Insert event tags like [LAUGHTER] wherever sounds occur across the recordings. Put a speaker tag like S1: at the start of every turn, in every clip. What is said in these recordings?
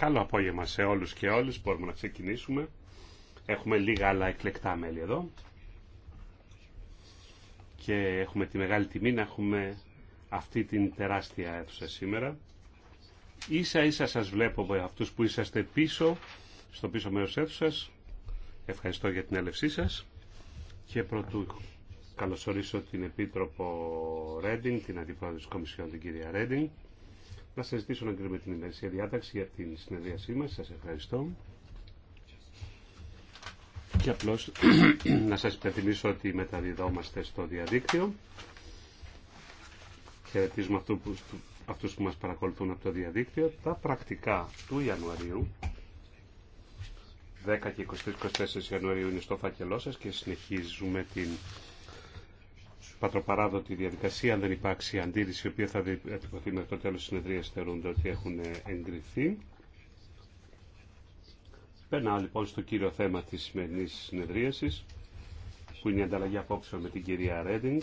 S1: Καλό απόγευμα σε όλους και όλες. Μπορούμε να ξεκινήσουμε. Έχουμε λίγα άλλα εκλεκτά μέλη εδώ. Και έχουμε τη μεγάλη τιμή να έχουμε αυτή την τεράστια αίθουσα σήμερα. Ίσα ίσα σας βλέπω από αυτούς που είσαστε πίσω, στο πίσω μέρος αίθουσας. Ευχαριστώ για την έλευσή σας. Και πρωτού καλωσορίσω την Επίτροπο Ρέντινγκ, την Αντιπρόεδρο της Κομισιόν, την κυρία Ρέντινγκ να σας ζητήσω να κρίνουμε την ημερησία διάταξη για την συνεδρίασή μας. Σας ευχαριστώ. Και απλώς [CLEARS THROAT] να σας υπενθυμίσω ότι μεταδιδόμαστε στο διαδίκτυο. Χαιρετίζουμε αυτού που, αυτούς που μας παρακολουθούν από το διαδίκτυο. Τα πρακτικά του Ιανουαρίου, 10 και 23-24 Ιανουαρίου είναι στο φάκελό σας και συνεχίζουμε την πατροπαράδοτη διαδικασία. Αν δεν υπάρξει αντίρρηση, η οποία θα διατυπωθεί μέχρι το τέλο τη συνεδρία, θεωρούνται ότι έχουν εγκριθεί. Περνάω λοιπόν στο κύριο θέμα τη σημερινή συνεδρίαση, που είναι η ανταλλαγή απόψεων με την κυρία Ρέντινγκ,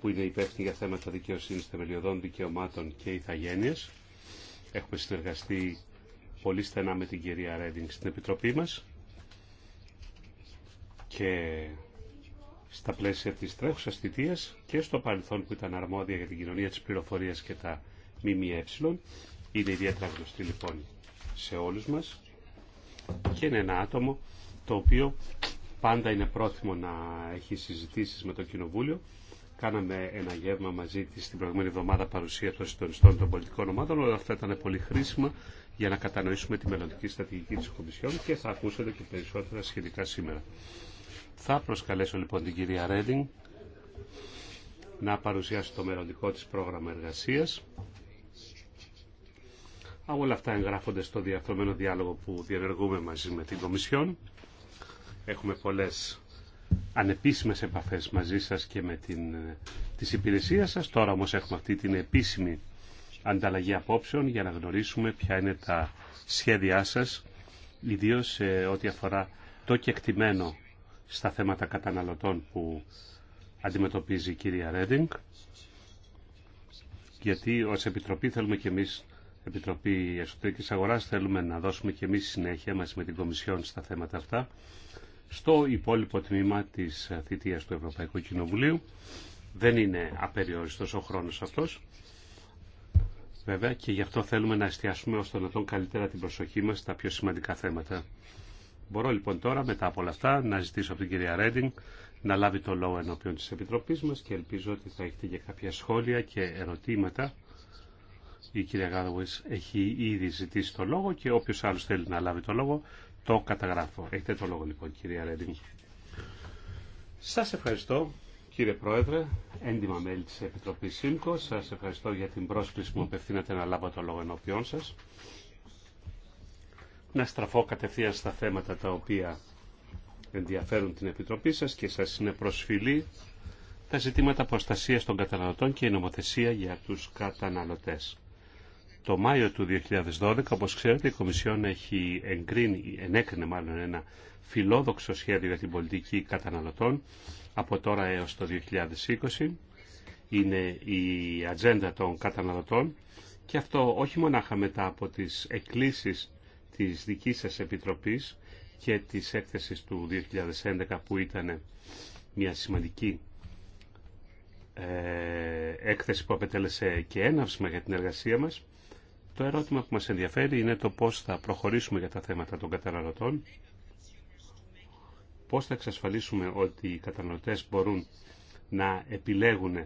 S1: που είναι υπεύθυνη για θέματα δικαιοσύνη, θεμελιωδών δικαιωμάτων και ηθαγένεια. Έχουμε συνεργαστεί πολύ στενά με την κυρία Ρέντινγκ στην Επιτροπή μας και στα πλαίσια της τρέχουσας θητείας και στο παρελθόν που ήταν αρμόδια για την κοινωνία της πληροφορίας και τα ΜΜΕ. Είναι ιδιαίτερα γνωστή λοιπόν σε όλους μας και είναι ένα άτομο το οποίο πάντα είναι πρόθυμο να έχει συζητήσεις με το Κοινοβούλιο. Κάναμε ένα γεύμα μαζί της την προηγούμενη εβδομάδα παρουσία των συντονιστών των πολιτικών ομάδων. Όλα αυτά ήταν πολύ χρήσιμα για να κατανοήσουμε τη μελλοντική στρατηγική της Κομισιόν και θα ακούσετε και περισσότερα σχετικά σήμερα. Θα προσκαλέσω λοιπόν την κυρία Ρέντινγκ να παρουσιάσει το μελλοντικό της πρόγραμμα εργασίας. Όλα αυτά εγγράφονται στο διαφθορμένο διάλογο που διενεργούμε μαζί με την Κομισιόν. Έχουμε πολλές ανεπίσημες επαφές μαζί σας και με την, τις υπηρεσίες σας. Τώρα όμως έχουμε αυτή την επίσημη ανταλλαγή απόψεων για να γνωρίσουμε ποια είναι τα σχέδιά σας, ιδίως ό,τι αφορά το κεκτημένο στα θέματα καταναλωτών που αντιμετωπίζει η κυρία Ρέντινγκ γιατί ως Επιτροπή θέλουμε και εμείς Επιτροπή Εσωτερικής Αγοράς θέλουμε να δώσουμε και εμείς συνέχεια μαζί με την Κομισιόν στα θέματα αυτά στο υπόλοιπο τμήμα της θητείας του Ευρωπαϊκού Κοινοβουλίου δεν είναι απεριόριστος ο χρόνος αυτός βέβαια και γι' αυτό θέλουμε να εστιάσουμε ώστε να τον καλύτερα την προσοχή μας στα πιο σημαντικά θέματα Μπορώ λοιπόν τώρα μετά από όλα αυτά να ζητήσω από την κυρία Ρέντινγκ να λάβει το λόγο ενώπιον της Επιτροπής μας και ελπίζω ότι θα έχετε και κάποια σχόλια και ερωτήματα. Η κυρία Γάδοβης έχει ήδη ζητήσει το λόγο και όποιος άλλος θέλει να λάβει το λόγο το καταγράφω. Έχετε το λόγο λοιπόν κυρία Ρέντινγκ. Σας ευχαριστώ κύριε Πρόεδρε, έντιμα μέλη της Επιτροπής ΣΥΜΚΟ. Σας ευχαριστώ για την πρόσκληση που απευθύνατε να λάβω το λόγο ενώπιόν σας να στραφώ κατευθείαν στα θέματα τα οποία ενδιαφέρουν την Επιτροπή σας και σας είναι προσφυλή τα ζητήματα προστασίας των καταναλωτών και η νομοθεσία για τους καταναλωτές. Το Μάιο του 2012, όπως ξέρετε, η Κομισιόν έχει εγκρίνει, ενέκρινε μάλλον ένα φιλόδοξο σχέδιο για την πολιτική καταναλωτών από τώρα έως το 2020. Είναι η ατζέντα των καταναλωτών και αυτό όχι μονάχα μετά από τις εκκλήσεις της δικής σας Επιτροπής και της έκθεσης του 2011 που ήταν μια σημαντική ε, έκθεση που απετέλεσε και έναυσμα για την εργασία μας. Το ερώτημα που μας ενδιαφέρει είναι το πώς θα προχωρήσουμε για τα θέματα των καταναλωτών, πώς θα εξασφαλίσουμε ότι οι καταναλωτές μπορούν να επιλέγουν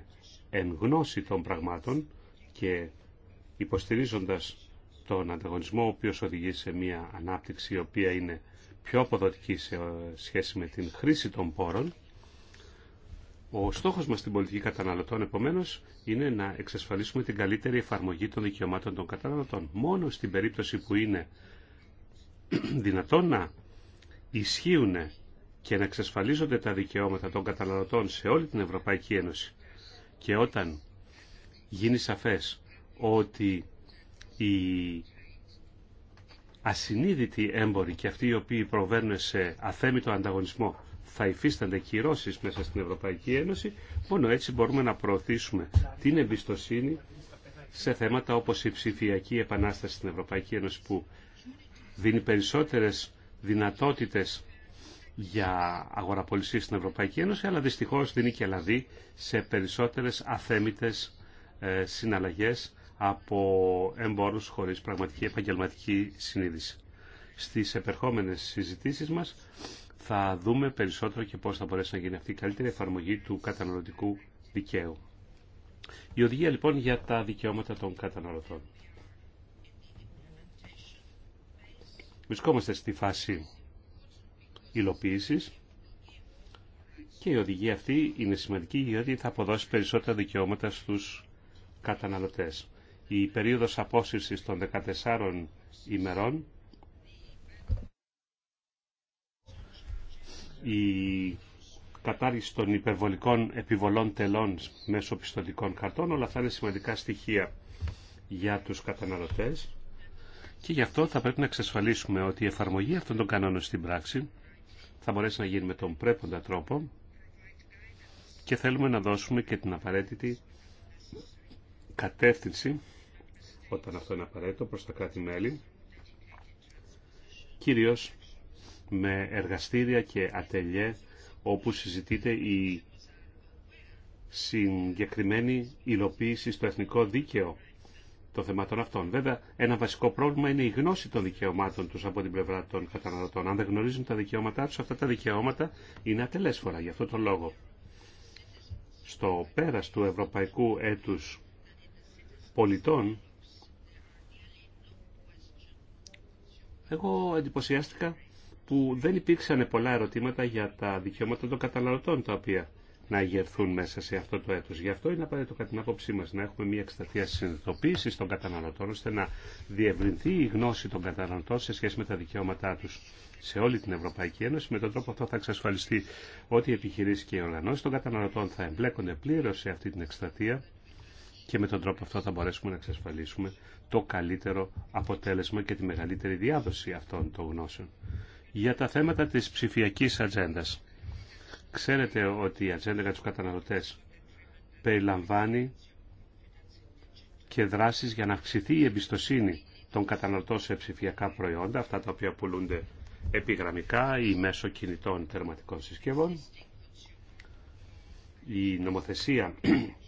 S1: εν γνώση των πραγμάτων και υποστηρίζοντας τον ανταγωνισμό ο οποίος οδηγεί σε μια ανάπτυξη η οποία είναι πιο αποδοτική σε σχέση με την χρήση των πόρων. Ο στόχος μας στην πολιτική καταναλωτών επομένως είναι να εξασφαλίσουμε την καλύτερη εφαρμογή των δικαιωμάτων των καταναλωτών. Μόνο στην περίπτωση που είναι [CLEARS THROAT] δυνατόν να ισχύουν και να εξασφαλίζονται τα δικαιώματα των καταναλωτών σε όλη την Ευρωπαϊκή Ένωση και όταν γίνει σαφές ότι οι ασυνείδητοι έμποροι και αυτοί οι οποίοι προβαίνουν σε αθέμητο ανταγωνισμό θα υφίστανται κυρώσεις μέσα στην Ευρωπαϊκή Ένωση, μόνο έτσι μπορούμε να προωθήσουμε την εμπιστοσύνη σε θέματα όπως η ψηφιακή επανάσταση στην Ευρωπαϊκή Ένωση που δίνει περισσότερες δυνατότητες για αγοραπολισία στην Ευρωπαϊκή Ένωση, αλλά δυστυχώς δίνει και λαδί σε περισσότερες αθέμητες ε, συναλλαγές από εμπόρους χωρίς πραγματική επαγγελματική συνείδηση. Στις επερχόμενες συζητήσεις μας θα δούμε περισσότερο και πώς θα μπορέσει να γίνει αυτή η καλύτερη εφαρμογή του καταναλωτικού δικαίου. Η οδηγία λοιπόν για τα δικαιώματα των καταναλωτών. Βρισκόμαστε στη φάση υλοποίησης και η οδηγία αυτή είναι σημαντική γιατί θα αποδώσει περισσότερα δικαιώματα στους καταναλωτές η περίοδος απόσυρσης των 14 ημερών, η κατάργηση των υπερβολικών επιβολών τελών μέσω πιστοτικών καρτών, όλα αυτά είναι σημαντικά στοιχεία για τους καταναλωτές και γι' αυτό θα πρέπει να εξασφαλίσουμε ότι η εφαρμογή αυτών των κανόνων στην πράξη θα μπορέσει να γίνει με τον πρέποντα τρόπο και θέλουμε να δώσουμε και την απαραίτητη κατεύθυνση όταν αυτό είναι απαραίτητο προς τα κράτη-μέλη, κυρίως με εργαστήρια και ατελιέ όπου συζητείται η συγκεκριμένη υλοποίηση στο εθνικό δίκαιο των θεμάτων αυτών. Βέβαια, ένα βασικό πρόβλημα είναι η γνώση των δικαιωμάτων τους από την πλευρά των καταναλωτών. Αν δεν γνωρίζουν τα δικαιώματά τους, αυτά τα δικαιώματα είναι ατελέσφορα. για αυτό τον λόγο. Στο πέρας του Ευρωπαϊκού Έτους Πολιτών, Εγώ εντυπωσιάστηκα που δεν υπήρξαν πολλά ερωτήματα για τα δικαιώματα των καταναλωτών τα οποία να γερθούν μέσα σε αυτό το έτος. Γι' αυτό είναι απαραίτητο κατά την άποψή μας να έχουμε μια εκσταθία συνειδητοποίηση των καταναλωτών ώστε να διευρυνθεί η γνώση των καταναλωτών σε σχέση με τα δικαιώματά τους σε όλη την Ευρωπαϊκή Ένωση. Με τον τρόπο αυτό θα εξασφαλιστεί ότι οι επιχειρήσεις και οι οργανώσεις των καταναλωτών θα εμπλέκονται πλήρως σε αυτή την εκσταθία και με τον τρόπο αυτό θα μπορέσουμε να εξασφαλίσουμε το καλύτερο αποτέλεσμα και τη μεγαλύτερη διάδοση αυτών των γνώσεων. Για τα θέματα της ψηφιακής ατζέντα. Ξέρετε ότι η ατζέντα για τους καταναλωτές περιλαμβάνει και δράσεις για να αυξηθεί η εμπιστοσύνη των καταναλωτών σε ψηφιακά προϊόντα, αυτά τα οποία πουλούνται επιγραμμικά ή μέσω κινητών τερματικών συσκευών. Η νομοθεσία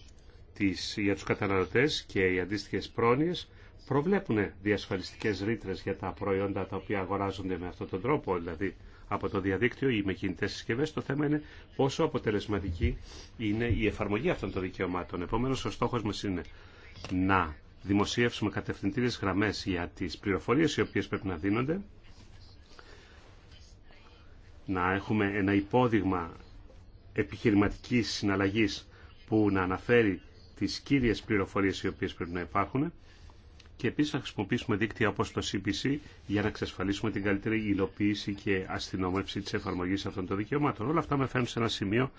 S1: [CLEARS THROAT] της, για τους καταναλωτές και οι αντίστοιχες πρόνοιες προβλέπουν διασφαλιστικές ρήτρες για τα προϊόντα τα οποία αγοράζονται με αυτόν τον τρόπο, δηλαδή από το διαδίκτυο ή με κινητές συσκευές. Το θέμα είναι πόσο αποτελεσματική είναι η εφαρμογή αυτών των δικαιωμάτων. Επομένως, ο στόχος μας είναι να δημοσιεύσουμε κατευθυντήριες γραμμές για τις πληροφορίες οι οποίες πρέπει να δίνονται, να έχουμε ένα υπόδειγμα επιχειρηματικής συναλλαγής που να αναφέρει τις κύριες πληροφορίες οι οποίες πρέπει να υπάρχουν και επίσης να χρησιμοποιήσουμε δίκτυα όπως το CPC για να εξασφαλίσουμε την καλύτερη υλοποίηση και αστυνόμευση της εφαρμογής αυτών των δικαιωμάτων. Όλα αυτά με φέρνουν σε ένα σημείο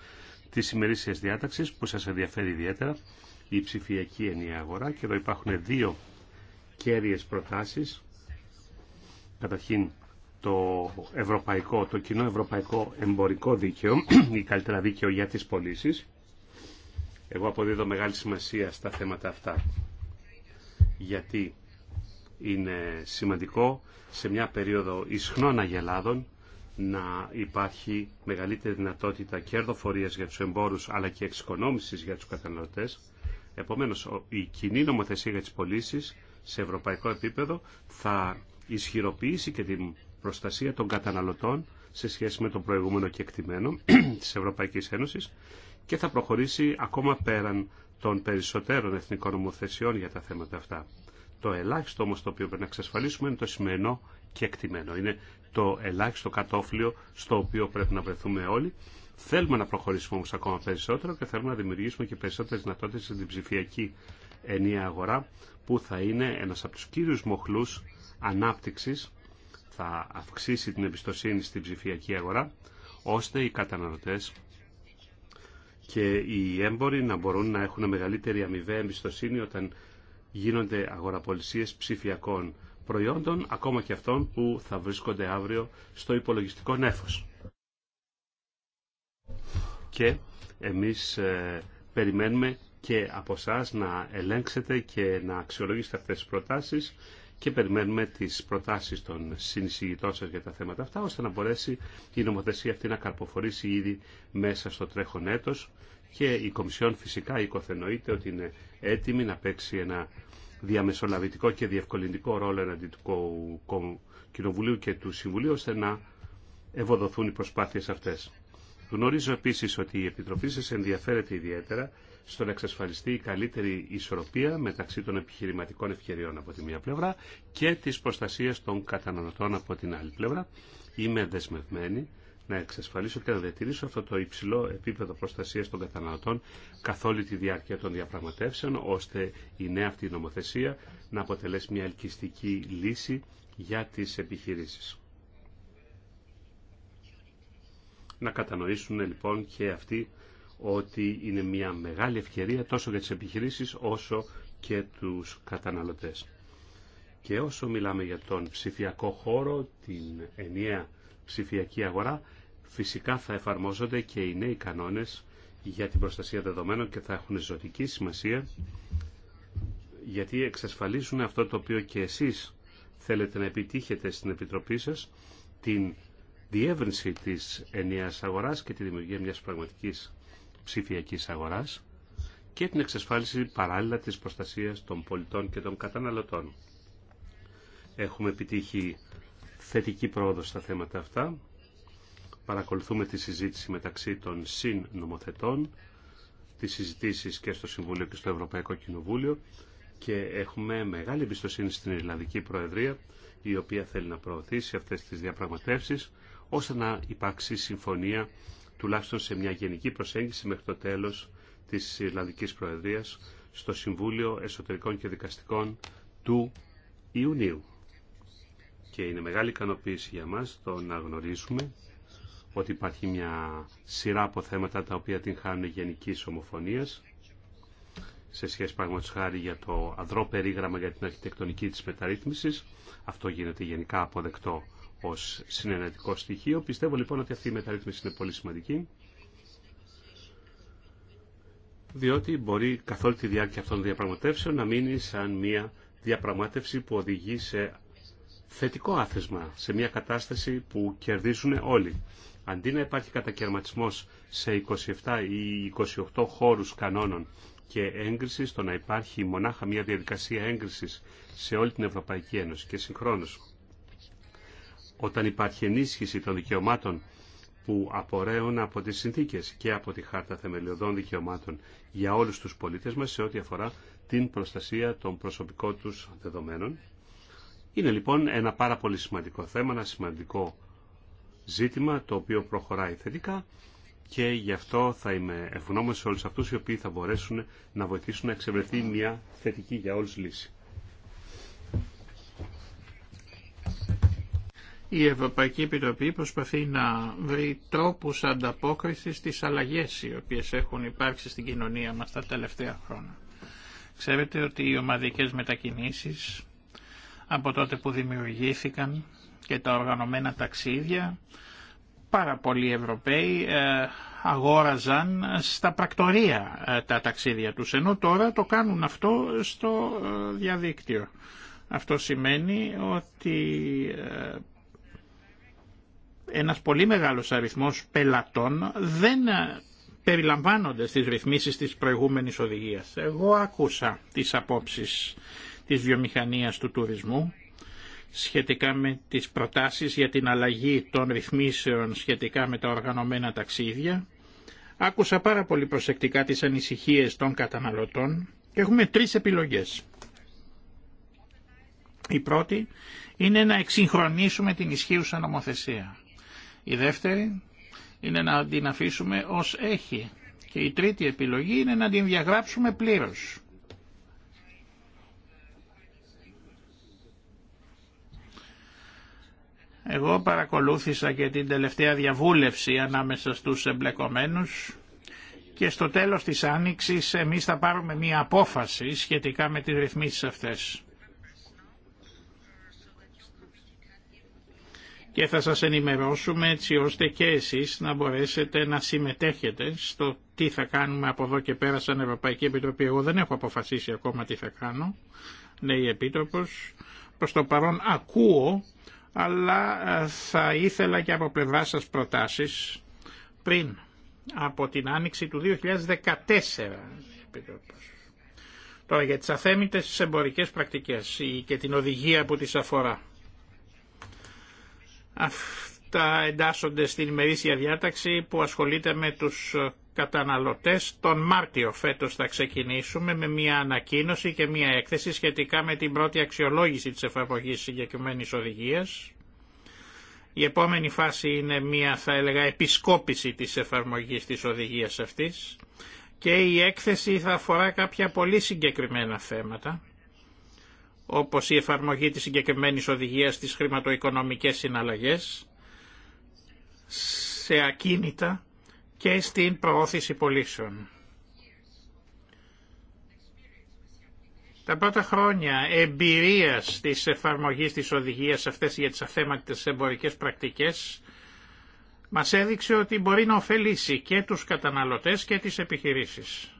S1: της ημερήσιας διάταξης που σας ενδιαφέρει ιδιαίτερα, η ψηφιακή ενιαία αγορά και εδώ υπάρχουν δύο κέρυε προτάσεις. Καταρχήν το, ευρωπαϊκό, το κοινό ευρωπαϊκό εμπορικό δίκαιο ή καλύτερα δίκαιο για τις πωλήσει. Εγώ αποδίδω μεγάλη σημασία στα θέματα αυτά γιατί είναι σημαντικό σε μια περίοδο ισχνών αγελάδων να υπάρχει μεγαλύτερη δυνατότητα κερδοφορίας για τους εμπόρους αλλά και εξοικονόμησης για τους καταναλωτές. Επομένως, η κοινή νομοθεσία για τις πωλήσει σε ευρωπαϊκό επίπεδο θα ισχυροποιήσει και την προστασία των καταναλωτών σε σχέση με τον προηγούμενο κεκτημένο [CLEARS THROAT] της Ευρωπαϊκής Ένωσης και θα προχωρήσει ακόμα πέραν των περισσότερων εθνικών νομοθεσιών για τα θέματα αυτά. Το ελάχιστο όμως το οποίο πρέπει να εξασφαλίσουμε είναι το σημερινό και εκτιμένο. Είναι το ελάχιστο κατόφλιο στο οποίο πρέπει να βρεθούμε όλοι. Θέλουμε να προχωρήσουμε όμως ακόμα περισσότερο και θέλουμε να δημιουργήσουμε και περισσότερες δυνατότητες στην ψηφιακή ενιαία αγορά που θα είναι ένας από τους κύριους μοχλούς ανάπτυξης, θα αυξήσει την εμπιστοσύνη στην ψηφιακή αγορά, ώστε οι καταναλωτές και οι έμποροι να μπορούν να έχουν μεγαλύτερη αμοιβαία εμπιστοσύνη όταν γίνονται αγοραπολισίες ψηφιακών προϊόντων, ακόμα και αυτών που θα βρίσκονται αύριο στο υπολογιστικό νέφος. Και εμείς ε, περιμένουμε και από εσά να ελέγξετε και να αξιολογήσετε αυτές τις προτάσεις και περιμένουμε τις προτάσεις των συνεισηγητών σας για τα θέματα αυτά, ώστε να μπορέσει η νομοθεσία αυτή να καρποφορήσει ήδη μέσα στο τρέχον έτος και η Κομισιόν φυσικά οικοθενοείται ότι είναι έτοιμη να παίξει ένα διαμεσολαβητικό και διευκολυντικό ρόλο εναντί του Κοινοβουλίου και του Συμβουλίου, ώστε να ευοδοθούν οι προσπάθειες αυτές. Γνωρίζω επίσης ότι η Επιτροπή σας ενδιαφέρεται ιδιαίτερα στο να εξασφαλιστεί η καλύτερη ισορροπία μεταξύ των επιχειρηματικών ευκαιριών από τη μία πλευρά και της προστασίας των καταναλωτών από την άλλη πλευρά. Είμαι δεσμευμένη να εξασφαλίσω και να διατηρήσω αυτό το υψηλό επίπεδο προστασίας των καταναλωτών καθ' όλη τη διάρκεια των διαπραγματεύσεων, ώστε η νέα αυτή νομοθεσία να αποτελέσει μια ελκυστική λύση για τις επιχειρήσεις. Να κατανοήσουν λοιπόν και αυτοί ότι είναι μια μεγάλη ευκαιρία τόσο για τις επιχειρήσεις όσο και τους καταναλωτές. Και όσο μιλάμε για τον ψηφιακό χώρο, την ενιαία ψηφιακή αγορά, φυσικά θα εφαρμόζονται και οι νέοι κανόνες για την προστασία δεδομένων και θα έχουν ζωτική σημασία γιατί εξασφαλίζουν αυτό το οποίο και εσείς θέλετε να επιτύχετε στην Επιτροπή σας, την διεύρυνση της ενιαίας αγοράς και τη δημιουργία μιας πραγματικής ψηφιακής αγοράς και την εξασφάλιση παράλληλα της προστασίας των πολιτών και των καταναλωτών. Έχουμε επιτύχει θετική πρόοδο στα θέματα αυτά. Παρακολουθούμε τη συζήτηση μεταξύ των συνομοθετών, τις συζητήσεις και στο Συμβούλιο και στο Ευρωπαϊκό Κοινοβούλιο και έχουμε μεγάλη εμπιστοσύνη στην Ιρλανδική Προεδρία η οποία θέλει να προωθήσει αυτές τις διαπραγματεύσεις ώστε να υπάρξει συμφωνία τουλάχιστον σε μια γενική προσέγγιση μέχρι το τέλος της Ιρλανδικής Προεδρίας στο Συμβούλιο Εσωτερικών και Δικαστικών του Ιουνίου. Και είναι μεγάλη ικανοποίηση για μας το να γνωρίσουμε ότι υπάρχει μια σειρά από θέματα τα οποία την χάνουν γενική ομοφωνία σε σχέση πραγματικά χάρη για το αδρό περίγραμμα για την αρχιτεκτονική της μεταρρύθμισης. Αυτό γίνεται γενικά αποδεκτό ως συνενετικό στοιχείο. Πιστεύω λοιπόν ότι αυτή η μεταρρύθμιση είναι πολύ σημαντική διότι μπορεί καθ' όλη τη διάρκεια αυτών των διαπραγματεύσεων να μείνει σαν μια διαπραγμάτευση που οδηγεί σε θετικό άθεσμα, σε μια κατάσταση που κερδίζουν όλοι. Αντί να υπάρχει κατακαιρματισμός σε 27 ή 28 χώρους κανόνων και έγκριση το να υπάρχει μονάχα μια διαδικασία έγκρισης σε όλη την Ευρωπαϊκή Ένωση και συγχρόνως όταν υπάρχει ενίσχυση των δικαιωμάτων που απορρέουν από τις συνθήκες και από τη Χάρτα Θεμελιωδών Δικαιωμάτων για όλους τους πολίτες μας σε ό,τι αφορά την προστασία των προσωπικών τους δεδομένων. Είναι λοιπόν ένα πάρα πολύ σημαντικό θέμα, ένα σημαντικό ζήτημα το οποίο προχωράει θετικά και γι' αυτό θα είμαι ευγνώμων σε όλους αυτούς οι οποίοι θα μπορέσουν να βοηθήσουν να εξευρεθεί μια θετική για όλους λύση. Η Ευρωπαϊκή
S2: Επιτροπή προσπαθεί να βρει τρόπους ανταπόκρισης στις αλλαγές οι οποίες έχουν υπάρξει στην κοινωνία μας τα τελευταία χρόνια. Ξέρετε ότι οι ομαδικές μετακινήσεις από τότε που δημιουργήθηκαν και τα οργανωμένα ταξίδια πάρα πολλοί Ευρωπαίοι ε, αγόραζαν στα πρακτορία ε, τα ταξίδια τους, ενώ τώρα το κάνουν αυτό στο ε, διαδίκτυο. Αυτό σημαίνει ότι ένας πολύ μεγάλος αριθμός πελατών δεν ε, περιλαμβάνονται στις ρυθμίσεις της προηγούμενης οδηγίας. Εγώ άκουσα τις απόψεις της βιομηχανίας του τουρισμού σχετικά με τις προτάσεις για την αλλαγή των ρυθμίσεων σχετικά με τα οργανωμένα ταξίδια. Άκουσα πάρα πολύ προσεκτικά τις ανησυχίες των καταναλωτών και έχουμε τρεις επιλογές. Η πρώτη είναι να εξυγχρονίσουμε την ισχύουσα νομοθεσία. Η δεύτερη είναι να την αφήσουμε ως έχει. Και η τρίτη επιλογή είναι να την διαγράψουμε πλήρως. Εγώ παρακολούθησα και την τελευταία διαβούλευση ανάμεσα στους εμπλεκομένους και στο τέλος της Άνοιξης εμείς θα πάρουμε μία απόφαση σχετικά με τις ρυθμίσεις αυτές. και θα σας ενημερώσουμε έτσι ώστε και εσείς να μπορέσετε να συμμετέχετε στο τι θα κάνουμε από εδώ και πέρα σαν Ευρωπαϊκή Επιτροπή. Εγώ δεν έχω αποφασίσει ακόμα τι θα κάνω, λέει η Επίτροπος. Προς το παρόν ακούω, αλλά ε, θα ήθελα και από πλευρά σας προτάσεις πριν από την άνοιξη του 2014, Επίτροπος. Τώρα για τις αθέμητες εμπορικές πρακτικές και την οδηγία που τις αφορά. Αυτά εντάσσονται στην ημερήσια διάταξη που ασχολείται με τους καταναλωτές. Τον Μάρτιο φέτος θα ξεκινήσουμε με μια ανακοίνωση και μια έκθεση σχετικά με την πρώτη αξιολόγηση της εφαρμογής συγκεκριμένη οδηγίας. Η επόμενη φάση είναι μια θα έλεγα επισκόπηση της εφαρμογής της οδηγίας αυτής και η έκθεση θα αφορά κάποια πολύ συγκεκριμένα θέματα όπως η εφαρμογή της συγκεκριμένη οδηγίας στις χρηματοοικονομικές συναλλαγές, σε ακίνητα και στην προώθηση πωλήσεων. Τα πρώτα χρόνια εμπειρίας της εφαρμογής της οδηγίας αυτές για τις αθέματες εμπορικές πρακτικές μας έδειξε ότι μπορεί να ωφελήσει και τους καταναλωτές και τις επιχειρήσεις.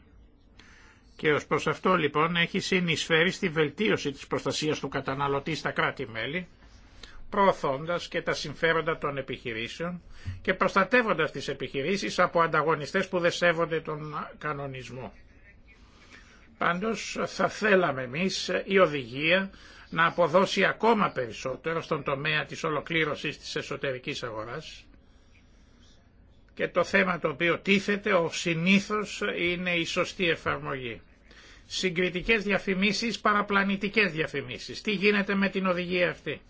S2: Και ως προς αυτό λοιπόν έχει συνεισφέρει στη βελτίωση της προστασίας του καταναλωτή στα κράτη-μέλη, προωθώντας και τα συμφέροντα των επιχειρήσεων και προστατεύοντας τις επιχειρήσεις από ανταγωνιστές που δεν σέβονται τον κανονισμό. Πάντως θα θέλαμε εμείς η οδηγία να αποδώσει ακόμα περισσότερο στον τομέα της ολοκλήρωσης της εσωτερικής αγοράς και το θέμα το οποίο τίθεται ο συνήθως είναι η σωστή εφαρμογή. Συγκριτικές διαφημίσεις, παραπλανητικές διαφημίσεις. Τι γίνεται με την οδηγία αυτή.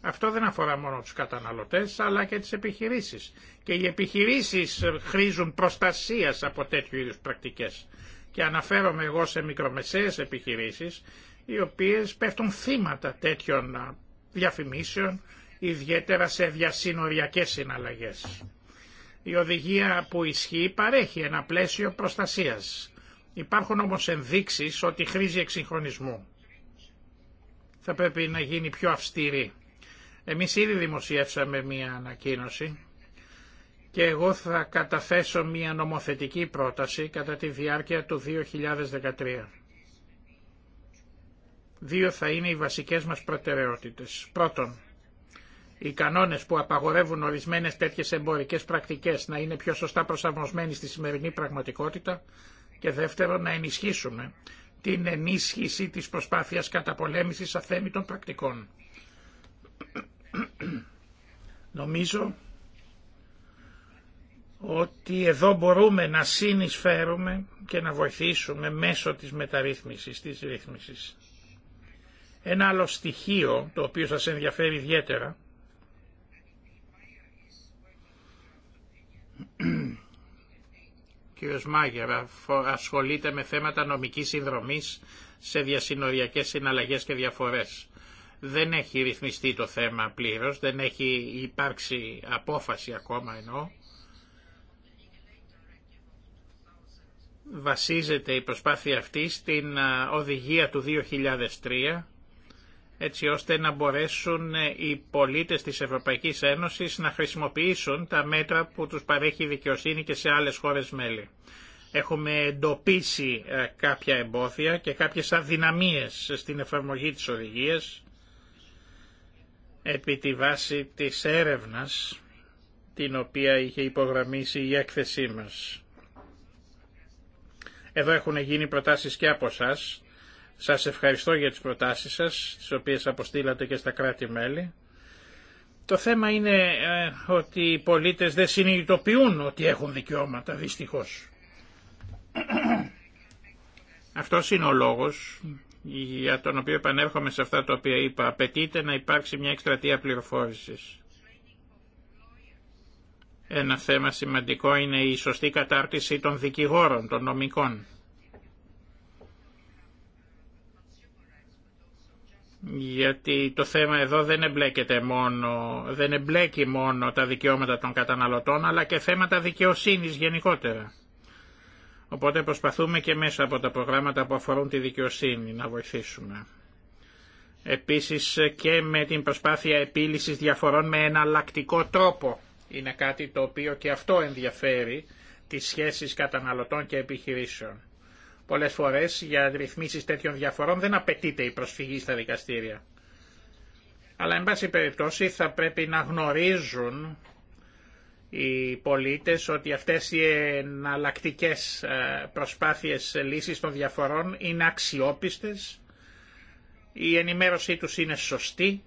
S2: Αυτό δεν αφορά μόνο τους καταναλωτές αλλά και τις επιχειρήσεις. Και οι επιχειρήσεις χρήζουν προστασίας από τέτοιου είδους πρακτικές. Και αναφέρομαι εγώ σε μικρομεσαίες επιχειρήσεις οι οποίες πέφτουν θύματα τέτοιων διαφημίσεων ιδιαίτερα σε διασύνοριακές συναλλαγές. Η οδηγία που ισχύει παρέχει ένα πλαίσιο προστασίας. Υπάρχουν όμως ενδείξεις ότι χρήζει εξυγχρονισμού. Θα πρέπει να γίνει πιο αυστηρή. Εμείς ήδη δημοσιεύσαμε μία ανακοίνωση και εγώ θα καταθέσω μία νομοθετική πρόταση κατά τη διάρκεια του 2013. Δύο θα είναι οι βασικές μας προτεραιότητες. Πρώτον, οι κανόνες που απαγορεύουν ορισμένες τέτοιες εμπορικές πρακτικές να είναι πιο σωστά προσαρμοσμένοι στη σημερινή πραγματικότητα και δεύτερον να ενισχύσουμε την ενίσχυση της προσπάθειας καταπολέμησης αθέμητων πρακτικών. Νομίζω ότι εδώ μπορούμε να συνεισφέρουμε και να βοηθήσουμε μέσω της μεταρρύθμισης, της ρύθμισης. Ένα άλλο στοιχείο, το οποίο σας ενδιαφέρει ιδιαίτερα, κύριος Μάγερ ασχολείται με θέματα νομικής συνδρομής σε διασυνοριακές συναλλαγές και διαφορές. Δεν έχει ρυθμιστεί το θέμα πλήρως, δεν έχει υπάρξει απόφαση ακόμα ενώ. Βασίζεται η προσπάθεια αυτή στην οδηγία του 2003 έτσι ώστε να μπορέσουν ε, οι πολίτες της Ευρωπαϊκής Ένωσης να χρησιμοποιήσουν τα μέτρα που τους παρέχει η δικαιοσύνη και σε άλλες χώρες μέλη. Έχουμε εντοπίσει ε, κάποια εμπόδια και κάποιες αδυναμίες στην εφαρμογή της οδηγίας επί τη βάση της έρευνας την οποία είχε υπογραμμίσει η έκθεσή μας. Εδώ έχουν γίνει προτάσεις και από σας σας ευχαριστώ για τις προτάσεις σας, τις οποίες αποστήλατε και στα κράτη-μέλη. Το θέμα είναι ε, ότι οι πολίτες δεν συνειδητοποιούν ότι έχουν δικαιώματα, δυστυχώς. Αυτός είναι ο λόγος για τον οποίο επανέρχομαι σε αυτά τα οποία είπα. Απαιτείται να υπάρξει μια εκστρατεία πληροφόρησης. Ένα θέμα σημαντικό είναι η σωστή κατάρτιση των δικηγόρων, των νομικών. γιατί το θέμα εδώ δεν εμπλέκεται μόνο, δεν εμπλέκει μόνο τα δικαιώματα των καταναλωτών, αλλά και θέματα δικαιοσύνης γενικότερα. Οπότε προσπαθούμε και μέσα από τα προγράμματα που αφορούν τη δικαιοσύνη να βοηθήσουμε. Επίσης και με την προσπάθεια επίλυσης διαφορών με ένα λακτικό τρόπο. Είναι κάτι το οποίο και αυτό ενδιαφέρει τις σχέσεις καταναλωτών και επιχειρήσεων. Πολλές φορές για ρυθμίσεις τέτοιων διαφορών δεν απαιτείται η προσφυγή στα δικαστήρια. Αλλά εν πάση περιπτώσει θα πρέπει να γνωρίζουν οι πολίτες ότι αυτές οι εναλλακτικέ ε, προσπάθειες λύσης των διαφορών είναι αξιόπιστες, η ενημέρωσή τους είναι σωστή,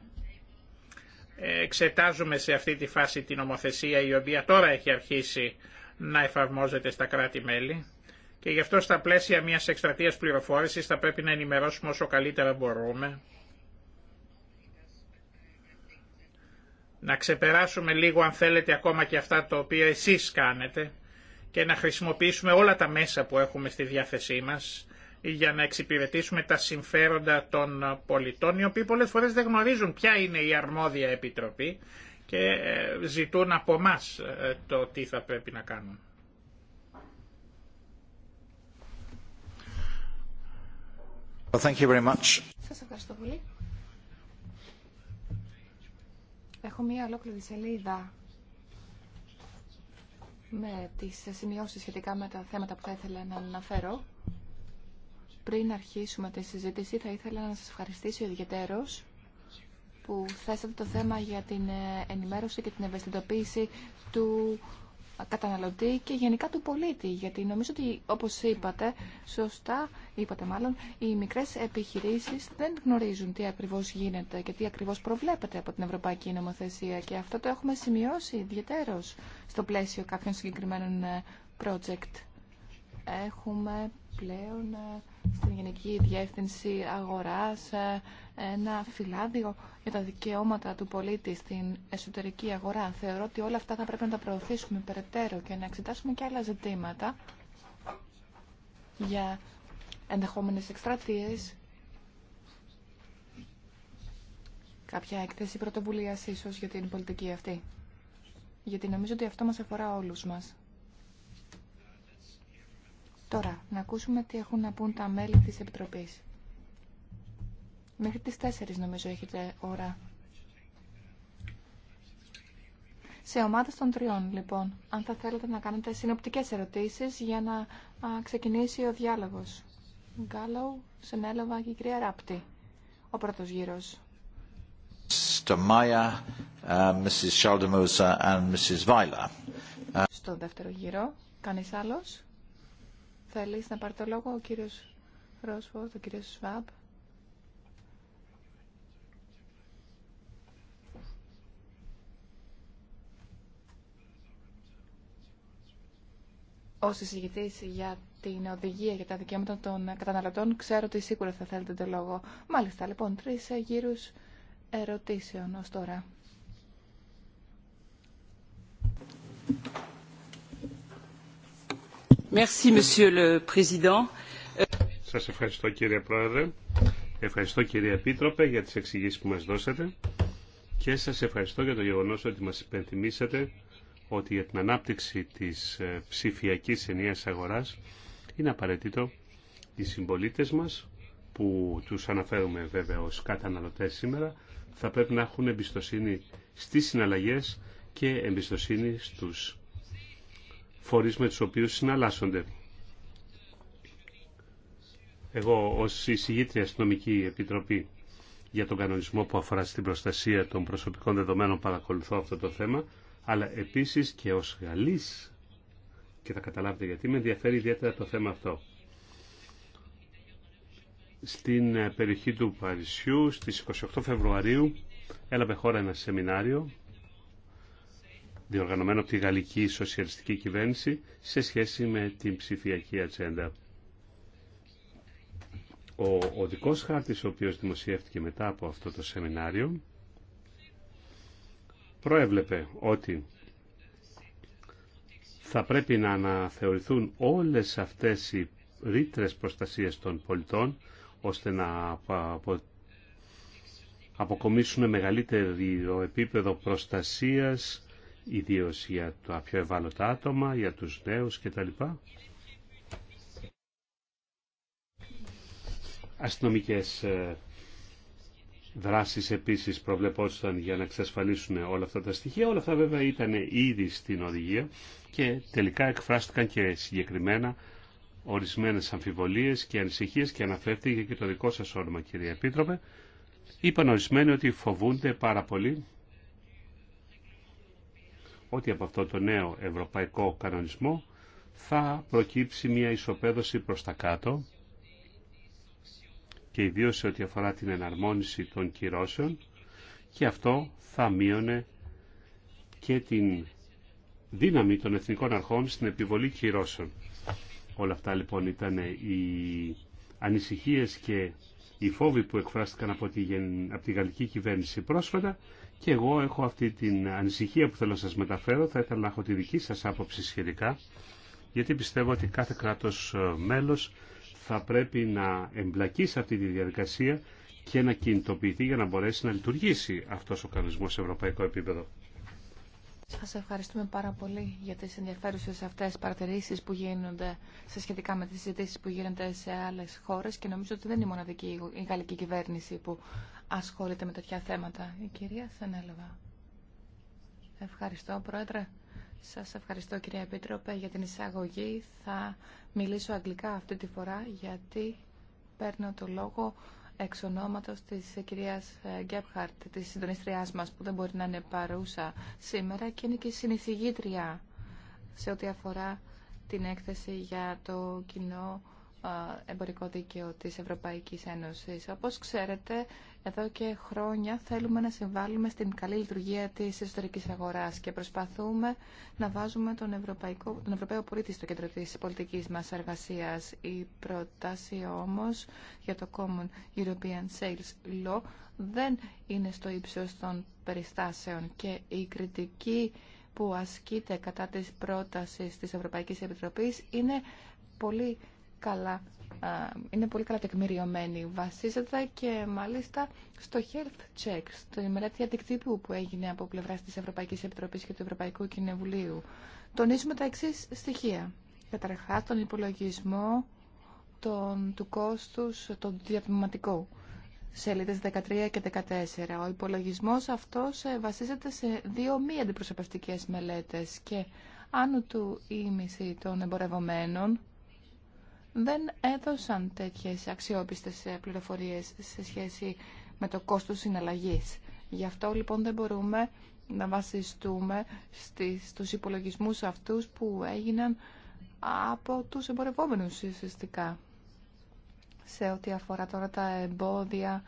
S2: ε, εξετάζουμε σε αυτή τη φάση την ομοθεσία η οποία τώρα έχει αρχίσει να εφαρμόζεται στα κράτη-μέλη και γι' αυτό στα πλαίσια μιας εκστρατείας πληροφόρησης θα πρέπει να ενημερώσουμε όσο καλύτερα μπορούμε. Να ξεπεράσουμε λίγο αν θέλετε ακόμα και αυτά τα οποία εσείς κάνετε και να χρησιμοποιήσουμε όλα τα μέσα που έχουμε στη διάθεσή μας για να εξυπηρετήσουμε τα συμφέροντα των πολιτών οι οποίοι πολλές φορές δεν γνωρίζουν ποια είναι η αρμόδια επιτροπή και ε, ζητούν από εμά το τι θα πρέπει να κάνουν. Well, thank you very much.
S3: Σας ευχαριστώ πολύ. Έχω μία ολόκληρη σελίδα με τις σημειώσεις σχετικά με τα θέματα που θα ήθελα να αναφέρω. Πριν αρχίσουμε τη συζήτηση, θα ήθελα να σας ευχαριστήσω ιδιαίτερος που θέσατε το θέμα για την ενημέρωση και την ευαισθητοποίηση του καταναλωτή και γενικά του πολίτη. Γιατί νομίζω ότι, όπως είπατε, σωστά είπατε μάλλον, οι μικρές επιχειρήσεις δεν γνωρίζουν τι ακριβώς γίνεται και τι ακριβώς προβλέπεται από την Ευρωπαϊκή Νομοθεσία. Και αυτό το έχουμε σημειώσει ιδιαίτερω στο πλαίσιο κάποιων συγκεκριμένων ε, project. Έχουμε πλέον ε, στην Γενική Διεύθυνση Αγοράς ε, ένα φυλάδιο για τα δικαιώματα του πολίτη στην εσωτερική αγορά. Θεωρώ ότι όλα αυτά θα πρέπει να τα προωθήσουμε περαιτέρω και να εξετάσουμε και άλλα ζητήματα για ενδεχόμενες εκστρατείε. κάποια έκθεση πρωτοβουλίας ίσως για την πολιτική αυτή. Γιατί νομίζω ότι αυτό μας αφορά όλους μας. Τώρα, να ακούσουμε τι έχουν να πούν τα μέλη της Επιτροπής. Μέχρι τις 4 νομίζω έχετε ώρα. Σε ομάδες των τριών, λοιπόν, αν θα θέλετε να κάνετε συνοπτικές ερωτήσεις για να ξεκινήσει ο διάλογος. Γκάλο, Σενέλοβα και κυρία Ράπτη. Ο πρώτος γύρος.
S2: Uh, uh,
S3: Στο δεύτερο γύρο, κανείς άλλος. θέλει να πάρει το λόγο ο κύριος Ρόσφο, ο κύριος Σβάμπ. ως εισηγητής για την οδηγία για τα δικαιώματα των καταναλωτών, ξέρω ότι σίγουρα θα θέλετε το λόγο. Μάλιστα, λοιπόν, τρεις γύρους ερωτήσεων ως τώρα.
S4: Merci,
S1: le Président. Σας ευχαριστώ κύριε Πρόεδρε, ευχαριστώ κύριε Επίτροπε για τις εξηγήσεις που μας δώσατε και σας ευχαριστώ για το γεγονός ότι μας υπενθυμίσατε ότι για την ανάπτυξη της ε, ψηφιακής ενιαίας αγοράς είναι απαραίτητο οι συμπολίτες μας, που τους αναφέρουμε βέβαια ως καταναλωτές σήμερα, θα πρέπει να έχουν εμπιστοσύνη στις συναλλαγές και εμπιστοσύνη στους φορείς με τους οποίους συναλλάσσονται. Εγώ ως εισηγήτρια στην νομική επιτροπή για τον κανονισμό που αφορά στην προστασία των προσωπικών δεδομένων παρακολουθώ αυτό το θέμα αλλά επίσης και ως Γαλλής και θα καταλάβετε γιατί με ενδιαφέρει ιδιαίτερα το θέμα αυτό. Στην ε, περιοχή του Παρισιού στις 28 Φεβρουαρίου έλαβε χώρα ένα σεμινάριο διοργανωμένο από τη Γαλλική Σοσιαλιστική Κυβέρνηση σε σχέση με την ψηφιακή ατζέντα. Ο οδικός χάρτης ο οποίος δημοσιεύτηκε μετά από αυτό το σεμινάριο προέβλεπε ότι θα πρέπει να αναθεωρηθούν όλες αυτές οι ρήτρε προστασίες των πολιτών ώστε να απο... αποκομίσουν μεγαλύτερο επίπεδο προστασίας ιδίως για τα πιο ευάλωτα άτομα, για τους νέους κτλ. Αστυνομικές ε, δράσεις επίσης προβλεπόταν για να εξασφαλίσουν όλα αυτά τα στοιχεία. Όλα αυτά βέβαια ήταν ήδη στην οδηγία και τελικά εκφράστηκαν και συγκεκριμένα ορισμένες αμφιβολίες και ανησυχίες και αναφέρθηκε και το δικό σας όνομα κύριε Επίτροπε. Είπαν ορισμένοι ότι φοβούνται πάρα πολύ ότι από αυτό το νέο ευρωπαϊκό κανονισμό θα προκύψει μια ισοπαίδωση προς τα κάτω και ιδίως σε ό,τι αφορά την εναρμόνιση των κυρώσεων και αυτό θα μείωνε και την δύναμη των εθνικών αρχών στην επιβολή κυρώσεων. Όλα αυτά λοιπόν ήταν οι ανησυχίες και οι φόβοι που εκφράστηκαν από τη, από τη γαλλική κυβέρνηση πρόσφατα και εγώ έχω αυτή την ανησυχία που θέλω να σας μεταφέρω. Θα ήθελα να έχω τη δική σας άποψη σχετικά γιατί πιστεύω ότι κάθε κράτος ε, μέλος θα πρέπει να εμπλακεί σε αυτή τη διαδικασία και να κινητοποιηθεί για να μπορέσει να λειτουργήσει αυτός ο κανονισμός σε ευρωπαϊκό επίπεδο.
S3: Σας ευχαριστούμε πάρα πολύ για τις ενδιαφέρουσες αυτές παρατηρήσεις που γίνονται σε σχετικά με τις συζητήσεις που γίνονται σε άλλες χώρες και νομίζω ότι δεν είναι η μοναδική η γαλλική κυβέρνηση που ασχολείται με τέτοια θέματα. Η κυρία Σενέλεβα. Ευχαριστώ, Πρόεδρε. Σας ευχαριστώ κυρία Επίτροπε για την εισαγωγή. Θα μιλήσω αγγλικά αυτή τη φορά γιατί παίρνω το λόγο εξ ονόματος της κυρίας Γκέπχαρτ, ε, της συντονιστριάς μας που δεν μπορεί να είναι παρούσα σήμερα και είναι και συνηθιγήτρια σε ό,τι αφορά την έκθεση για το κοινό εμπορικό δίκαιο της Ευρωπαϊκής Ένωσης. Όπως ξέρετε, εδώ και χρόνια θέλουμε να συμβάλλουμε στην καλή λειτουργία της εσωτερικής αγοράς και προσπαθούμε να βάζουμε τον, Ευρωπαϊκό, τον Ευρωπαίο πολίτη στο κέντρο της πολιτικής μας εργασίας. Η προτάση όμως για το Common European Sales Law δεν είναι στο ύψος των περιστάσεων και η κριτική που ασκείται κατά της πρότασης της Ευρωπαϊκής Επιτροπής είναι πολύ καλά, είναι πολύ καλά τεκμηριωμένη. Βασίζεται και μάλιστα στο health check, στο μελέτη αντικτύπου που έγινε από πλευρά τη Ευρωπαϊκή Επιτροπή και του Ευρωπαϊκού Κοινοβουλίου. Τονίζουμε τα εξή στοιχεία. Καταρχά, τον υπολογισμό τον, του κόστου των σε σελίδε 13 και 14. Ο υπολογισμό αυτό ε, βασίζεται σε δύο μη αντιπροσωπευτικέ μελέτε και άνω του ίμιση των εμπορευομένων δεν έδωσαν τέτοιες αξιόπιστες ε, πληροφορίες σε σχέση με το κόστος συναλλαγής. Γι' αυτό λοιπόν δεν μπορούμε να βασιστούμε στις, στους υπολογισμούς αυτούς που έγιναν από τους εμπορευόμενους ουσιαστικά. Σε ό,τι αφορά τώρα τα εμπόδια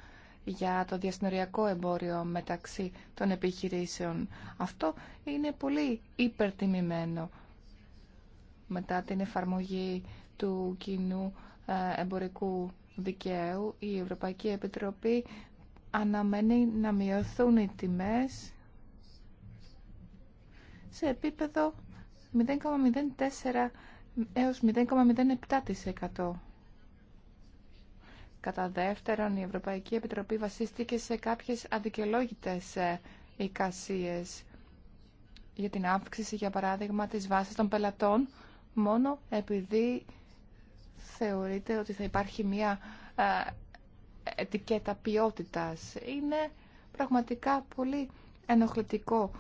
S3: για το διασυνοριακό εμπόριο μεταξύ των επιχειρήσεων. Αυτό είναι πολύ υπερτιμημένο μετά την εφαρμογή του κοινού ε, εμπορικού δικαίου, η Ευρωπαϊκή Επιτροπή αναμένει να μειωθούν οι τιμές σε επίπεδο 0,04 έως 0,07%. Κατά δεύτερον, η Ευρωπαϊκή Επιτροπή βασίστηκε σε κάποιες αδικαιολόγητες ε, εικασίες για την αύξηση, για παράδειγμα, της βάσης των πελατών, μόνο επειδή θεωρείτε ότι θα υπάρχει μια ε, ετικέτα ποιότητας. Είναι πραγματικά πολύ ενοχλητικό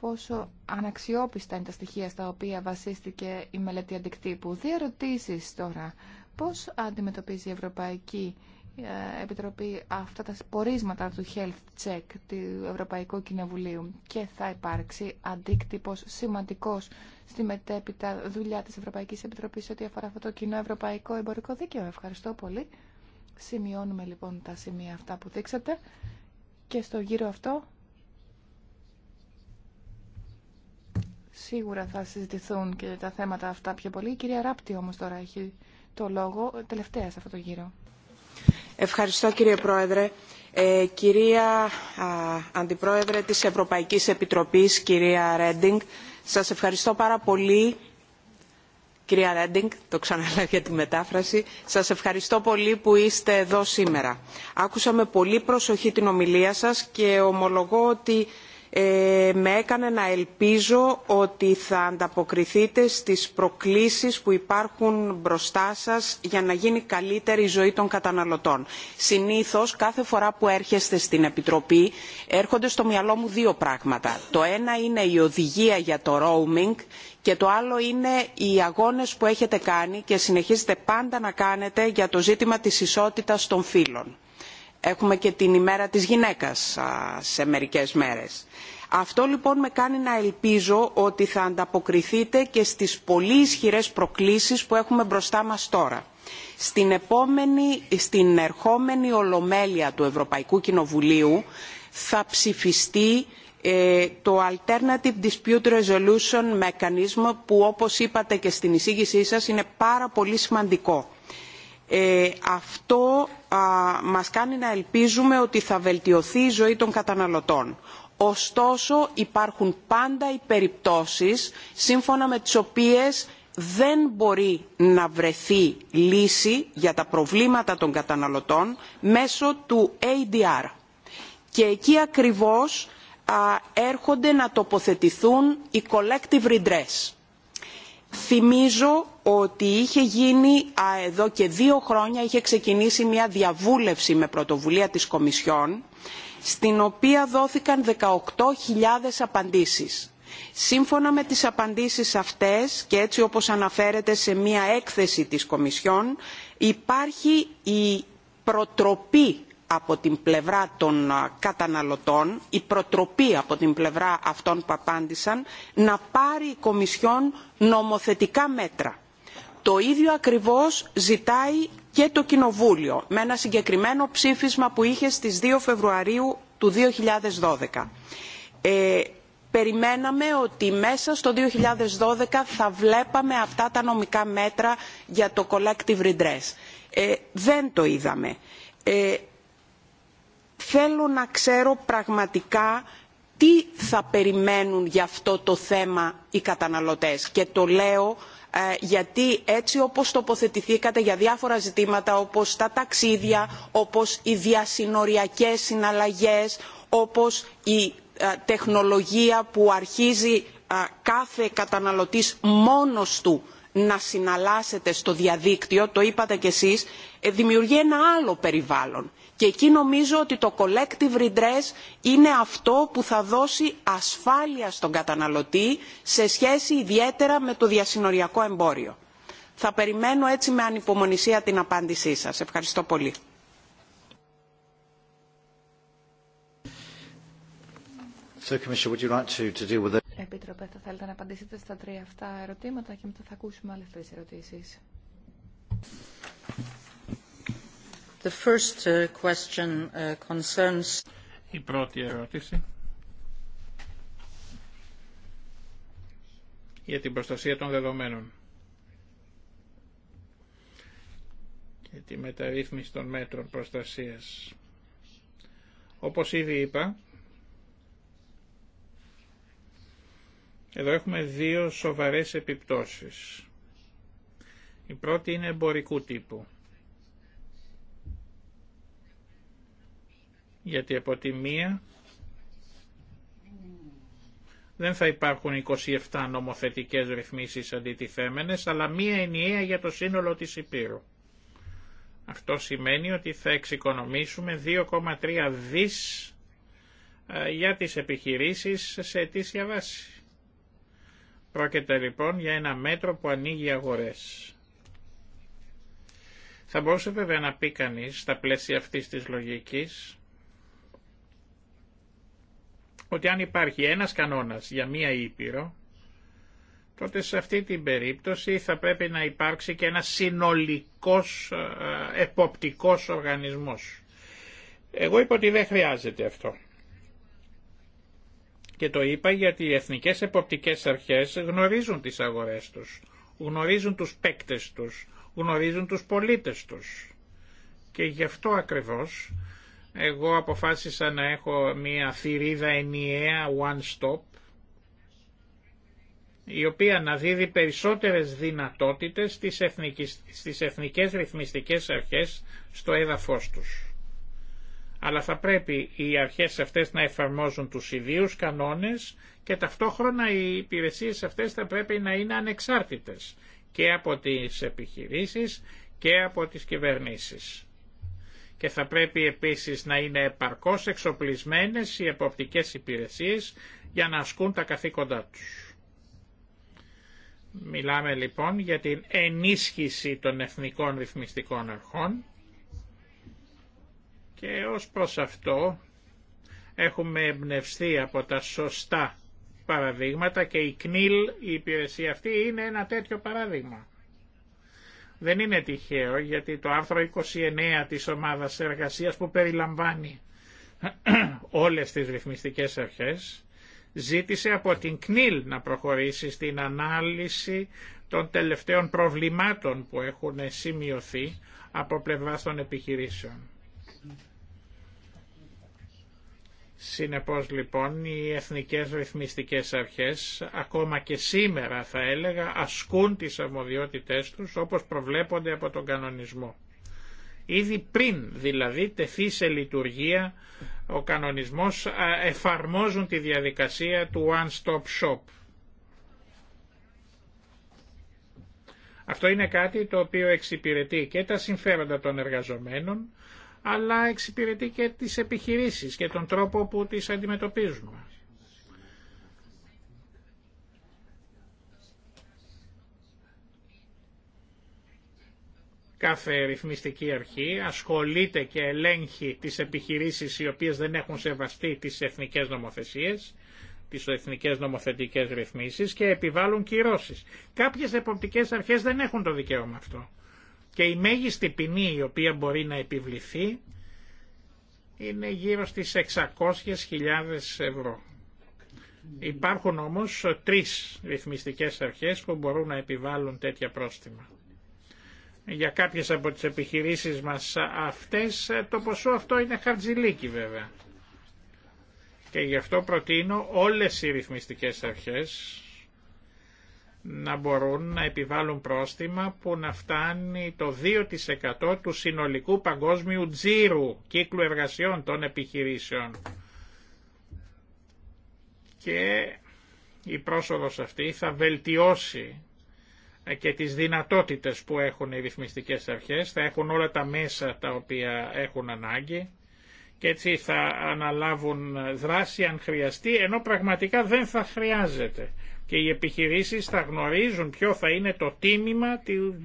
S3: πόσο αναξιόπιστα είναι τα στοιχεία στα οποία βασίστηκε η μελέτη αντικτύπου. Δύο ερωτήσει τώρα. Πώς αντιμετωπίζει η Ευρωπαϊκή ε, Επιτροπή αυτά τα πορίσματα του Health Check του Ευρωπαϊκού Κοινοβουλίου και θα υπάρξει αντίκτυπος σημαντικός στη μετέπειτα δουλειά της Ευρωπαϊκής Επιτροπής ό,τι αφορά αυτό το κοινό ευρωπαϊκό εμπορικό δίκαιο. Ευχαριστώ πολύ. Σημειώνουμε λοιπόν τα σημεία αυτά που δείξατε και στο γύρο αυτό σίγουρα θα συζητηθούν και τα θέματα αυτά πιο πολύ. Η κυρία Ράπτη όμως τώρα έχει το λόγο τελευταία σε αυτό το γύρο.
S4: Ευχαριστώ κύριε Πρόεδρε. Ε, κυρία Αντιπρόεδρε της Ευρωπαϊκής Επιτροπής, κυρία Ρέντινγκ, σας ευχαριστώ πάρα πολύ. Κυρία Ρέντινγκ, το ξαναλέω για τη μετάφραση. Σας ευχαριστώ πολύ που είστε εδώ σήμερα. Άκουσα με πολύ προσοχή την ομιλία σας και ομολογώ ότι ε, με έκανε να ελπίζω ότι θα ανταποκριθείτε στις προκλήσεις που υπάρχουν μπροστά σας για να γίνει καλύτερη η ζωή των καταναλωτών. Συνήθως κάθε φορά που έρχεστε στην Επιτροπή έρχονται στο μυαλό μου δύο πράγματα. Το ένα είναι η οδηγία για το roaming και το άλλο είναι οι αγώνες που έχετε κάνει και συνεχίζετε πάντα να κάνετε για το ζήτημα της ισότητας των φύλων Έχουμε και την ημέρα της γυναίκας σε μερικές μέρες. Αυτό λοιπόν με κάνει να ελπίζω ότι θα ανταποκριθείτε και στις πολύ ισχυρές προκλήσεις που έχουμε μπροστά μας τώρα. Στην, επόμενη, στην ερχόμενη ολομέλεια του Ευρωπαϊκού Κοινοβουλίου θα ψηφιστεί ε, το Alternative Dispute Resolution Mechanism που όπως είπατε και στην εισήγησή σας είναι πάρα πολύ σημαντικό ε, αυτό μας κάνει να ελπίζουμε ότι θα βελτιωθεί η ζωή των καταναλωτών. Ωστόσο υπάρχουν πάντα οι περιπτώσεις σύμφωνα με τις οποίες δεν μπορεί να βρεθεί λύση για τα προβλήματα των καταναλωτών μέσω του ADR. Και εκεί ακριβώς έρχονται να τοποθετηθούν οι collective redress θυμίζω ότι είχε γίνει εδώ και δύο χρόνια είχε ξεκινήσει μια διαβούλευση με πρωτοβουλία της Κομισιόν στην οποία δόθηκαν 18.000 απαντήσεις. Σύμφωνα με τις απαντήσεις αυτές και έτσι όπως αναφέρεται σε μια έκθεση της Κομισιόν υπάρχει η προτροπή από την πλευρά των καταναλωτών η προτροπή από την πλευρά αυτών που απάντησαν να πάρει η κομισιόν νομοθετικά μέτρα. το ίδιο ακριβώς ζητάει και το κοινοβούλιο με ένα συγκεκριμένο ψήφισμα που είχε στις 2 φεβρουαρίου του 2012. Ε, περιμέναμε ότι μέσα στο 2012 θα βλέπαμε αυτά τα νομικά μέτρα για το collective redress. Ε, δεν το είδαμε. Ε, θέλω να ξέρω πραγματικά τι θα περιμένουν για αυτό το θέμα οι καταναλωτές και το λέω ε, γιατί έτσι όπως τοποθετηθήκατε για διάφορα ζητήματα όπως τα ταξίδια όπως οι διασυνοριακές συναλλαγές όπως η ε, τεχνολογία που αρχίζει ε, κάθε καταναλωτής μόνος του να συναλλάσσεται στο διαδίκτυο το είπατε κι εσείς δημιουργεί ένα άλλο περιβάλλον και εκεί νομίζω ότι το collective redress είναι αυτό που θα δώσει ασφάλεια στον καταναλωτή σε σχέση ιδιαίτερα με το διασυνοριακό εμπόριο. Θα περιμένω έτσι με ανυπομονησία την απάντησή σας. Ευχαριστώ πολύ.
S3: Επίτροπε, θα θέλετε να απαντήσετε στα τρία αυτά ερωτήματα και μετά θα ακούσουμε άλλες τρεις ερωτήσεις.
S4: Uh, uh,
S2: Η πρώτη ερώτηση για την προστασία των δεδομένων και τη μεταρρύθμιση των μέτρων προστασίας. Όπως ήδη είπα, εδώ έχουμε δύο σοβαρές επιπτώσεις. Η πρώτη είναι εμπορικού τύπου. γιατί από τη μία δεν θα υπάρχουν 27 νομοθετικές ρυθμίσεις αντιτιθέμενες, αλλά μία ενιαία για το σύνολο της Υπήρου. Αυτό σημαίνει ότι θα εξοικονομήσουμε 2,3 δις ε, για τις επιχειρήσεις σε αιτήσια βάση. Πρόκειται λοιπόν για ένα μέτρο που ανοίγει αγορές. Θα μπορούσε βέβαια να πει κανείς στα πλαίσια αυτής της λογικής ότι αν υπάρχει ένας κανόνας για μία ήπειρο, τότε σε αυτή την περίπτωση θα πρέπει να υπάρξει και ένα συνολικός ε, εποπτικός οργανισμός. Εγώ είπα ότι δεν χρειάζεται αυτό. Και το είπα γιατί οι εθνικές εποπτικές αρχές γνωρίζουν τις αγορές τους, γνωρίζουν τους παίκτες τους, γνωρίζουν τους πολίτες τους. Και γι' αυτό ακριβώς εγώ αποφάσισα να έχω μια θηρίδα ενιαία one stop η οποία να δίδει περισσότερες δυνατότητες στις, εθνικές, στις εθνικές ρυθμιστικές αρχές στο έδαφος τους. Αλλά θα πρέπει οι αρχές αυτές να εφαρμόζουν τους ιδίους κανόνες και ταυτόχρονα οι υπηρεσίες αυτές θα πρέπει να είναι ανεξάρτητες και από τις επιχειρήσεις και από τις κυβερνήσεις και θα πρέπει επίσης να είναι επαρκώς εξοπλισμένες οι εποπτικές υπηρεσίες για να ασκούν τα καθήκοντά τους. Μιλάμε λοιπόν για την ενίσχυση των εθνικών ρυθμιστικών αρχών και ως προς αυτό έχουμε εμπνευστεί από τα σωστά παραδείγματα και η ΚΝΙΛ η υπηρεσία αυτή είναι ένα τέτοιο παράδειγμα. Δεν είναι τυχαίο γιατί το άρθρο 29 της ομάδας εργασίας που περιλαμβάνει [CLEARS THROAT] όλες τις ρυθμιστικές αρχές ζήτησε από την ΚΝΙΛ να προχωρήσει στην ανάλυση των τελευταίων προβλημάτων που έχουν σημειωθεί από πλευρά των επιχειρήσεων. Συνεπώς λοιπόν οι εθνικές ρυθμιστικές αρχές ακόμα και σήμερα θα έλεγα ασκούν τις αρμοδιότητές τους όπως προβλέπονται από τον κανονισμό. Ήδη πριν δηλαδή τεθεί σε λειτουργία ο κανονισμός εφαρμόζουν τη διαδικασία του One Stop Shop. Αυτό είναι κάτι το οποίο εξυπηρετεί και τα συμφέροντα των εργαζομένων αλλά εξυπηρετεί και τις επιχειρήσεις και τον τρόπο που τις αντιμετωπίζουμε. Κάθε ρυθμιστική αρχή ασχολείται και ελέγχει τις επιχειρήσεις οι οποίες δεν έχουν σεβαστεί τις εθνικές νομοθεσίες, τις εθνικές νομοθετικές ρυθμίσεις και επιβάλλουν κυρώσεις. Κάποιες εποπτικές αρχές δεν έχουν το δικαίωμα αυτό και η μέγιστη ποινή η οποία μπορεί να επιβληθεί είναι γύρω στις 600.000 ευρώ. Υπάρχουν όμως τρεις ρυθμιστικές αρχές που μπορούν να επιβάλλουν τέτοια πρόστιμα. Για κάποιες από τις επιχειρήσεις μας αυτές το ποσό αυτό είναι χαρτζηλίκι βέβαια. Και γι' αυτό προτείνω όλες οι ρυθμιστικές αρχές να μπορούν να επιβάλλουν πρόστιμα που να φτάνει το 2% του συνολικού παγκόσμιου τζίρου κύκλου εργασιών των επιχειρήσεων. Και η πρόσοδος αυτή θα βελτιώσει ε, και τις δυνατότητες που έχουν οι ρυθμιστικές αρχές, θα έχουν όλα τα μέσα τα οποία έχουν ανάγκη και έτσι θα αναλάβουν δράση αν χρειαστεί, ενώ πραγματικά δεν θα χρειάζεται και οι επιχειρήσεις θα γνωρίζουν ποιο θα είναι το τίμημα του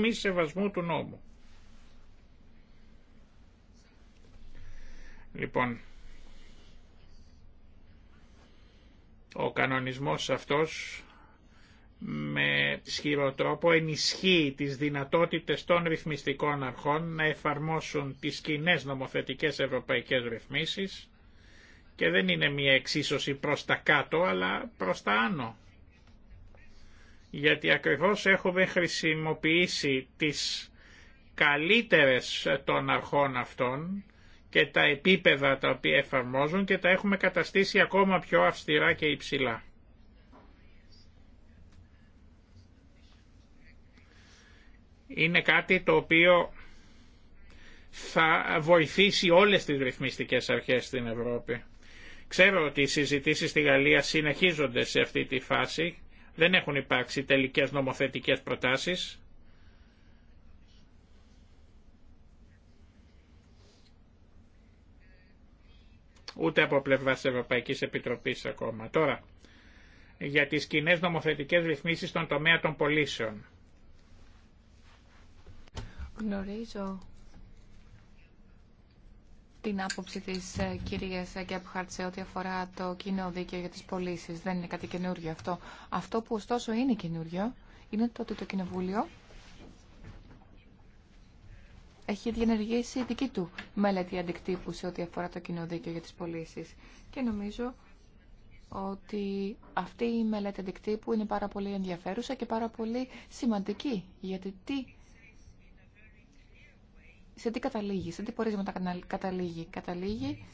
S2: μη σεβασμού του νόμου. Λοιπόν, ο κανονισμός αυτός με ισχυρό τρόπο ενισχύει τις δυνατότητες των ρυθμιστικών αρχών να εφαρμόσουν τις κοινέ νομοθετικές ευρωπαϊκές ρυθμίσεις και δεν είναι μια εξίσωση προς τα κάτω αλλά προς τα άνω. Γιατί ακριβώς έχουμε χρησιμοποιήσει τις καλύτερες των αρχών αυτών και τα επίπεδα τα οποία εφαρμόζουν και τα έχουμε καταστήσει ακόμα πιο αυστηρά και υψηλά. Είναι κάτι το οποίο θα βοηθήσει όλες τις ρυθμιστικές αρχές στην Ευρώπη. Ξέρω ότι οι συζητήσεις στη Γαλλία συνεχίζονται σε αυτή τη φάση. Δεν έχουν υπάρξει τελικές νομοθετικές προτάσεις. Ούτε από πλευράς Ευρωπαϊκής Επιτροπής ακόμα. Τώρα, για τις κοινέ νομοθετικές ρυθμίσεις στον τομέα των πωλήσεων.
S3: Γνωρίζω την άποψη της ε, κυρία Γκέπχαρτ σε ό,τι αφορά το κοινό δίκαιο για τις πωλήσει. Δεν είναι κάτι καινούριο αυτό. Αυτό που ωστόσο είναι καινούριο είναι το ότι το Κοινοβούλιο έχει διενεργήσει δική του μελέτη αντικτύπου σε ό,τι αφορά το κοινό δίκαιο για τις πωλήσει. Και νομίζω ότι αυτή η μελέτη αντικτύπου είναι πάρα πολύ ενδιαφέρουσα και πάρα πολύ σημαντική. Γιατί τι σε τι καταλήγει, σε τι πορίσματα καταλήγει. Καταλήγει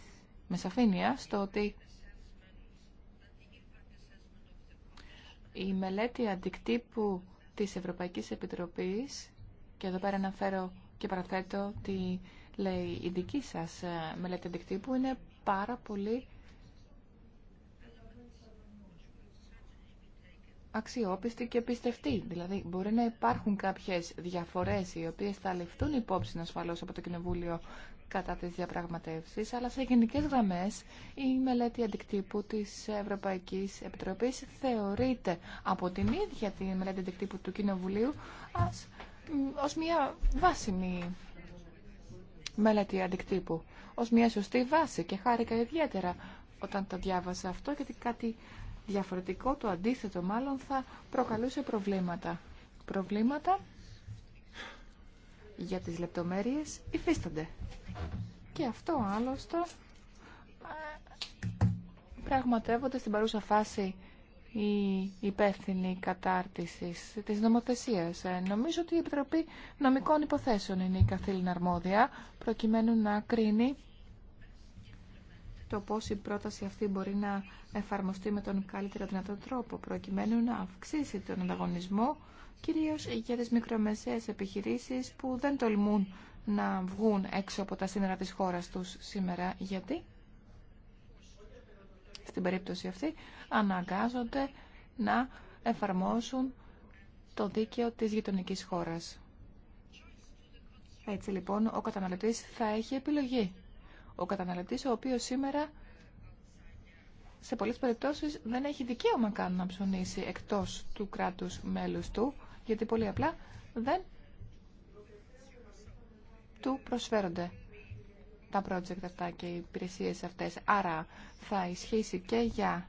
S3: με σαφήνεια στο ότι η μελέτη αντικτύπου της Ευρωπαϊκής Επιτροπής και εδώ πέρα αναφέρω και παραθέτω τι λέει η δική σας ε, μελέτη αντικτύπου είναι πάρα πολύ αξιόπιστη και πιστευτή. Δηλαδή, μπορεί να υπάρχουν κάποιες διαφορές οι οποίες θα ληφθούν υπόψη ασφαλώ από το Κοινοβούλιο κατά τι διαπραγματεύσεις, αλλά σε γενικές γραμμές η μελέτη αντικτύπου της Ευρωπαϊκής Επιτροπής θεωρείται από την ίδια τη μελέτη αντικτύπου του Κοινοβουλίου ω ως μια βάσιμη μελέτη αντικτύπου, Ω μια σωστή βάση και χάρηκα ιδιαίτερα όταν το διάβασα αυτό γιατί κάτι διαφορετικό, το αντίθετο μάλλον θα προκαλούσε προβλήματα. Προβλήματα για τις λεπτομέρειες υφίστανται. Και αυτό άλλωστε ε, πραγματεύονται στην παρούσα φάση η υπεύθυνη κατάρτιση της νομοθεσίας. Ε, νομίζω ότι η Επιτροπή Νομικών Υποθέσεων είναι η καθήλυνα αρμόδια, προκειμένου να κρίνει το πώς η πρόταση αυτή μπορεί να εφαρμοστεί με τον καλύτερο δυνατό τρόπο προκειμένου να αυξήσει τον ανταγωνισμό κυρίως για τις μικρομεσαίες επιχειρήσεις που δεν τολμούν να βγουν έξω από τα σύνορα της χώρας τους σήμερα γιατί στην περίπτωση αυτή αναγκάζονται να εφαρμόσουν το δίκαιο της γειτονικής χώρας. Έτσι λοιπόν ο καταναλωτής θα έχει επιλογή ο καταναλωτής ο οποίος σήμερα σε πολλές περιπτώσεις δεν έχει δικαίωμα καν να ψωνίσει εκτός του κράτους μέλους του, γιατί πολύ απλά δεν του προσφέρονται τα project αυτά και οι υπηρεσίες αυτές. Άρα θα ισχύσει και για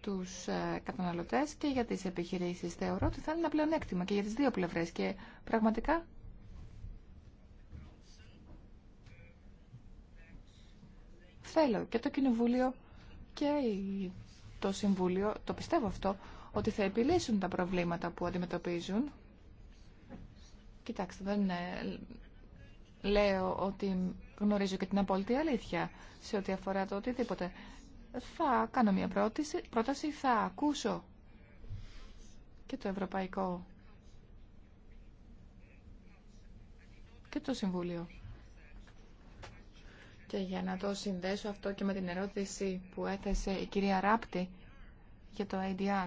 S3: τους ε, καταναλωτές και για τις επιχειρήσεις. Θεωρώ ότι θα είναι ένα πλεονέκτημα και για τις δύο πλευρές και πραγματικά θέλω και το Κοινοβούλιο και το Συμβούλιο, το πιστεύω αυτό, ότι θα επιλύσουν τα προβλήματα που αντιμετωπίζουν. Κοιτάξτε, δεν ε, λέω ότι γνωρίζω και την απόλυτη αλήθεια σε ό,τι αφορά το οτιδήποτε. Θα κάνω μια πρόταση, πρόταση θα ακούσω και το Ευρωπαϊκό και το Συμβούλιο. Και για να το συνδέσω αυτό και με την ερώτηση που έθεσε η κυρία Ράπτη για το ADR.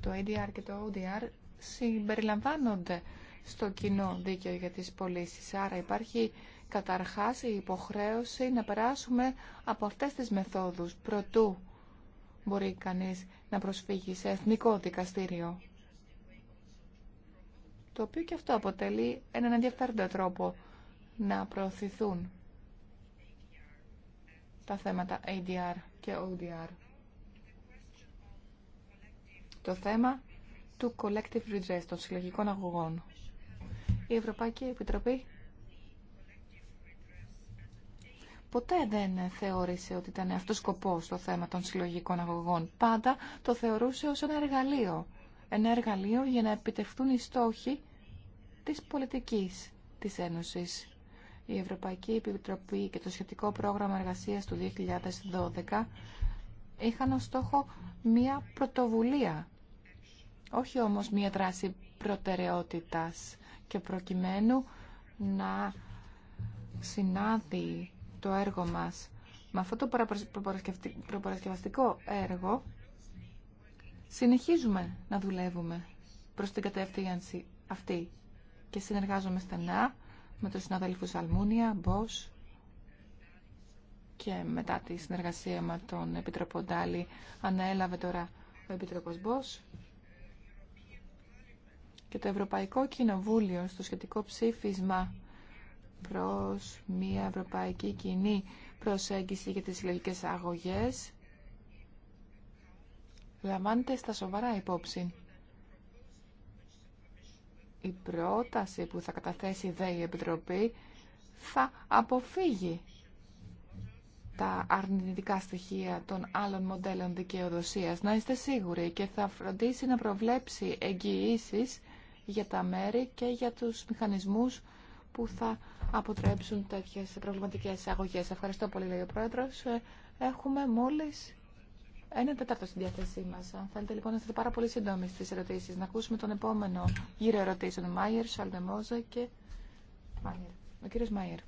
S3: Το ADR και το ODR συμπεριλαμβάνονται στο κοινό δίκαιο για τις πωλήσει. Άρα υπάρχει καταρχάς η υποχρέωση να περάσουμε από αυτές τις μεθόδους προτού μπορεί κανείς να προσφύγει σε εθνικό δικαστήριο. Το οποίο και αυτό αποτελεί έναν ενδιαφέροντα τρόπο να προωθηθούν τα θέματα ADR και ODR. Το θέμα του collective redress, των συλλογικών αγωγών. Η Ευρωπαϊκή Επιτροπή ποτέ δεν θεώρησε ότι ήταν αυτός σκοπός το θέμα των συλλογικών αγωγών. Πάντα το θεωρούσε ως ένα εργαλείο. Ένα εργαλείο για να επιτευχθούν οι στόχοι της πολιτικής της Ένωσης η Ευρωπαϊκή Επιτροπή και το σχετικό πρόγραμμα εργασίας του 2012 είχαν ως στόχο μία πρωτοβουλία, όχι όμως μία δράση προτεραιότητας και προκειμένου να συνάδει το έργο μας με αυτό το προπαρασκευαστικό έργο συνεχίζουμε να δουλεύουμε προς την κατεύθυνση αυτή και συνεργάζομαι στενά με τους συναδέλφους Αλμούνια, Μπός και μετά τη συνεργασία με τον Επιτροπό Ντάλι ανέλαβε τώρα ο Επιτροπός Μπός και το Ευρωπαϊκό Κοινοβούλιο στο σχετικό ψήφισμα προς μια ευρωπαϊκή κοινή προσέγγιση για τις συλλογικές αγωγές λαμβάνεται στα σοβαρά υπόψη η πρόταση που θα καταθέσει δε ΔΕΗ Επιτροπή θα αποφύγει τα αρνητικά στοιχεία των άλλων μοντέλων δικαιοδοσίας. Να είστε σίγουροι και θα φροντίσει να προβλέψει εγγυήσει για τα μέρη και για τους μηχανισμούς που θα αποτρέψουν τέτοιες προβληματικές αγωγές. Ευχαριστώ πολύ, λέει ο Πρόεδρος. Έχουμε μόλις ένα τέταρτο στην διάθεσή μα. Αν θέλετε λοιπόν να είστε πάρα πολύ σύντομοι στι ερωτήσει, να ακούσουμε τον επόμενο γύρο ερωτήσεων. Μάιερ, Σαλδεμόζα και. Μάιερ. Ο κύριο Μάιερ.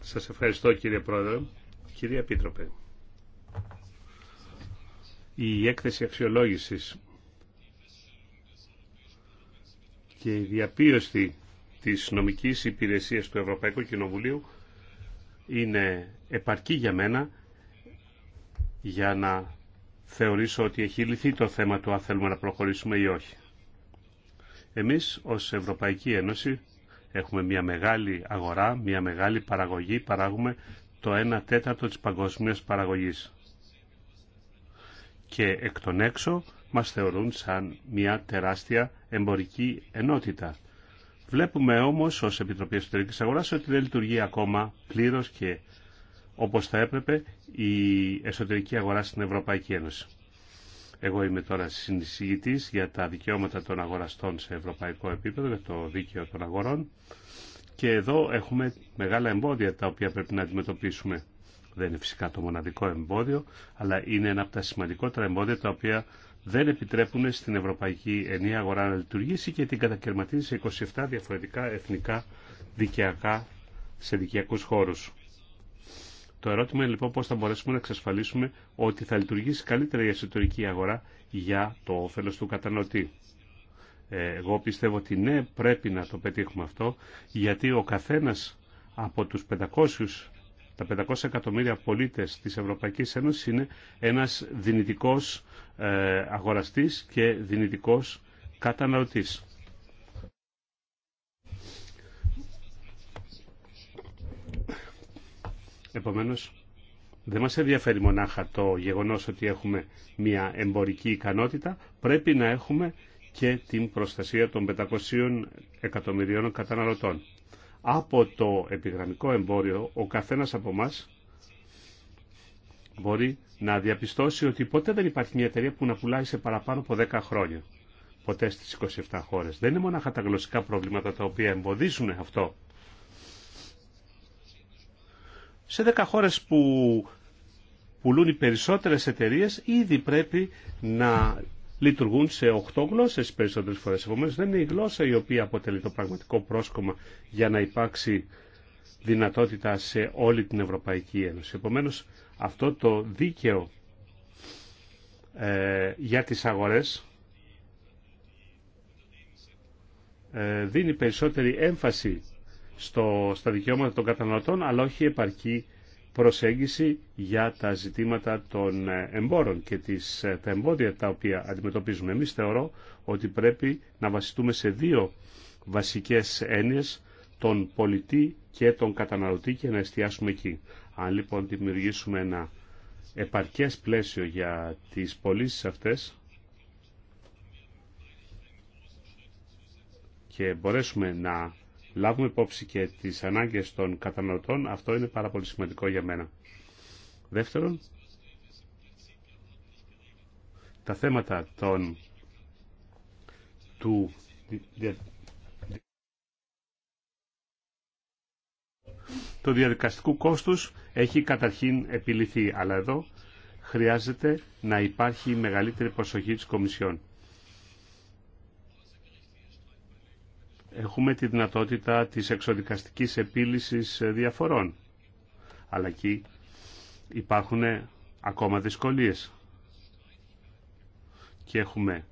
S1: Σα ευχαριστώ κύριε Πρόεδρε. Κυρία Επίτροπε, η έκθεση αξιολόγηση και η διαπίωση της νομικής υπηρεσίας του Ευρωπαϊκού Κοινοβουλίου είναι επαρκή για μένα για να θεωρήσω ότι έχει λυθεί το θέμα του αν θέλουμε να προχωρήσουμε ή όχι. Εμείς ως Ευρωπαϊκή Ένωση έχουμε μια μεγάλη αγορά, μια μεγάλη παραγωγή, παράγουμε το 1 τέταρτο της παγκοσμίας παραγωγής. Και εκ των έξω μας θεωρούν σαν μια τεράστια εμπορική ενότητα. Βλέπουμε όμως ως Επιτροπή Εσωτερικής Αγοράς ότι δεν λειτουργεί ακόμα πλήρως και όπως θα έπρεπε η εσωτερική αγορά στην Ευρωπαϊκή Ένωση. Εγώ είμαι τώρα συνεισηγητής για τα δικαιώματα των αγοραστών σε ευρωπαϊκό επίπεδο, για το δίκαιο των αγορών και εδώ έχουμε μεγάλα εμπόδια τα οποία πρέπει να αντιμετωπίσουμε. Δεν είναι φυσικά το μοναδικό εμπόδιο, αλλά είναι ένα από τα σημαντικότερα εμπόδια τα οποία δεν επιτρέπουν στην Ευρωπαϊκή Ενία Αγορά να λειτουργήσει και την κατακαιρματίζει σε 27 διαφορετικά εθνικά δικαιακά σε δικαιακούς χώρους. Το ερώτημα είναι λοιπόν πώς θα μπορέσουμε να εξασφαλίσουμε ότι θα λειτουργήσει καλύτερα η εσωτερική αγορά για το όφελος του καταναλωτή. Ε, εγώ πιστεύω ότι ναι πρέπει να το πετύχουμε αυτό γιατί ο καθένας από τους 500 τα 500 εκατομμύρια πολίτες της Ευρωπαϊκής Ένωσης είναι ένας δυνητικός ε, αγοραστής και δυνητικός καταναλωτής. Επομένως, δεν μας ενδιαφέρει μονάχα το γεγονός ότι έχουμε μια εμπορική ικανότητα, πρέπει να έχουμε και την προστασία των 500 εκατομμυρίων καταναλωτών από το επιγραμμικό εμπόριο ο καθένας από εμά μπορεί να διαπιστώσει ότι ποτέ δεν υπάρχει μια εταιρεία που να πουλάει σε παραπάνω από 10 χρόνια. Ποτέ στις 27 χώρες. Δεν είναι μόνο τα γλωσσικά προβλήματα τα οποία εμποδίζουν αυτό. Σε 10 χώρες που πουλούν οι περισσότερες εταιρείες ήδη πρέπει να λειτουργούν σε 8 γλώσσε περισσότερες φορές. Επομένως δεν είναι η γλώσσα η οποία αποτελεί το πραγματικό πρόσκομα για να υπάρξει δυνατότητα σε όλη την Ευρωπαϊκή Ένωση. Επομένως αυτό το δίκαιο ε, για τις αγορές ε, δίνει περισσότερη έμφαση στο, στα δικαιώματα των καταναλωτών αλλά όχι επαρκή προσέγγιση για τα ζητήματα των ε, εμπόρων και τις, ε, τα εμπόδια τα οποία αντιμετωπίζουμε. Εμείς θεωρώ ότι πρέπει να βασιστούμε σε δύο βασικές έννοιες, τον πολιτή και τον καταναλωτή και να εστιάσουμε εκεί. Αν λοιπόν δημιουργήσουμε ένα επαρκές πλαίσιο για τις πωλήσει αυτές και μπορέσουμε να λάβουμε υπόψη και τις ανάγκες των καταναλωτών, αυτό είναι πάρα πολύ σημαντικό για μένα. Δεύτερον, τα θέματα των, του, το διαδικαστικού κόστους έχει καταρχήν επιληθεί, αλλά εδώ χρειάζεται να υπάρχει μεγαλύτερη προσοχή της Κομισιόν. έχουμε τη δυνατότητα της εξοδικαστικής επίλυσης ε, διαφορών. Αλλά εκεί υπάρχουν ε, ακόμα δυσκολίες. Και έχουμε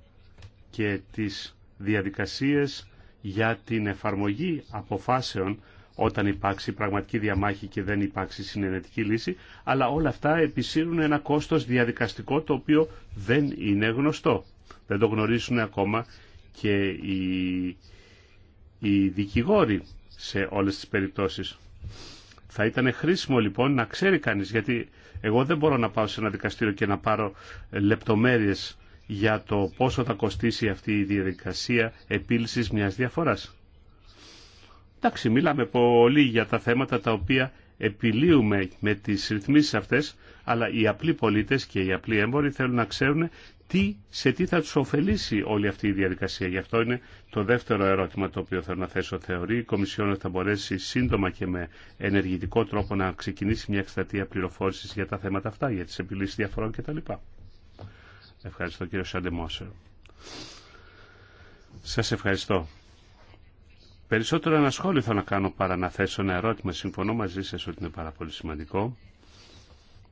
S1: και τις διαδικασίες για την εφαρμογή αποφάσεων όταν υπάρξει πραγματική διαμάχη και δεν υπάρξει συνενετική λύση, αλλά όλα αυτά επισύρουν ένα κόστος διαδικαστικό το οποίο δεν είναι γνωστό. Δεν το γνωρίζουν ακόμα και οι οι δικηγόροι σε όλες τις περιπτώσεις. Θα ήταν χρήσιμο λοιπόν να ξέρει κανείς, γιατί εγώ δεν μπορώ να πάω σε ένα δικαστήριο και να πάρω λεπτομέρειες για το πόσο θα κοστίσει αυτή η διαδικασία επίλυσης μιας διαφοράς. Εντάξει, μιλάμε πολύ για τα θέματα τα οποία επιλύουμε με τις ρυθμίσεις αυτές, αλλά οι απλοί πολίτες και οι απλοί έμποροι θέλουν να ξέρουν τι, σε τι θα τους ωφελήσει όλη αυτή η διαδικασία. Γι' αυτό είναι το δεύτερο ερώτημα το οποίο θέλω να θέσω. Θεωρεί η Κομισιόν ότι θα μπορέσει σύντομα και με ενεργητικό τρόπο να ξεκινήσει μια εκστατεία πληροφόρηση για τα θέματα αυτά, για τις επιλύσεις διαφορών κτλ. Ευχαριστώ κύριο Σαντεμόσερ. Σας ευχαριστώ. Περισσότερο ένα σχόλιο θα να κάνω παρά να θέσω ένα ερώτημα. Συμφωνώ μαζί σας ότι είναι πάρα πολύ σημαντικό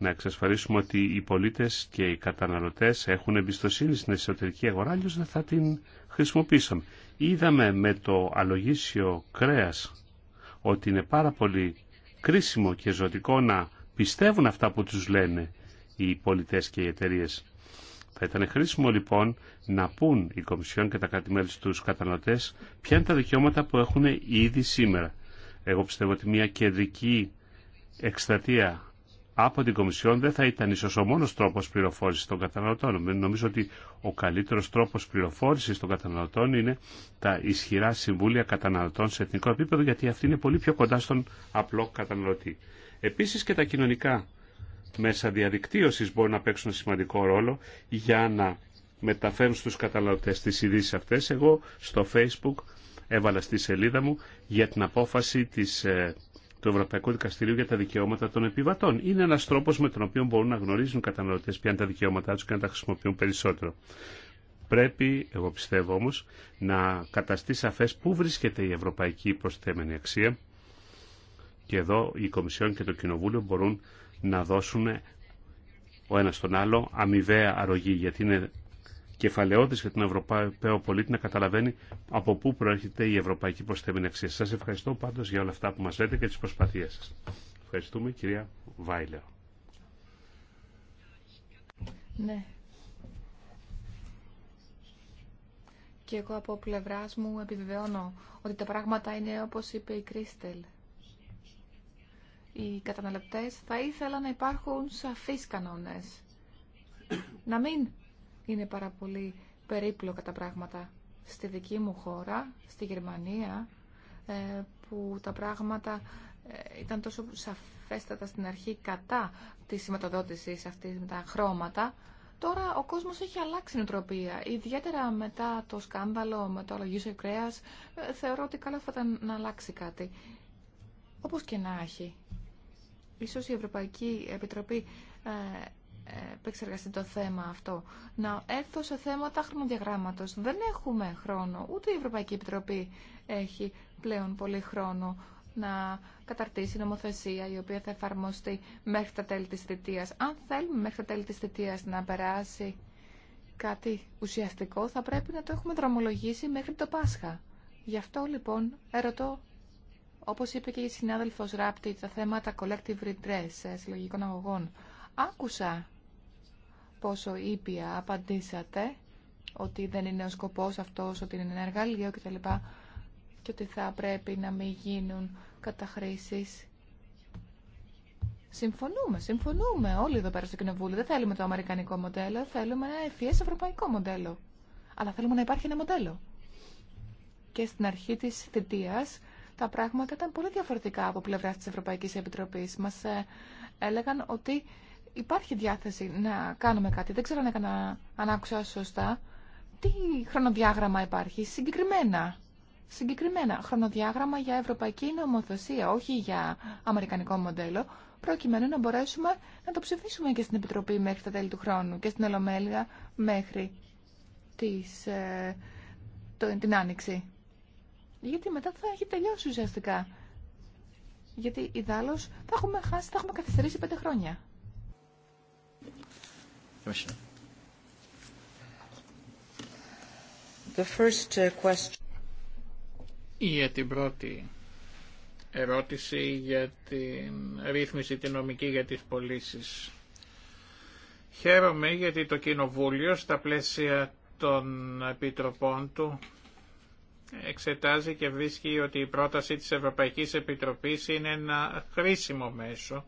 S1: να εξασφαλίσουμε ότι οι πολίτες και οι καταναλωτές έχουν εμπιστοσύνη στην εσωτερική αγορά, αλλιώς δεν θα την χρησιμοποιήσαμε. Είδαμε με το αλογίσιο κρέας ότι είναι πάρα πολύ κρίσιμο και ζωτικό να πιστεύουν αυτά που τους λένε οι πολιτές και οι εταιρείε. Θα ήταν χρήσιμο λοιπόν να πούν οι Κομισιόν και τα κράτη-μέλη στους καταναλωτές ποια είναι τα δικαιώματα που έχουν ήδη σήμερα. Εγώ πιστεύω ότι μια κεντρική εκστρατεία από την Κομισιόν δεν θα ήταν ίσως ο μόνος τρόπος πληροφόρησης των καταναλωτών. Νομίζω ότι ο καλύτερος τρόπος πληροφόρησης των καταναλωτών είναι τα ισχυρά συμβούλια καταναλωτών σε εθνικό επίπεδο, γιατί αυτή είναι πολύ πιο κοντά στον απλό καταναλωτή. Επίσης και τα κοινωνικά μέσα διαδικτύωσης μπορούν να παίξουν σημαντικό ρόλο για να μεταφέρουν στους καταναλωτές τις ειδήσει αυτές. Εγώ στο Facebook έβαλα στη σελίδα μου για την απόφαση της ε, του Ευρωπαϊκού Δικαστηρίου για τα Δικαιώματα των Επιβατών. Είναι ένα τρόπο με τον οποίο μπορούν να γνωρίζουν οι καταναλωτέ ποια είναι τα δικαιώματά του και να τα χρησιμοποιούν περισσότερο. Πρέπει, εγώ πιστεύω όμω, να καταστεί σαφέ πού βρίσκεται η ευρωπαϊκή προστιθέμενη αξία και εδώ η Κομισιόν και το Κοινοβούλιο μπορούν να δώσουν ο ένας τον άλλο αμοιβαία αρρωγή, γιατί είναι κεφαλαιότητε για τον Ευρωπαίο πολίτη να καταλαβαίνει από πού προέρχεται η ευρωπαϊκή προσθέμενη αξία. Σας ευχαριστώ πάντως για όλα αυτά που μας λέτε και τις προσπαθίες σας. Ευχαριστούμε κυρία Βάιλερ.
S3: Ναι. Και εγώ από πλευρά μου επιβεβαιώνω ότι τα πράγματα είναι όπως είπε η Κρίστελ. Οι καταναλωτέ θα ήθελαν να υπάρχουν σαφείς κανόνες. Να μην είναι πάρα πολύ περίπλοκα τα πράγματα. Στη δική μου χώρα, στη Γερμανία, ε, που τα πράγματα ε, ήταν τόσο σαφέστατα στην αρχή κατά τη σηματοδότηση αυτή με τα χρώματα, Τώρα ο κόσμος έχει αλλάξει νοοτροπία. Ιδιαίτερα μετά το σκάνδαλο με το αλλαγή κρέα, ε, θεωρώ ότι καλό θα ήταν να αλλάξει κάτι. Όπως και να έχει. Ίσως η Ευρωπαϊκή Επιτροπή επεξεργαστεί το θέμα αυτό. Να έρθω σε θέματα χρονοδιαγράμματος. Δεν έχουμε χρόνο, ούτε η Ευρωπαϊκή Επιτροπή έχει πλέον πολύ χρόνο να καταρτήσει νομοθεσία η οποία θα εφαρμοστεί μέχρι τα τέλη της θητείας. Αν θέλουμε μέχρι τα τέλη της θητείας να περάσει κάτι ουσιαστικό, θα πρέπει να το έχουμε δρομολογήσει μέχρι το Πάσχα. Γι' αυτό λοιπόν ερωτώ, όπως είπε και η συνάδελφος Ράπτη, τα θέματα collective redress συλλογικών αγωγών. Άκουσα πόσο ήπια απαντήσατε ότι δεν είναι ο σκοπός αυτός, ότι είναι ένα εργαλείο κτλ. Και ότι θα πρέπει να μην γίνουν καταχρήσεις. Συμφωνούμε, συμφωνούμε όλοι εδώ πέρα στο Κοινοβούλιο. Δεν θέλουμε το αμερικανικό μοντέλο, θέλουμε ένα ευφυές ευρωπαϊκό μοντέλο. Αλλά θέλουμε να υπάρχει ένα μοντέλο. Και στην αρχή της θητείας τα πράγματα ήταν πολύ διαφορετικά από πλευρά της Ευρωπαϊκής Επιτροπής. Μας ε, έλεγαν ότι υπάρχει διάθεση να κάνουμε κάτι. Δεν ξέρω αν έκανα, αν άκουσα σωστά. Τι χρονοδιάγραμμα υπάρχει συγκεκριμένα. Συγκεκριμένα χρονοδιάγραμμα για ευρωπαϊκή νομοθεσία, όχι για αμερικανικό μοντέλο, προκειμένου να μπορέσουμε να το ψηφίσουμε και στην Επιτροπή μέχρι τα τέλη του χρόνου και στην Ολομέλεια μέχρι ε, το, την Άνοιξη. Γιατί μετά θα έχει τελειώσει ουσιαστικά. Γιατί ιδάλω θα έχουμε χάσει, θα έχουμε καθυστερήσει πέντε χρόνια. Commissioner.
S4: The
S2: Για uh, ε, την πρώτη ερώτηση για την ρύθμιση την νομική για τις πωλήσει. Χαίρομαι γιατί το Κοινοβούλιο στα πλαίσια των επιτροπών του εξετάζει και βρίσκει ότι η πρόταση της Ευρωπαϊκής Επιτροπής είναι ένα χρήσιμο μέσο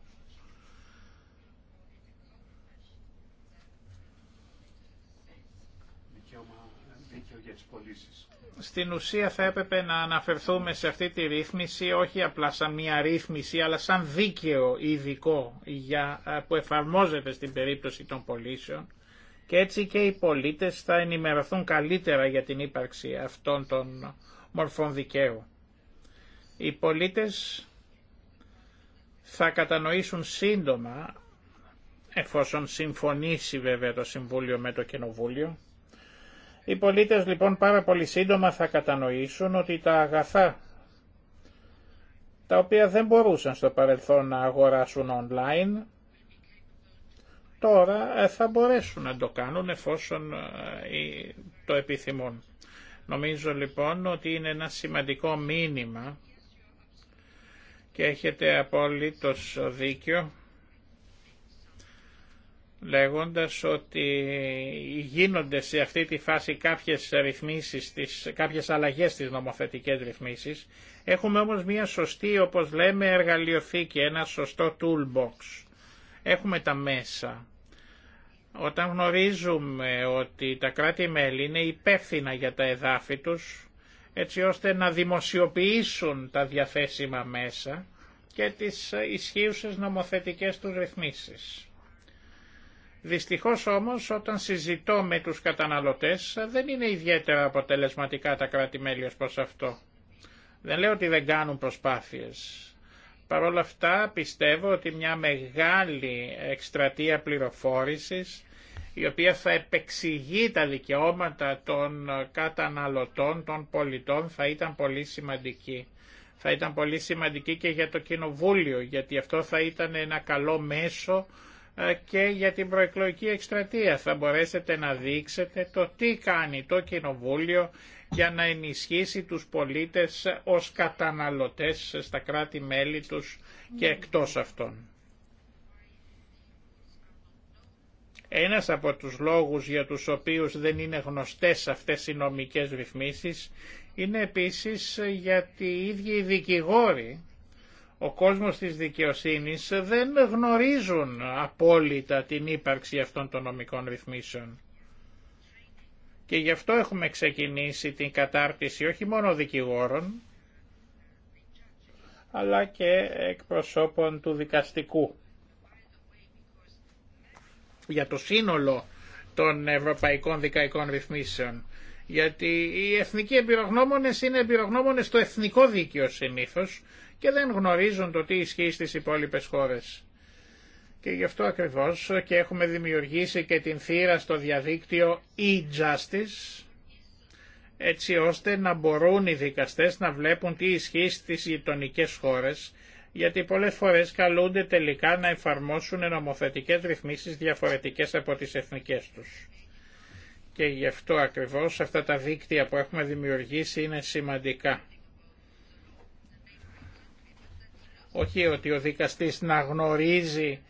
S2: στην ουσία θα έπρεπε να αναφερθούμε σε αυτή τη ρύθμιση όχι απλά σαν μια ρύθμιση αλλά σαν δίκαιο ειδικό για, που εφαρμόζεται στην περίπτωση των πολίσεων και έτσι και οι πολίτες θα ενημερωθούν καλύτερα για την ύπαρξη αυτών των μορφών δικαίου. Οι πολίτες θα κατανοήσουν σύντομα εφόσον συμφωνήσει βέβαια το Συμβούλιο με το Κοινοβούλιο οι πολίτες λοιπόν πάρα πολύ σύντομα θα κατανοήσουν ότι τα αγαθά τα οποία δεν μπορούσαν στο παρελθόν να αγοράσουν online, τώρα ε, θα μπορέσουν να το κάνουν εφόσον ε, το επιθυμούν. Νομίζω λοιπόν ότι είναι ένα σημαντικό μήνυμα και έχετε απόλυτος δίκιο λέγοντας ότι γίνονται σε αυτή τη φάση κάποιες, ρυθμίσεις, τις, κάποιες αλλαγές στις νομοθετικές ρυθμίσεις. Έχουμε όμως μια σωστή, όπως λέμε, εργαλειοθήκη, ένα σωστό toolbox. Έχουμε τα μέσα. Όταν γνωρίζουμε ότι τα κράτη-μέλη είναι υπεύθυνα για τα εδάφη τους, έτσι ώστε να δημοσιοποιήσουν τα διαθέσιμα μέσα και τις ισχύουσες νομοθετικές τους ρυθμίσεις. Δυστυχώς όμως όταν συζητώ με τους καταναλωτές δεν είναι ιδιαίτερα αποτελεσματικά τα κράτη-μέλη ως προς αυτό. Δεν λέω ότι δεν κάνουν προσπάθειες. Παρ' όλα αυτά πιστεύω ότι μια μεγάλη εκστρατεία πληροφόρησης η οποία θα επεξηγεί τα δικαιώματα των καταναλωτών, των πολιτών, θα ήταν πολύ σημαντική. Θα ήταν πολύ σημαντική και για το Κοινοβούλιο, γιατί αυτό θα ήταν ένα καλό μέσο ε, και για την προεκλογική εκστρατεία. Θα μπορέσετε να δείξετε το τι κάνει το Κοινοβούλιο για να ενισχύσει τους πολίτες ως καταναλωτές στα κράτη-μέλη τους και εκτός αυτών. Ένας από τους λόγους για τους οποίους δεν είναι γνωστές αυτές οι νομικές ρυθμίσεις είναι επίσης γιατί οι ίδιοι οι δικηγόροι ο κόσμος της δικαιοσύνης δεν γνωρίζουν απόλυτα την ύπαρξη αυτών των νομικών ρυθμίσεων. Και γι' αυτό έχουμε ξεκινήσει την κατάρτιση όχι μόνο δικηγόρων, αλλά και εκπροσώπων του δικαστικού. Για το σύνολο των ευρωπαϊκών δικαϊκών ρυθμίσεων. Γιατί οι εθνικοί εμπειρογνώμονες είναι εμπειρογνώμονες στο εθνικό δίκαιο συνήθως και δεν γνωρίζουν το τι ισχύει στις υπόλοιπες χώρες. Και γι' αυτό ακριβώς και έχουμε δημιουργήσει και την θύρα στο διαδίκτυο e-justice, έτσι ώστε να μπορούν οι δικαστές να βλέπουν τι ισχύει στις γειτονικέ χώρες, γιατί πολλές φορές καλούνται τελικά να εφαρμόσουν νομοθετικές ρυθμίσεις διαφορετικές από τις εθνικές τους. Και γι' αυτό ακριβώς αυτά τα δίκτυα που έχουμε δημιουργήσει είναι σημαντικά. όχι ότι ο δικαστής να γνωρίζει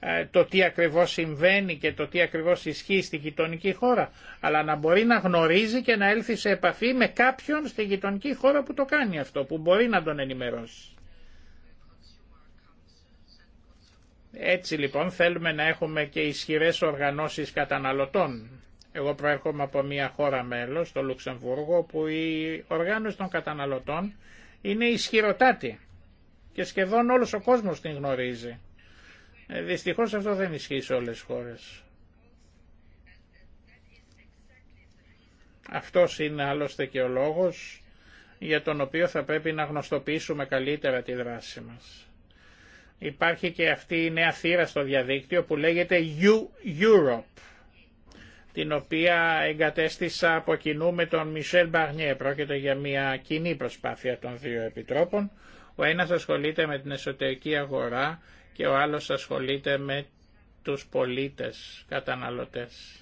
S2: ε, το τι ακριβώς συμβαίνει και το τι ακριβώς ισχύει στη γειτονική χώρα, αλλά να μπορεί να γνωρίζει και να έλθει σε επαφή με κάποιον στη γειτονική χώρα που το κάνει αυτό, που μπορεί να τον ενημερώσει. Έτσι λοιπόν θέλουμε να έχουμε και ισχυρές οργανώσεις καταναλωτών. Εγώ προέρχομαι από μια χώρα μέλος, το Λουξεμβούργο, που η οργάνωση των καταναλωτών είναι ισχυροτάτη και σχεδόν όλος ο κόσμος την γνωρίζει. Ε, δυστυχώς αυτό δεν ισχύει σε όλες τις χώρες. Αυτός είναι άλλωστε και ο λόγος για τον οποίο θα πρέπει να γνωστοποιήσουμε καλύτερα τη δράση μας. Υπάρχει και αυτή η νέα θύρα στο διαδίκτυο που λέγεται U Europe, την οποία εγκατέστησα από κοινού με τον Μισελ Μπαρνιέ. Πρόκειται για μια κοινή προσπάθεια των δύο επιτρόπων ο ένας ασχολείται με την εσωτερική αγορά και ο άλλος ασχολείται με τους πολίτες καταναλωτές.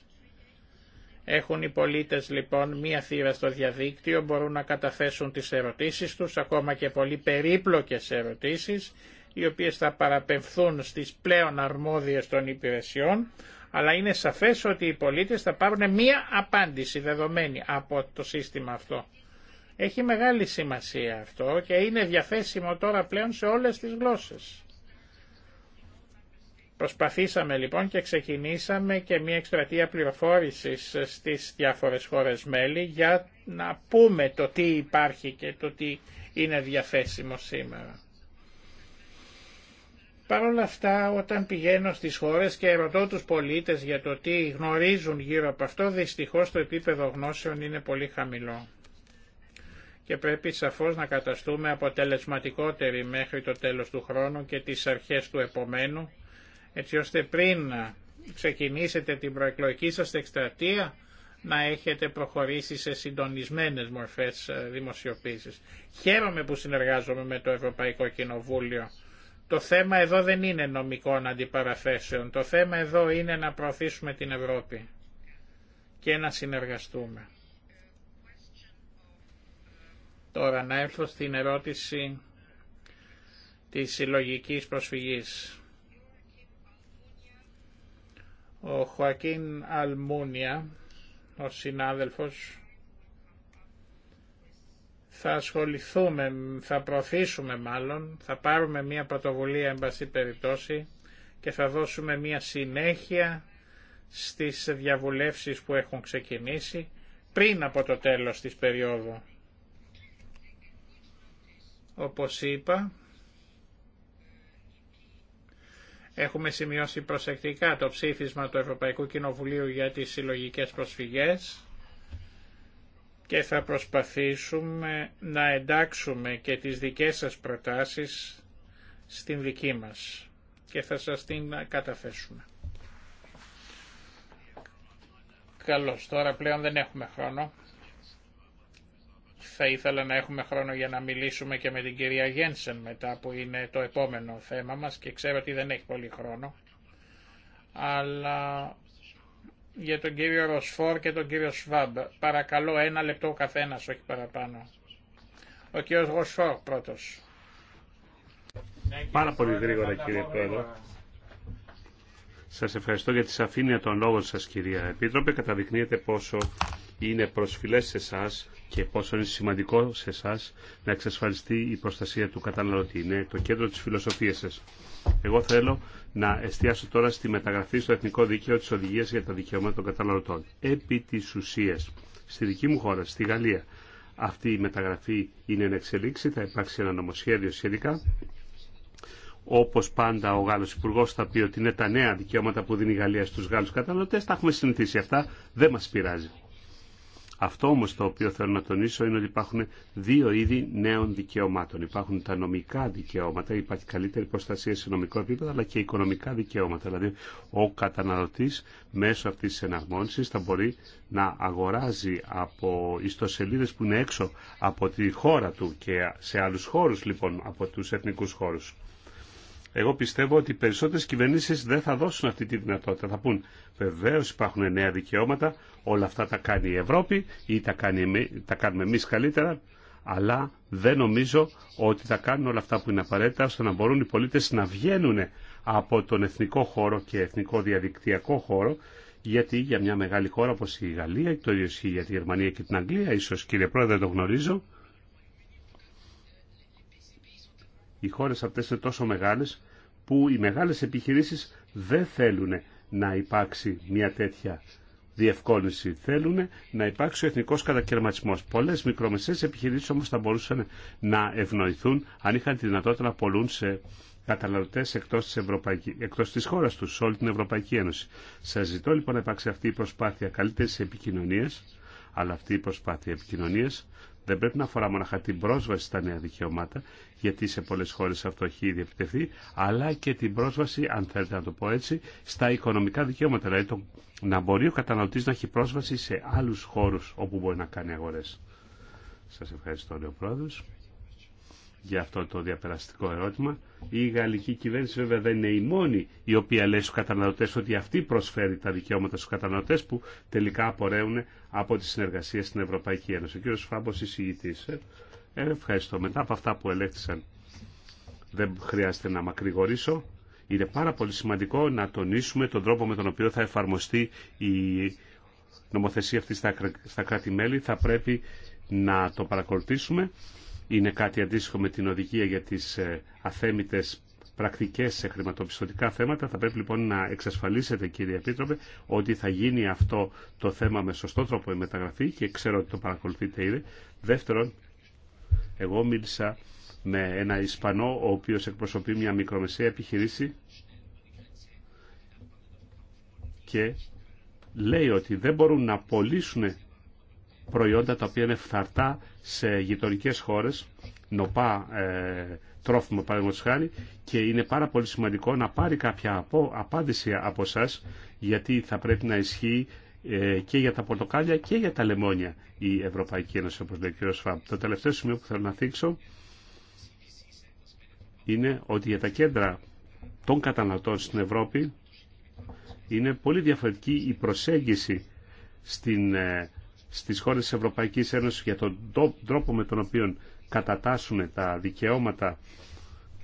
S2: Έχουν οι πολίτες λοιπόν μία θύρα στο διαδίκτυο, μπορούν να καταθέσουν τις ερωτήσεις τους, ακόμα και πολύ περίπλοκες ερωτήσεις, οι οποίες θα παραπευθούν στις πλέον αρμόδιες των υπηρεσιών, αλλά είναι σαφές ότι οι πολίτες θα πάρουν μία απάντηση δεδομένη από το σύστημα αυτό. Έχει μεγάλη σημασία αυτό και είναι διαθέσιμο τώρα πλέον σε όλες τις γλώσσες. Προσπαθήσαμε λοιπόν και ξεκινήσαμε και μια εκστρατεία πληροφόρησης στις διάφορες χώρες μέλη για να πούμε το τι υπάρχει και το τι είναι διαθέσιμο σήμερα. Παρ' όλα αυτά όταν πηγαίνω στις χώρες και ερωτώ τους πολίτες για το τι γνωρίζουν γύρω από αυτό δυστυχώς το επίπεδο γνώσεων είναι πολύ χαμηλό και πρέπει σαφώς να καταστούμε αποτελεσματικότεροι μέχρι το τέλος του χρόνου και τις αρχές του επομένου, έτσι ώστε πριν ξεκινήσετε την προεκλογική σας εκστρατεία να έχετε προχωρήσει σε συντονισμένες μορφές ε, δημοσιοποίησης. Χαίρομαι που συνεργάζομαι με το Ευρωπαϊκό Κοινοβούλιο. Το θέμα εδώ δεν είναι νομικών αντιπαραθέσεων. Το θέμα εδώ είναι να προωθήσουμε την Ευρώπη και να συνεργαστούμε. Τώρα να έρθω στην ερώτηση της συλλογική προσφυγής. Ο Χωακίν Αλμούνια, ο συνάδελφος, θα ασχοληθούμε, θα προωθήσουμε μάλλον, θα πάρουμε μια πρωτοβουλία εν πάση περιπτώσει και θα δώσουμε μια συνέχεια στις διαβουλεύσεις που έχουν ξεκινήσει πριν από το τέλος της περίοδου. Όπως είπα, έχουμε σημειώσει προσεκτικά το ψήφισμα του Ευρωπαϊκού Κοινοβουλίου για τις συλλογικές προσφυγές και θα προσπαθήσουμε να εντάξουμε και τις δικές σας προτάσεις στην δική μας και θα σας την καταφέσουμε. Καλώς, τώρα πλέον δεν έχουμε χρόνο. Θα ήθελα να έχουμε χρόνο για να μιλήσουμε και με την κυρία Γένσεν μετά που είναι το επόμενο θέμα μας και ξέρω ότι δεν έχει πολύ χρόνο. Αλλά για τον κύριο Ροσφόρ και τον κύριο Σβάμπ. Παρακαλώ ένα λεπτό ο καθένας, όχι παραπάνω. Ο κύριος Ροσφόρ πρώτος.
S1: Πάρα πολύ γρήγορα κύριε Πρόεδρο. Σας ευχαριστώ για τη σαφήνεια των λόγων σας κυρία Επίτροπε. Καταδεικνύεται πόσο είναι προσφυλές σε εσά και πόσο είναι σημαντικό σε εσά να εξασφαλιστεί η προστασία του καταναλωτή. Είναι το κέντρο της φιλοσοφίας σας. Εγώ θέλω να εστιάσω τώρα στη μεταγραφή στο Εθνικό Δίκαιο της Οδηγίας για τα Δικαιώματα των Καταναλωτών. Επί της ουσίας, στη δική μου χώρα, στη Γαλλία, αυτή η μεταγραφή είναι εν εξελίξη, θα υπάρξει ένα νομοσχέδιο σχετικά. όπω πάντα ο Γάλλος υπουργό θα πει ότι είναι τα νέα δικαιώματα που δίνει η Γαλλία στου Γάλλου καταναλωτέ. τα έχουμε συνηθίσει αυτά, δεν μα πειράζει. Αυτό όμως το οποίο θέλω να τονίσω είναι ότι υπάρχουν δύο είδη νέων δικαιωμάτων. Υπάρχουν τα νομικά δικαιώματα, υπάρχει καλύτερη προστασία σε νομικό επίπεδο, αλλά και οικονομικά δικαιώματα. Δηλαδή ο καταναλωτής μέσω αυτής της εναρμόνιση θα μπορεί να αγοράζει από ιστοσελίδε που είναι έξω από τη χώρα του και σε άλλου χώρου, λοιπόν από του εθνικού χώρου. Εγώ πιστεύω ότι οι περισσότερες κυβερνήσεις δεν θα δώσουν αυτή τη δυνατότητα. Θα πούν βεβαίως υπάρχουν νέα δικαιώματα, όλα αυτά τα κάνει η Ευρώπη ή τα, κάνει, τα κάνουμε εμείς καλύτερα, αλλά δεν νομίζω ότι θα κάνουν όλα αυτά που είναι απαραίτητα ώστε να μπορούν οι πολίτες να βγαίνουν από τον εθνικό χώρο και εθνικό διαδικτυακό χώρο γιατί για μια μεγάλη χώρα όπως η Γαλλία, το ίδιο ισχύει για τη Γερμανία και την Αγγλία, ίσως κύριε Πρόεδρε το γνωρίζω, Οι χώρες αυτές είναι τόσο μεγάλες που οι μεγάλες επιχειρήσεις δεν θέλουν να υπάρξει μια τέτοια διευκόλυνση. Θέλουν να υπάρξει ο εθνικό κατακαιρματισμό. Πολλέ μικρομεσαίε επιχειρήσει όμω θα μπορούσαν να ευνοηθούν αν είχαν τη δυνατότητα να πολλούν σε καταναλωτέ εκτό τη της χώρα του, σε όλη την Ευρωπαϊκή Ένωση. Σα ζητώ λοιπόν να υπάρξει αυτή η προσπάθεια καλύτερη επικοινωνία, αλλά αυτή η προσπάθεια επικοινωνία δεν πρέπει να αφορά μοναχα την πρόσβαση στα νέα δικαιώματα, γιατί σε πολλέ χώρε αυτό έχει ήδη επιτευχθεί, αλλά και την πρόσβαση, αν θέλετε να το πω έτσι, στα οικονομικά δικαιώματα. Δηλαδή το, να μπορεί ο καταναλωτή να έχει πρόσβαση σε άλλου χώρου όπου μπορεί να κάνει αγορέ. Σα ευχαριστώ, λέει ο για αυτό το διαπεραστικό ερώτημα. Η γαλλική κυβέρνηση βέβαια δεν είναι η μόνη η οποία λέει στους καταναλωτές ότι αυτή προσφέρει τα δικαιώματα στους καταναλωτές που τελικά απορρέουν από τη συνεργασία στην Ευρωπαϊκή Ένωση. Ο κύριος Φάμπος εισηγητής. Ε, ε ευχαριστώ. Μετά από αυτά που ελέγχθησαν δεν χρειάζεται να μακρηγορήσω. Είναι πάρα πολύ σημαντικό να τονίσουμε τον τρόπο με τον οποίο θα εφαρμοστεί η νομοθεσία αυτή στα κράτη-μέλη. Θα πρέπει να το παρακολουθήσουμε είναι κάτι αντίστοιχο με την οδηγία για τις ε, αθέμητες πρακτικές σε χρηματοπιστωτικά θέματα. Θα πρέπει λοιπόν να εξασφαλίσετε κύριε Επίτροπε ότι θα γίνει αυτό το θέμα με σωστό τρόπο η μεταγραφή και ξέρω ότι το παρακολουθείτε ήδη. Δεύτερον, εγώ μίλησα με ένα Ισπανό ο οποίος εκπροσωπεί μια μικρομεσαία επιχειρήση και λέει ότι δεν μπορούν να πωλήσουν προϊόντα τα οποία είναι φθαρτά σε γειτονικέ χώρες, νοπά ε, τρόφιμα παραδείγματο χάρη και είναι πάρα πολύ σημαντικό να πάρει κάποια απο, απάντηση από εσά γιατί θα πρέπει να ισχύει ε, και για τα πορτοκάλια και για τα λεμόνια η Ευρωπαϊκή Ένωση όπω λέει ο κ. Το τελευταίο σημείο που θέλω να θίξω είναι ότι για τα κέντρα των καταναλωτών στην Ευρώπη είναι πολύ διαφορετική η προσέγγιση στην ε, στις χώρες της Ευρωπαϊκής Ένωσης για τον τρόπο με τον οποίο κατατάσσουν τα δικαιώματα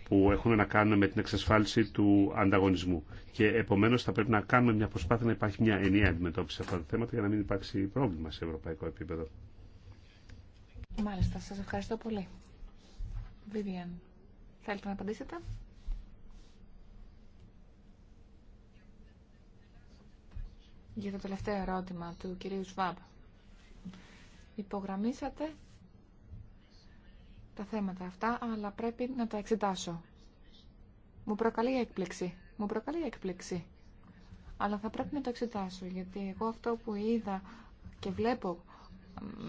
S1: που έχουν να κάνουν με την εξασφάλιση του ανταγωνισμού. Και επομένως θα πρέπει να κάνουμε μια προσπάθεια να υπάρχει μια ενιαία αντιμετώπιση σε αυτά τα θέματα για να μην υπάρξει πρόβλημα σε ευρωπαϊκό επίπεδο.
S3: Μάλιστα, σας ευχαριστώ πολύ. Βίβιαν, θέλετε να απαντήσετε. Για το τελευταίο ερώτημα του κυρίου Σβάμπ υπογραμμίσατε τα θέματα αυτά, αλλά πρέπει να τα εξετάσω. Μου προκαλεί έκπληξη. Μου προκαλεί έκπληξη. Αλλά θα πρέπει να το εξετάσω, γιατί εγώ αυτό που είδα και βλέπω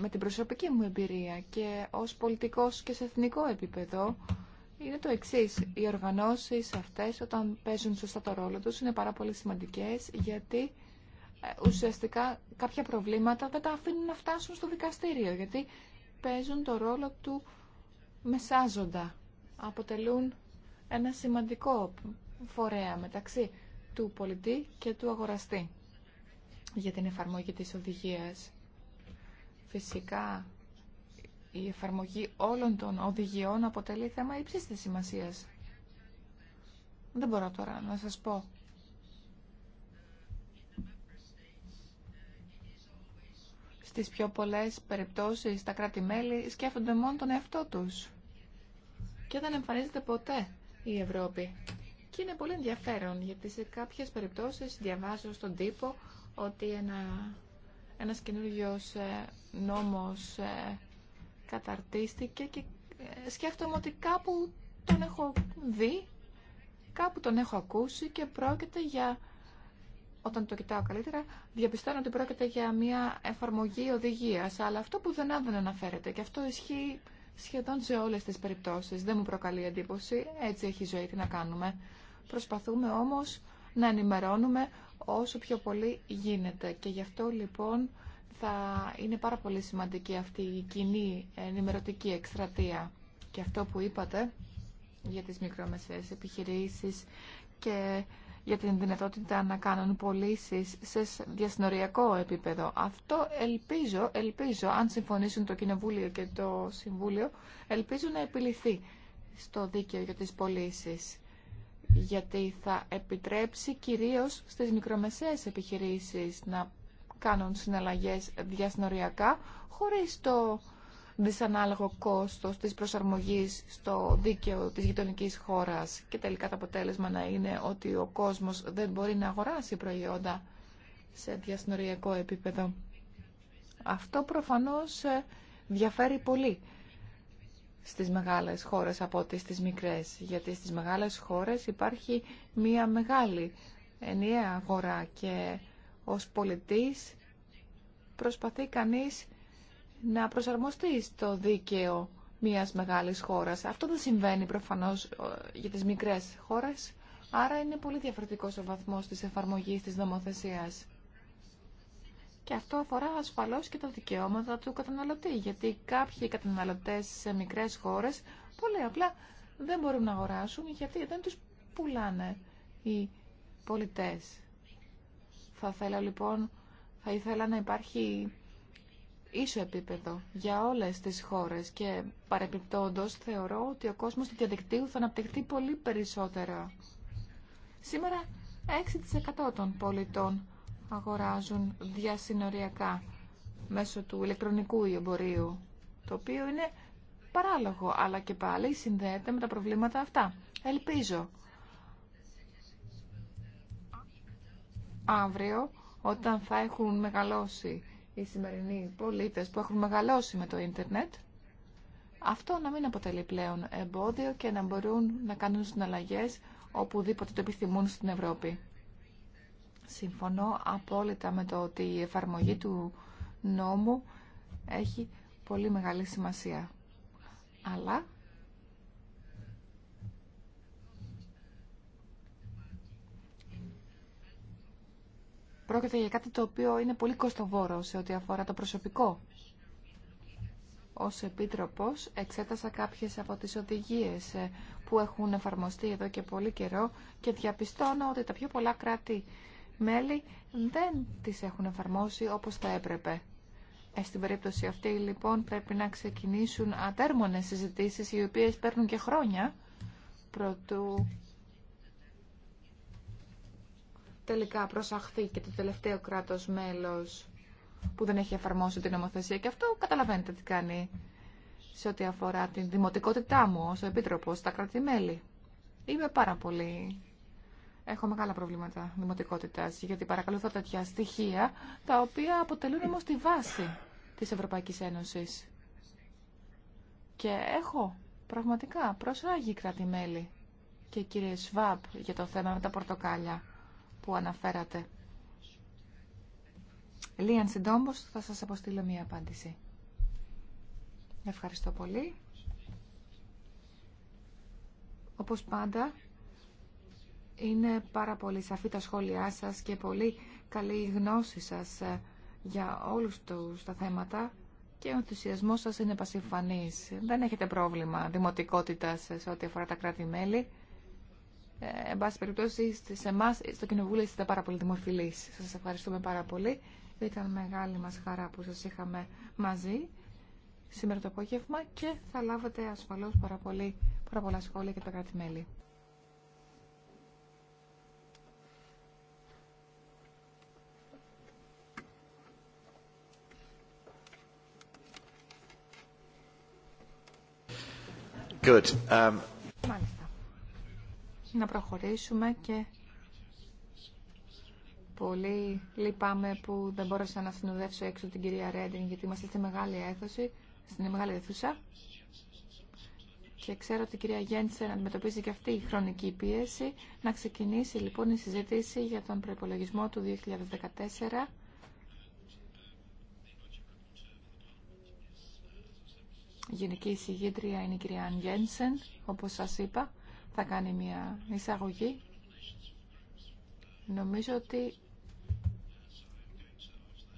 S3: με την προσωπική μου εμπειρία και ως πολιτικός και σε εθνικό επίπεδο είναι το εξής. Οι οργανώσεις αυτές όταν παίζουν σωστά το ρόλο τους είναι πάρα πολύ σημαντικές γιατί ουσιαστικά κάποια προβλήματα δεν τα αφήνουν να φτάσουν στο δικαστήριο γιατί παίζουν το ρόλο του μεσάζοντα. Αποτελούν ένα σημαντικό φορέα μεταξύ του πολιτή και του αγοραστή για την εφαρμογή της οδηγίας. Φυσικά, η εφαρμογή όλων των οδηγιών αποτελεί θέμα υψής της σημασίας. Δεν μπορώ τώρα να σας πω στις πιο πολλές περιπτώσεις τα κράτη-μέλη σκέφτονται μόνο τον εαυτό τους και δεν εμφανίζεται ποτέ η Ευρώπη. Και είναι πολύ ενδιαφέρον γιατί σε κάποιες περιπτώσεις διαβάζω στον τύπο ότι ένα, ένας καινούριος ε, νόμος ε, καταρτίστηκε και ε, σκέφτομαι ότι κάπου τον έχω δει, κάπου τον έχω ακούσει και πρόκειται για όταν το κοιτάω καλύτερα, διαπιστώνω ότι πρόκειται για μια εφαρμογή οδηγίας, αλλά αυτό που δεν άδεν αναφέρεται και αυτό ισχύει σχεδόν σε όλες τις περιπτώσεις. Δεν μου προκαλεί εντύπωση, έτσι έχει ζωή, τι να κάνουμε. Προσπαθούμε όμως να ενημερώνουμε όσο πιο πολύ γίνεται και γι' αυτό λοιπόν θα είναι πάρα πολύ σημαντική αυτή η κοινή ενημερωτική εκστρατεία και αυτό που είπατε για τις μικρομεσαίες επιχειρήσεις και για την δυνατότητα να κάνουν πωλήσει σε διασυνοριακό επίπεδο. Αυτό ελπίζω, ελπίζω, αν συμφωνήσουν το Κοινοβούλιο και το Συμβούλιο, ελπίζω να επιληθεί στο δίκαιο για τις πωλήσει γιατί θα επιτρέψει κυρίως στις μικρομεσαίες επιχειρήσεις να κάνουν συναλλαγές διασυνοριακά χωρίς το δυσανάλογο κόστος της προσαρμογής στο δίκαιο της γειτονικής χώρας και τελικά το αποτέλεσμα να είναι ότι ο κόσμος δεν μπορεί να αγοράσει προϊόντα σε διασυνοριακό επίπεδο. Αυτό προφανώς ε, διαφέρει πολύ στις μεγάλες χώρες από ό,τι στις μικρές, γιατί στις μεγάλες χώρες υπάρχει μία μεγάλη ενιαία αγορά και ως πολιτής προσπαθεί κανείς να προσαρμοστεί στο δίκαιο μιας μεγάλης χώρας. Αυτό δεν συμβαίνει προφανώς ε, για τις μικρές χώρες, άρα είναι πολύ διαφορετικός ο βαθμός της εφαρμογής της νομοθεσίας. Και αυτό αφορά ασφαλώς και τα δικαιώματα του καταναλωτή, γιατί κάποιοι καταναλωτές σε μικρές χώρες πολύ απλά δεν μπορούν να αγοράσουν γιατί δεν τους πουλάνε οι πολιτές. Θα θέλω λοιπόν, θα ήθελα να υπάρχει ίσο επίπεδο για όλες τις χώρες και παρεπιπτόντως θεωρώ ότι ο κόσμος του διαδικτύου θα αναπτυχθεί πολύ περισσότερο. Σήμερα 6% των πολιτών αγοράζουν διασυνοριακά μέσω του ηλεκτρονικού εμπορίου, το οποίο είναι παράλογο, αλλά και πάλι συνδέεται με τα προβλήματα αυτά. Ελπίζω. Αύριο, όταν θα έχουν μεγαλώσει οι σημερινοί πολίτες που έχουν μεγαλώσει με το ίντερνετ, αυτό να μην αποτελεί πλέον εμπόδιο και να μπορούν να κάνουν συναλλαγές οπουδήποτε το επιθυμούν στην Ευρώπη. Συμφωνώ απόλυτα με το ότι η εφαρμογή του νόμου έχει πολύ μεγάλη σημασία. Αλλά Πρόκειται για κάτι το οποίο είναι πολύ κοστοβόρο σε ό,τι αφορά το προσωπικό. Ως Επίτροπος εξέτασα κάποιες από τις οδηγίες ε, που έχουν εφαρμοστεί εδώ και πολύ καιρό και διαπιστώνω ότι τα πιο πολλά κράτη-μέλη δεν τις έχουν εφαρμόσει όπως θα έπρεπε. Ε, στην περίπτωση αυτή λοιπόν πρέπει να ξεκινήσουν ατέρμονες συζητήσεις οι οποίες παίρνουν και χρόνια προτού τελικά προσαχθεί και το τελευταίο κράτος μέλος που δεν έχει εφαρμόσει την νομοθεσία και αυτό καταλαβαίνετε τι κάνει σε ό,τι αφορά την δημοτικότητά μου ως επίτροπο στα κράτη-μέλη. Είμαι πάρα πολύ... Έχω μεγάλα προβλήματα δημοτικότητας γιατί παρακολουθώ τέτοια στοιχεία τα οποία αποτελούν όμως τη βάση της Ευρωπαϊκής Ένωσης. Και έχω πραγματικά προσάγει κράτη-μέλη και κύριε ΣΒΑΠ για το θέμα με τα πορτοκάλια που αναφέρατε. Λίαν συντόμπος, θα σας αποστείλω μία απάντηση. Ευχαριστώ πολύ. Όπως πάντα, είναι πάρα πολύ σαφή τα σχόλιά σας και πολύ καλή η γνώση σας ε, για όλους τους τα θέματα και ο ενθουσιασμός σας είναι πασιφανής. Δεν έχετε πρόβλημα δημοτικότητας ε, σε ό,τι αφορά τα κράτη-μέλη. Ε, εν πάση περιπτώσει, σε εμά, στο Κοινοβούλιο είστε πάρα πολύ δημοφιλεί. Σα ευχαριστούμε πάρα πολύ. Ήταν μεγάλη μα χαρά που σα είχαμε μαζί σήμερα το απόγευμα και θα λάβετε ασφαλώ πάρα, πάρα πολλά σχόλια και τα κράτη-μέλη.
S4: Good. Um
S3: να προχωρήσουμε και πολύ λυπάμαι που δεν μπόρεσα να συνοδεύσω έξω την κυρία Ρέντιν γιατί είμαστε στη μεγάλη αίθουσα, στην μεγάλη αίθουσα και ξέρω ότι η κυρία Γέντσεν αντιμετωπίζει και αυτή η χρονική πίεση. Να ξεκινήσει λοιπόν η συζήτηση για τον προπολογισμό του 2014 Γενική συγγήτρια είναι η κυρία Αν Γένσεν, όπως σας είπα θα κάνει μια εισαγωγή. Νομίζω ότι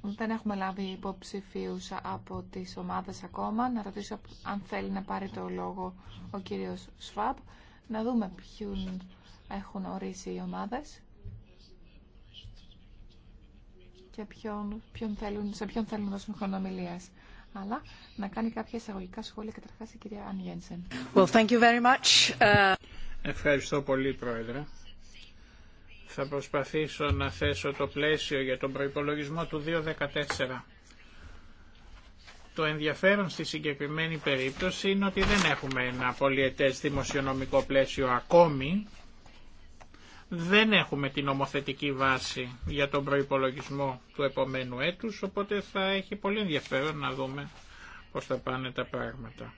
S3: δεν έχουμε λάβει υποψηφίους από τις ομάδες ακόμα. Να ρωτήσω αν θέλει να πάρει το λόγο ο κύριος Σφάπ. Να δούμε ποιον έχουν ορίσει οι ομάδες και ποιον, ποιον θέλουν, σε ποιον θέλουν να δώσουν χρονομιλία. Αλλά να κάνει κάποια εισαγωγικά σχόλια καταρχάς η κυρία Αν
S4: Well, thank you very uh,
S2: Ευχαριστώ πολύ Πρόεδρε. Θα προσπαθήσω να θέσω το πλαίσιο για τον προϋπολογισμό του 2014. Το ενδιαφέρον στη συγκεκριμένη περίπτωση είναι ότι δεν έχουμε ένα πολιετές δημοσιονομικό πλαίσιο ακόμη. Δεν έχουμε την ομοθετική βάση για τον προϋπολογισμό του επομένου έτους, οπότε θα έχει πολύ ενδιαφέρον να δούμε πώς θα πάνε τα πράγματα.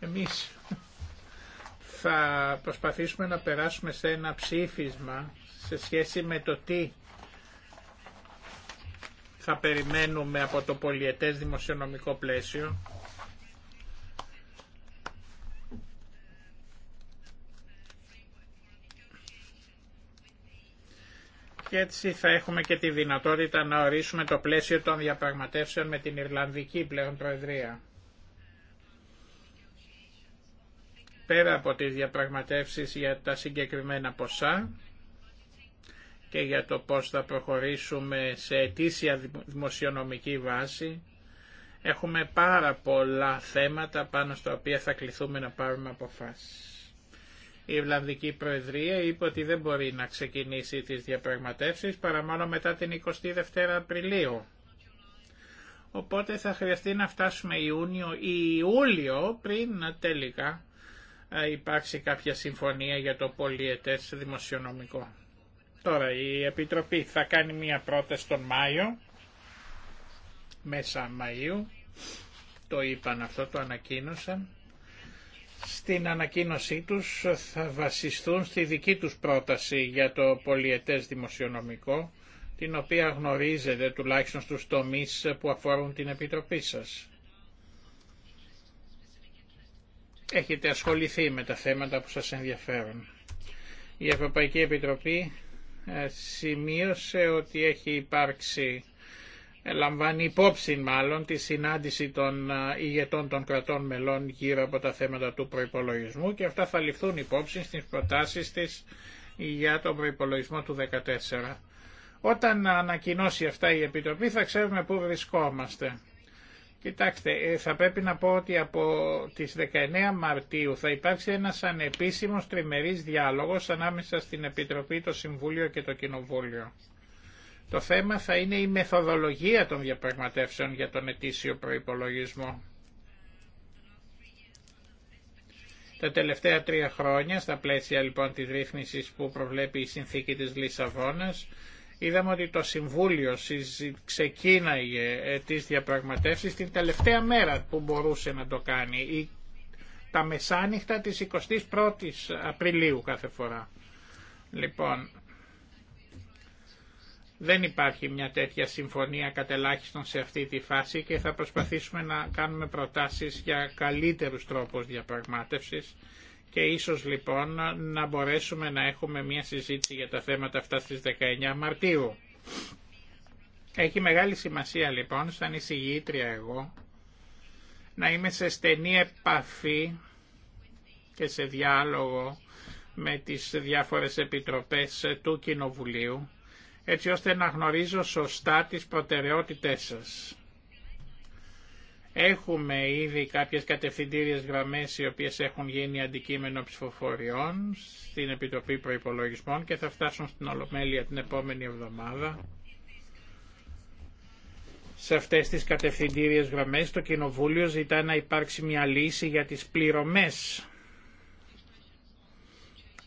S2: Εμείς θα προσπαθήσουμε να περάσουμε σε ένα ψήφισμα σε σχέση με το τι θα περιμένουμε από το πολιετές δημοσιονομικό πλαίσιο. Και έτσι θα έχουμε και τη δυνατότητα να ορίσουμε το πλαίσιο των διαπραγματεύσεων με την Ιρλανδική πλέον Προεδρία. πέρα από τις διαπραγματεύσεις για τα συγκεκριμένα ποσά και για το πώς θα προχωρήσουμε σε αιτήσια δημοσιονομική βάση, έχουμε πάρα πολλά θέματα πάνω στα οποία θα κληθούμε να πάρουμε αποφάσεις. Η Ιρλανδική Προεδρία είπε ότι δεν μπορεί να ξεκινήσει τις διαπραγματεύσεις παρά μόνο μετά την 22 Απριλίου. Οπότε θα χρειαστεί να φτάσουμε Ιούνιο ή Ιούλιο πριν τελικά υπάρξει κάποια συμφωνία για το πολιετές δημοσιονομικό. Τώρα η Επιτροπή θα κάνει μία πρόταση τον Μάιο, μέσα Μαΐου, το είπαν αυτό, το ανακοίνωσαν. Στην ανακοίνωσή τους θα βασιστούν στη δική τους πρόταση για το πολιετές δημοσιονομικό, την οποία γνωρίζετε τουλάχιστον στους τομείς που αφορούν την Επιτροπή σας. έχετε ασχοληθεί με τα θέματα που σας ενδιαφέρουν. Η Ευρωπαϊκή Επιτροπή ε, σημείωσε ότι έχει υπάρξει, ε, λαμβάνει υπόψη μάλλον, τη συνάντηση των ε, ηγετών των κρατών μελών γύρω από τα θέματα του προϋπολογισμού και αυτά θα ληφθούν υπόψη στις προτάσεις της για τον προϋπολογισμό του 2014. Όταν ανακοινώσει αυτά η Επιτροπή θα ξέρουμε πού βρισκόμαστε. Κοιτάξτε, ε, θα πρέπει να πω ότι από τις 19 Μαρτίου θα υπάρξει ένας ανεπίσημος τριμερής διάλογος ανάμεσα στην Επιτροπή, το Συμβούλιο και το Κοινοβούλιο. Το θέμα θα είναι η μεθοδολογία των διαπραγματεύσεων για τον ετήσιο προϋπολογισμό. Τα τελευταία τρία χρόνια, στα πλαίσια λοιπόν της ρύθμισης που προβλέπει η συνθήκη της Λισαβόνας, Είδαμε ότι το Συμβούλιο ξεκίναγε ε, τις διαπραγματεύσεις την τελευταία μέρα που μπορούσε να το κάνει, ή τα μεσάνυχτα της 21ης Απριλίου κάθε φορά. Λοιπόν, δεν υπάρχει μια τέτοια συμφωνία κατελάχιστον σε αυτή τη φάση και θα προσπαθήσουμε να κάνουμε προτάσεις για καλύτερους τρόπους διαπραγμάτευσης και ίσως λοιπόν να μπορέσουμε να έχουμε μια συζήτηση για τα θέματα αυτά στις 19 Μαρτίου. Έχει μεγάλη σημασία λοιπόν, σαν εισηγήτρια εγώ, να είμαι σε στενή επαφή και σε διάλογο με τις διάφορες επιτροπές του Κοινοβουλίου, έτσι ώστε να γνωρίζω σωστά τις προτεραιότητές σας. Έχουμε ήδη κάποιες κατευθυντήριες γραμμές οι οποίες έχουν γίνει αντικείμενο ψηφοφοριών στην Επιτροπή Προϋπολογισμών και θα φτάσουν στην Ολομέλεια την επόμενη εβδομάδα. Σε αυτές τις κατευθυντήριες γραμμές το Κοινοβούλιο ζητά να υπάρξει μια λύση για τις πληρωμές.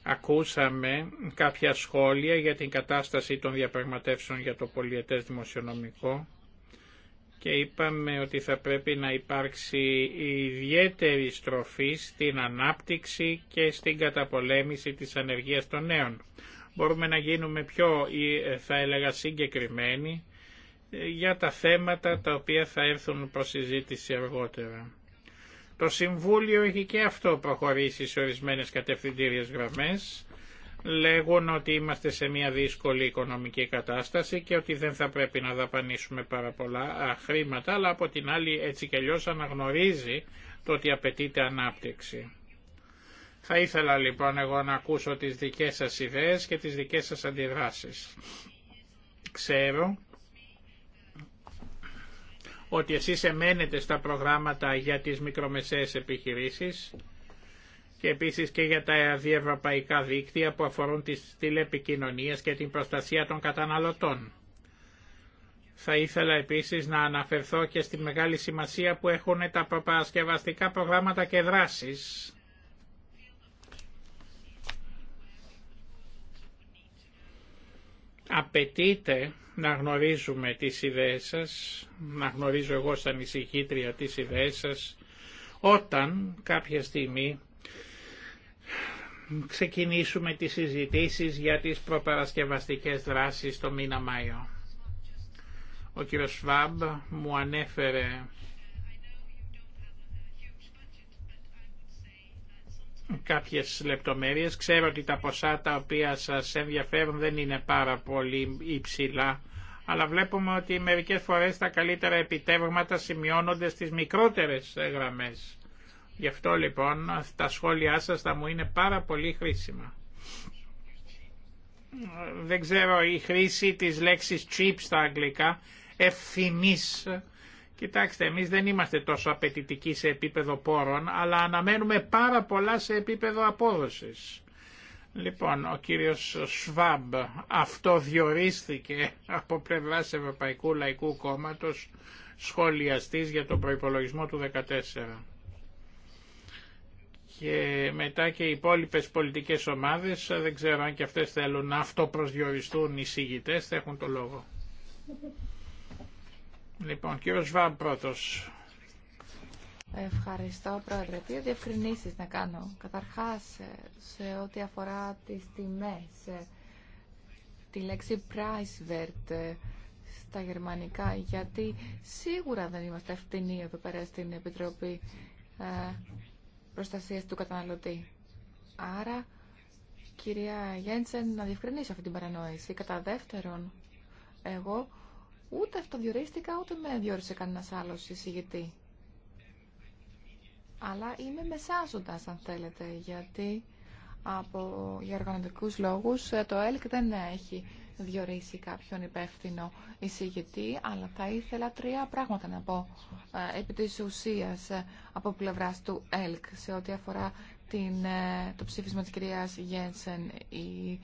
S2: Ακούσαμε κάποια σχόλια για την κατάσταση των διαπραγματεύσεων για το πολιετές δημοσιονομικό και είπαμε ότι θα πρέπει να υπάρξει ιδιαίτερη στροφή στην ανάπτυξη και στην καταπολέμηση της ανεργίας των νέων. Μπορούμε να γίνουμε πιο, θα έλεγα, συγκεκριμένοι ε, για τα θέματα τα οποία θα έρθουν προς συζήτηση αργότερα. Το Συμβούλιο έχει και αυτό προχωρήσει σε ορισμένες κατευθυντήριες γραμμές λέγουν ότι είμαστε σε μια δύσκολη οικονομική κατάσταση και ότι δεν θα πρέπει να δαπανίσουμε πάρα πολλά χρήματα, αλλά από την άλλη έτσι και αλλιώς αναγνωρίζει το ότι απαιτείται ανάπτυξη. Θα ήθελα λοιπόν εγώ να ακούσω τις δικές σας ιδέες και τις δικές σας αντιδράσεις. Ξέρω ότι εσείς εμένετε στα προγράμματα για τις μικρομεσαίες επιχειρήσεις και επίσης και για τα διευρωπαϊκά δίκτυα που αφορούν τις τηλεπικοινωνίες και την προστασία των καταναλωτών. Θα ήθελα επίσης να αναφερθώ και στη μεγάλη σημασία που έχουν τα προπαρασκευαστικά προγράμματα και δράσεις. Απαιτείται να γνωρίζουμε τις ιδέες σας, να γνωρίζω εγώ σαν ησυχήτρια τις ιδέες σας, όταν κάποια στιγμή ξεκινήσουμε τις συζητήσεις για τις προπαρασκευαστικές δράσεις το μήνα Μάιο. Ο κύριος Σβάμπ μου ανέφερε κάποιες λεπτομέρειες. Ξέρω ότι τα ποσά τα οποία σας ενδιαφέρουν δεν είναι πάρα πολύ υψηλά, αλλά βλέπουμε ότι μερικές φορές τα καλύτερα επιτεύγματα σημειώνονται στις μικρότερες γραμμές. Γι' αυτό λοιπόν τα σχόλιά σας θα μου είναι πάρα πολύ χρήσιμα. Δεν ξέρω η χρήση της λέξης "chip" στα αγγλικά, ευθυμής. Κοιτάξτε, εμείς δεν είμαστε τόσο απαιτητικοί σε επίπεδο πόρων, αλλά αναμένουμε πάρα πολλά σε επίπεδο απόδοσης. Λοιπόν, ο κύριος Σβάμπ αυτό διορίστηκε από πλευράς Ευρωπαϊκού Λαϊκού Κόμματος σχολιαστής για τον προϋπολογισμό του 2014 και μετά και οι υπόλοιπε πολιτικές ομάδες, δεν ξέρω αν και αυτές θέλουν να αυτοπροσδιοριστούν οι συγητές, θα έχουν το λόγο. Λοιπόν, κύριο Βαμ πρώτο.
S3: Ευχαριστώ, Πρόεδρε. Δύο διευκρινήσει να κάνω. Καταρχάς, σε ό,τι αφορά τις τιμές, τη λέξη «preiswert» στα γερμανικά, γιατί σίγουρα δεν είμαστε ευθυνοί εδώ πέρα στην Επιτροπή ε, προστασίας του καταναλωτή. Άρα, κυρία Γέντσεν, να διευκρινίσω αυτή την παρανόηση. Κατά δεύτερον, εγώ ούτε αυτοδιορίστηκα, ούτε με διόρισε κανένας άλλος εισηγητή. Αλλά είμαι μεσάζοντας, αν θέλετε, γιατί από, για οργανωτικούς λόγους ε, το ΕΛΚ δεν έχει διορίσει κάποιον υπεύθυνο εισηγητή, αλλά θα ήθελα τρία πράγματα να πω ε, επί της ουσίας ε, από πλευράς του ΕΛΚ σε ό,τι αφορά την, ε, το ψήφισμα της κυρίας Γένσεν. Η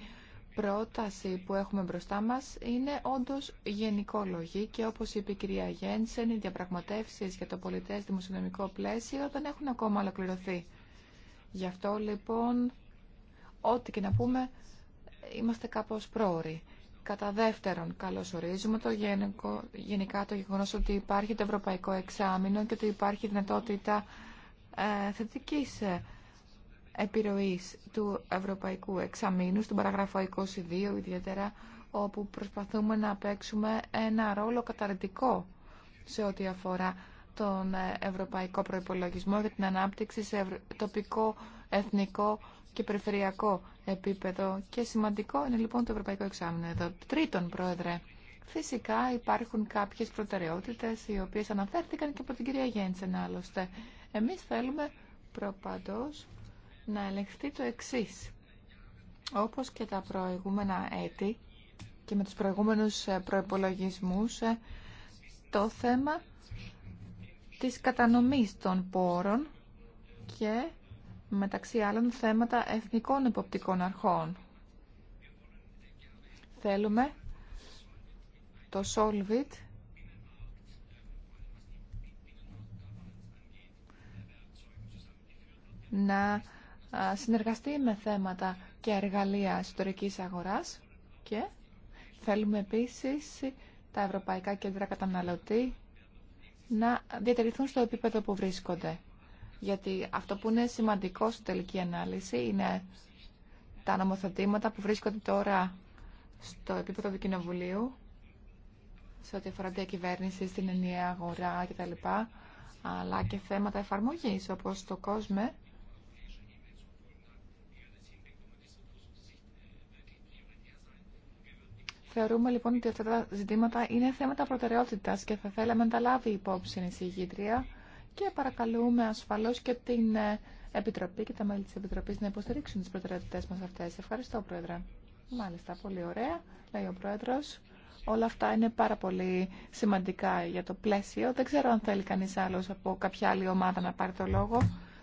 S3: πρόταση που έχουμε μπροστά μας είναι όντως γενικόλογη και όπως είπε η κυρία Γένσεν, οι διαπραγματεύσεις για το πολιτές δημοσιονομικό πλαίσιο δεν έχουν ακόμα ολοκληρωθεί. Γι' αυτό λοιπόν, ό,τι και να πούμε, είμαστε κάπως πρόοροι. Κατά δεύτερον, καλωσορίζουμε το γενικό, γενικά το γεγονός ότι υπάρχει το Ευρωπαϊκό Εξάμεινο και ότι υπάρχει δυνατότητα ε, θετικής ε, επιρροής του Ευρωπαϊκού Εξαμήνου, στον παραγράφο 22 ιδιαίτερα, όπου προσπαθούμε να παίξουμε ένα ρόλο καταρρυντικό σε ό,τι αφορά τον ε, Ευρωπαϊκό Προϋπολογισμό για την ανάπτυξη σε τοπικό, εθνικό και περιφερειακό επίπεδο και σημαντικό είναι λοιπόν το Ευρωπαϊκό Εξάμεινο εδώ. Τρίτον, Πρόεδρε, φυσικά υπάρχουν κάποιες προτεραιότητες οι οποίες αναφέρθηκαν και από την κυρία Γέντσεν άλλωστε. Εμείς θέλουμε προπαντός να ελεγχθεί το εξή. Όπως και τα προηγούμενα έτη και με τους προηγούμενους ε, προϋπολογισμούς, ε, το θέμα της κατανομής των πόρων και μεταξύ άλλων θέματα εθνικών εποπτικών αρχών. Θέλουμε το Solvit να συνεργαστεί με θέματα και εργαλεία ιστορικής αγοράς και θέλουμε επίσης τα Ευρωπαϊκά Κέντρα Καταναλωτή να διατηρηθούν στο επίπεδο που βρίσκονται γιατί αυτό που είναι σημαντικό στην τελική ανάλυση είναι τα νομοθετήματα που βρίσκονται τώρα στο επίπεδο του Κοινοβουλίου σε ό,τι αφορά την ενία στην ενιαία αγορά κτλ. Αλλά και θέματα εφαρμογής, όπως το κόσμο. Θεωρούμε λοιπόν ότι αυτά τα ζητήματα είναι θέματα προτεραιότητας και θα θέλαμε να τα λάβει υπόψη η συγγήτρια και παρακαλούμε ασφαλώς και την ε, Επιτροπή και τα μέλη της Επιτροπής να υποστηρίξουν τις προτεραιότητες μας αυτές. Ευχαριστώ, Πρόεδρε. Μάλιστα, πολύ ωραία, λέει ο Πρόεδρος. Όλα αυτά είναι πάρα πολύ σημαντικά για το πλαίσιο. Δεν ξέρω αν θέλει κανείς άλλος από κάποια άλλη ομάδα να πάρει το λόγο.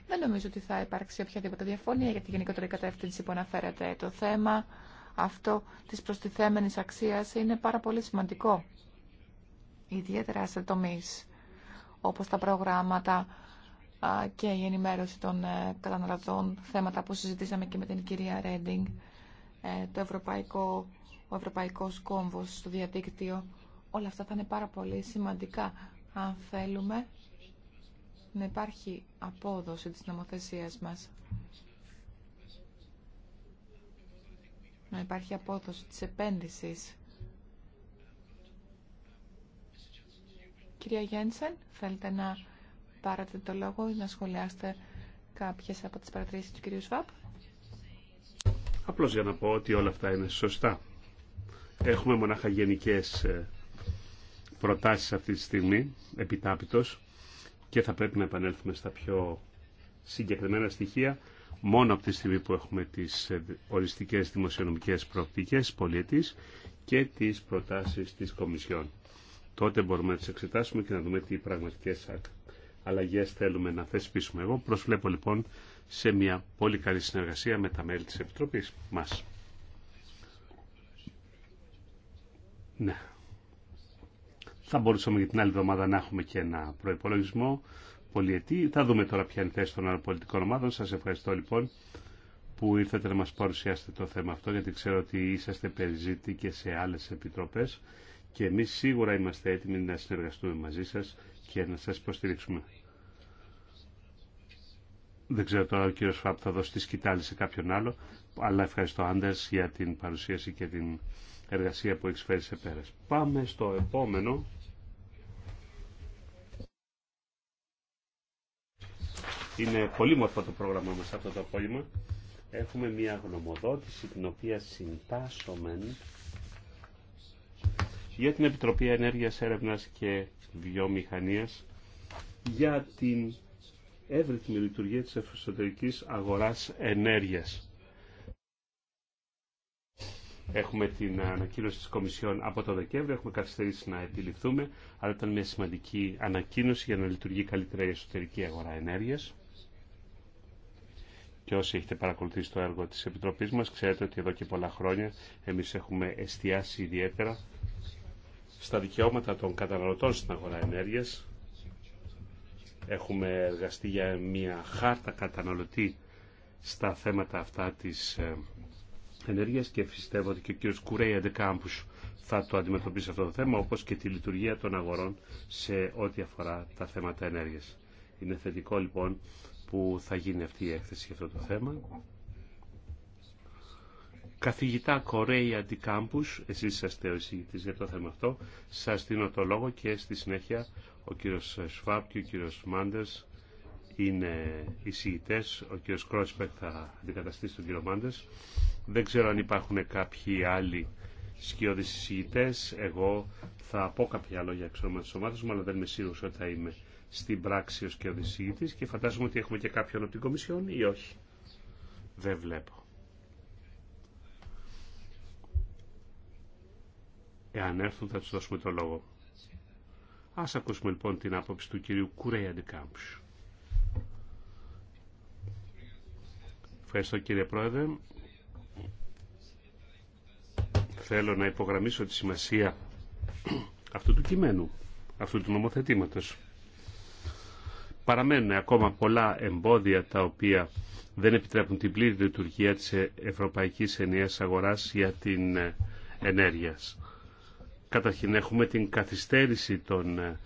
S3: Δεν νομίζω ότι θα υπάρξει οποιαδήποτε διαφωνία για τη γενικότερη κατεύθυνση που αναφέρεται. Το θέμα αυτό της προστιθέμενης αξίας είναι πάρα πολύ σημαντικό, ιδιαίτερα σε τομείς όπως τα προγράμματα και η ενημέρωση των ε, καταναλωτών, θέματα που συζητήσαμε και με την κυρία Ρέντινγκ, ε, το ευρωπαϊκό, ο ευρωπαϊκός κόμβος στο διαδίκτυο. Όλα αυτά θα είναι πάρα πολύ σημαντικά αν θέλουμε να υπάρχει απόδοση της νομοθεσίας μας. Να υπάρχει απόδοση της επένδυσης Κυρία Γένσεν, θέλετε να πάρετε το λόγο ή να σχολιάσετε κάποιες από τις παρατηρήσεις του κυρίου Σβάπ.
S1: Απλώς για να πω ότι όλα αυτά είναι σωστά. Έχουμε μονάχα γενικές ε, προτάσεις αυτή τη στιγμή, επιτάπητος, και θα πρέπει να επανέλθουμε στα πιο συγκεκριμένα στοιχεία μόνο από τη στιγμή που έχουμε τις ε, οριστικές δημοσιονομικές προοπτικές πολιετής και τις προτάσεις της Κομισιόν τότε μπορούμε να τις εξετάσουμε και να δούμε τι πραγματικές αλλαγέ θέλουμε να θεσπίσουμε. Εγώ προσβλέπω λοιπόν σε μια πολύ καλή συνεργασία με τα μέλη της Επιτροπής μας. Ναι. Θα μπορούσαμε για την άλλη εβδομάδα να έχουμε και ένα προϋπολογισμό πολιετή. Θα δούμε τώρα ποια είναι η θέση των άλλων πολιτικών ομάδων. Σας ευχαριστώ λοιπόν που ήρθατε να μας παρουσιάσετε το θέμα αυτό, γιατί ξέρω ότι είσαστε περιζήτη και σε άλλες επιτροπές και εμείς σίγουρα είμαστε έτοιμοι να συνεργαστούμε μαζί σας και να σας υποστηρίξουμε. Δεν ξέρω τώρα ο κύριο Φαπ θα δώσει τη σκητάλη σε κάποιον άλλο, αλλά ευχαριστώ Άντερς για την παρουσίαση και την εργασία που έχει φέρει σε πέρας. Πάμε στο επόμενο. Είναι πολύ μορφό το πρόγραμμά μας αυτό το απόγευμα. Έχουμε μια γνωμοδότηση την οποία συντάσσομεν για την Επιτροπή Ενέργειας Έρευνας και Βιομηχανίας για την εύρυθμη λειτουργία της εσωτερικής αγοράς ενέργειας. Έχουμε την ανακοίνωση της Κομισιόν από το Δεκέμβριο, έχουμε καθυστερήσει να επιληφθούμε, αλλά ήταν μια σημαντική ανακοίνωση για να λειτουργεί καλύτερα η εσωτερική αγορά ενέργειας. Και όσοι έχετε παρακολουθήσει το έργο της Επιτροπής μας, ξέρετε ότι εδώ και πολλά χρόνια εμείς έχουμε εστιάσει ιδιαίτερα στα δικαιώματα των καταναλωτών στην αγορά ενέργειας. Έχουμε εργαστεί για μια χάρτα καταναλωτή στα θέματα αυτά της ε, ενέργειας και πιστεύω ότι και ο κύριος Κουρέι Αντεκάμπους θα το αντιμετωπίσει αυτό το θέμα, όπως και τη λειτουργία των αγορών σε ό,τι αφορά τα θέματα ενέργειας. Είναι θετικό λοιπόν που θα γίνει αυτή η έκθεση για αυτό το θέμα καθηγητά Κορέη Αντικάμπους, εσείς είσαστε ο εισηγητής για το θέμα αυτό, σας δίνω το λόγο και στη συνέχεια ο κύριος Σφάπ και ο κύριος Μάντες είναι εισηγητές, ο κύριος Κρόσπεκ θα αντικαταστήσει τον κύριο Μάντες. Δεν ξέρω αν υπάρχουν κάποιοι άλλοι σκιώδεις εισηγητές, εγώ θα πω κάποια λόγια εξ της ομάδας μου, αλλά δεν είμαι σίγουρος ότι θα είμαι στην πράξη ως σκιώδης εισηγητής και φαντάζομαι ότι έχουμε και κάποιον από την Κομισιόν ή όχι. Δεν βλέπω. Εάν έρθουν θα τους δώσουμε το λόγο. Ας ακούσουμε λοιπόν την άποψη του κυρίου Κουρέι Ντικάμψ. Ευχαριστώ κύριε Πρόεδρε. Θέλω να υπογραμμίσω τη σημασία αυτού του κειμένου, αυτού του νομοθετήματος. Παραμένουν ακόμα πολλά εμπόδια τα οποία δεν επιτρέπουν την πλήρη λειτουργία της Ευρωπαϊκής Ενιαίας Αγοράς για την ενέργεια. Καταρχήν έχουμε την καθυστέρηση των, ε,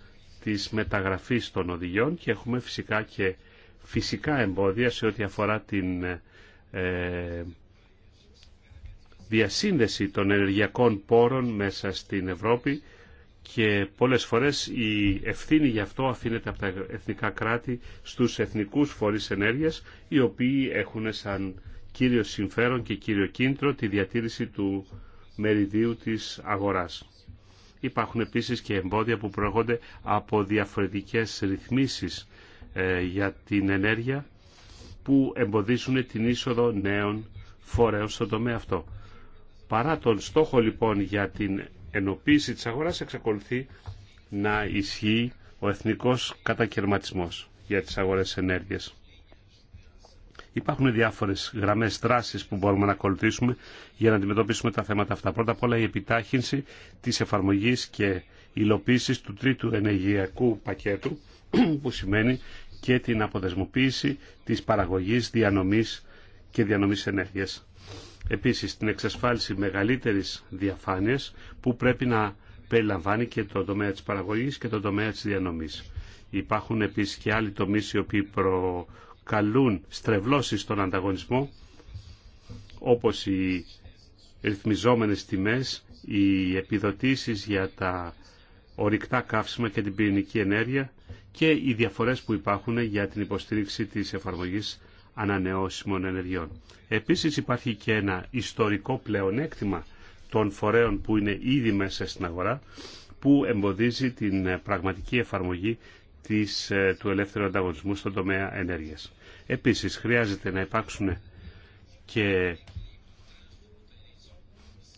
S1: της μεταγραφής των οδηγιών και έχουμε φυσικά και φυσικά εμπόδια σε ό,τι αφορά την ε, ε, διασύνδεση των ενεργειακών πόρων μέσα στην Ευρώπη και πολλές φορές η ευθύνη γι' αυτό αφήνεται από τα εθνικά κράτη στους εθνικούς φορείς ενέργειας οι οποίοι έχουν σαν κύριο συμφέρον και κύριο κίνητρο τη διατήρηση του μεριδίου της αγοράς. Υπάρχουν επίσης και εμπόδια που προέρχονται από διαφορετικές ρυθμίσεις ε, για την ενέργεια που εμποδίσουν την είσοδο νέων φορέων στον τομέα αυτό. Παρά τον στόχο λοιπόν για την ενοποίηση της αγοράς εξακολουθεί να ισχύει ο εθνικός κατακαιρματισμός για τις αγορές ενέργειας. Υπάρχουν διάφορε γραμμέ δράση που μπορούμε να ακολουθήσουμε για να αντιμετωπίσουμε τα θέματα αυτά. Πρώτα απ' όλα η επιτάχυνση τη εφαρμογή και υλοποίηση του τρίτου ενεργειακού πακέτου, [CLEARS THROAT] που σημαίνει και την αποδεσμοποίηση τη παραγωγή διανομή και διανομή ενέργεια. Επίση, την εξασφάλιση μεγαλύτερη διαφάνεια που πρέπει να περιλαμβάνει και το τομέα τη παραγωγή και το τομέα τη διανομή. Υπάρχουν επίση και άλλοι τομεί οι οποίοι προ καλούν στρεβλώσεις στον ανταγωνισμό όπως οι ρυθμιζόμενες τιμές, οι επιδοτήσεις για τα ορυκτά καύσιμα και την πυρηνική ενέργεια και οι διαφορές που υπάρχουν για την υποστήριξη της εφαρμογής ανανεώσιμων ενεργειών. Επίσης υπάρχει και ένα ιστορικό πλεονέκτημα των φορέων που είναι ήδη μέσα στην αγορά που εμποδίζει την πραγματική εφαρμογή ε, του ελεύθερου ανταγωνισμού στον τομέα ενέργειας. Επίσης χρειάζεται να υπάρξουν και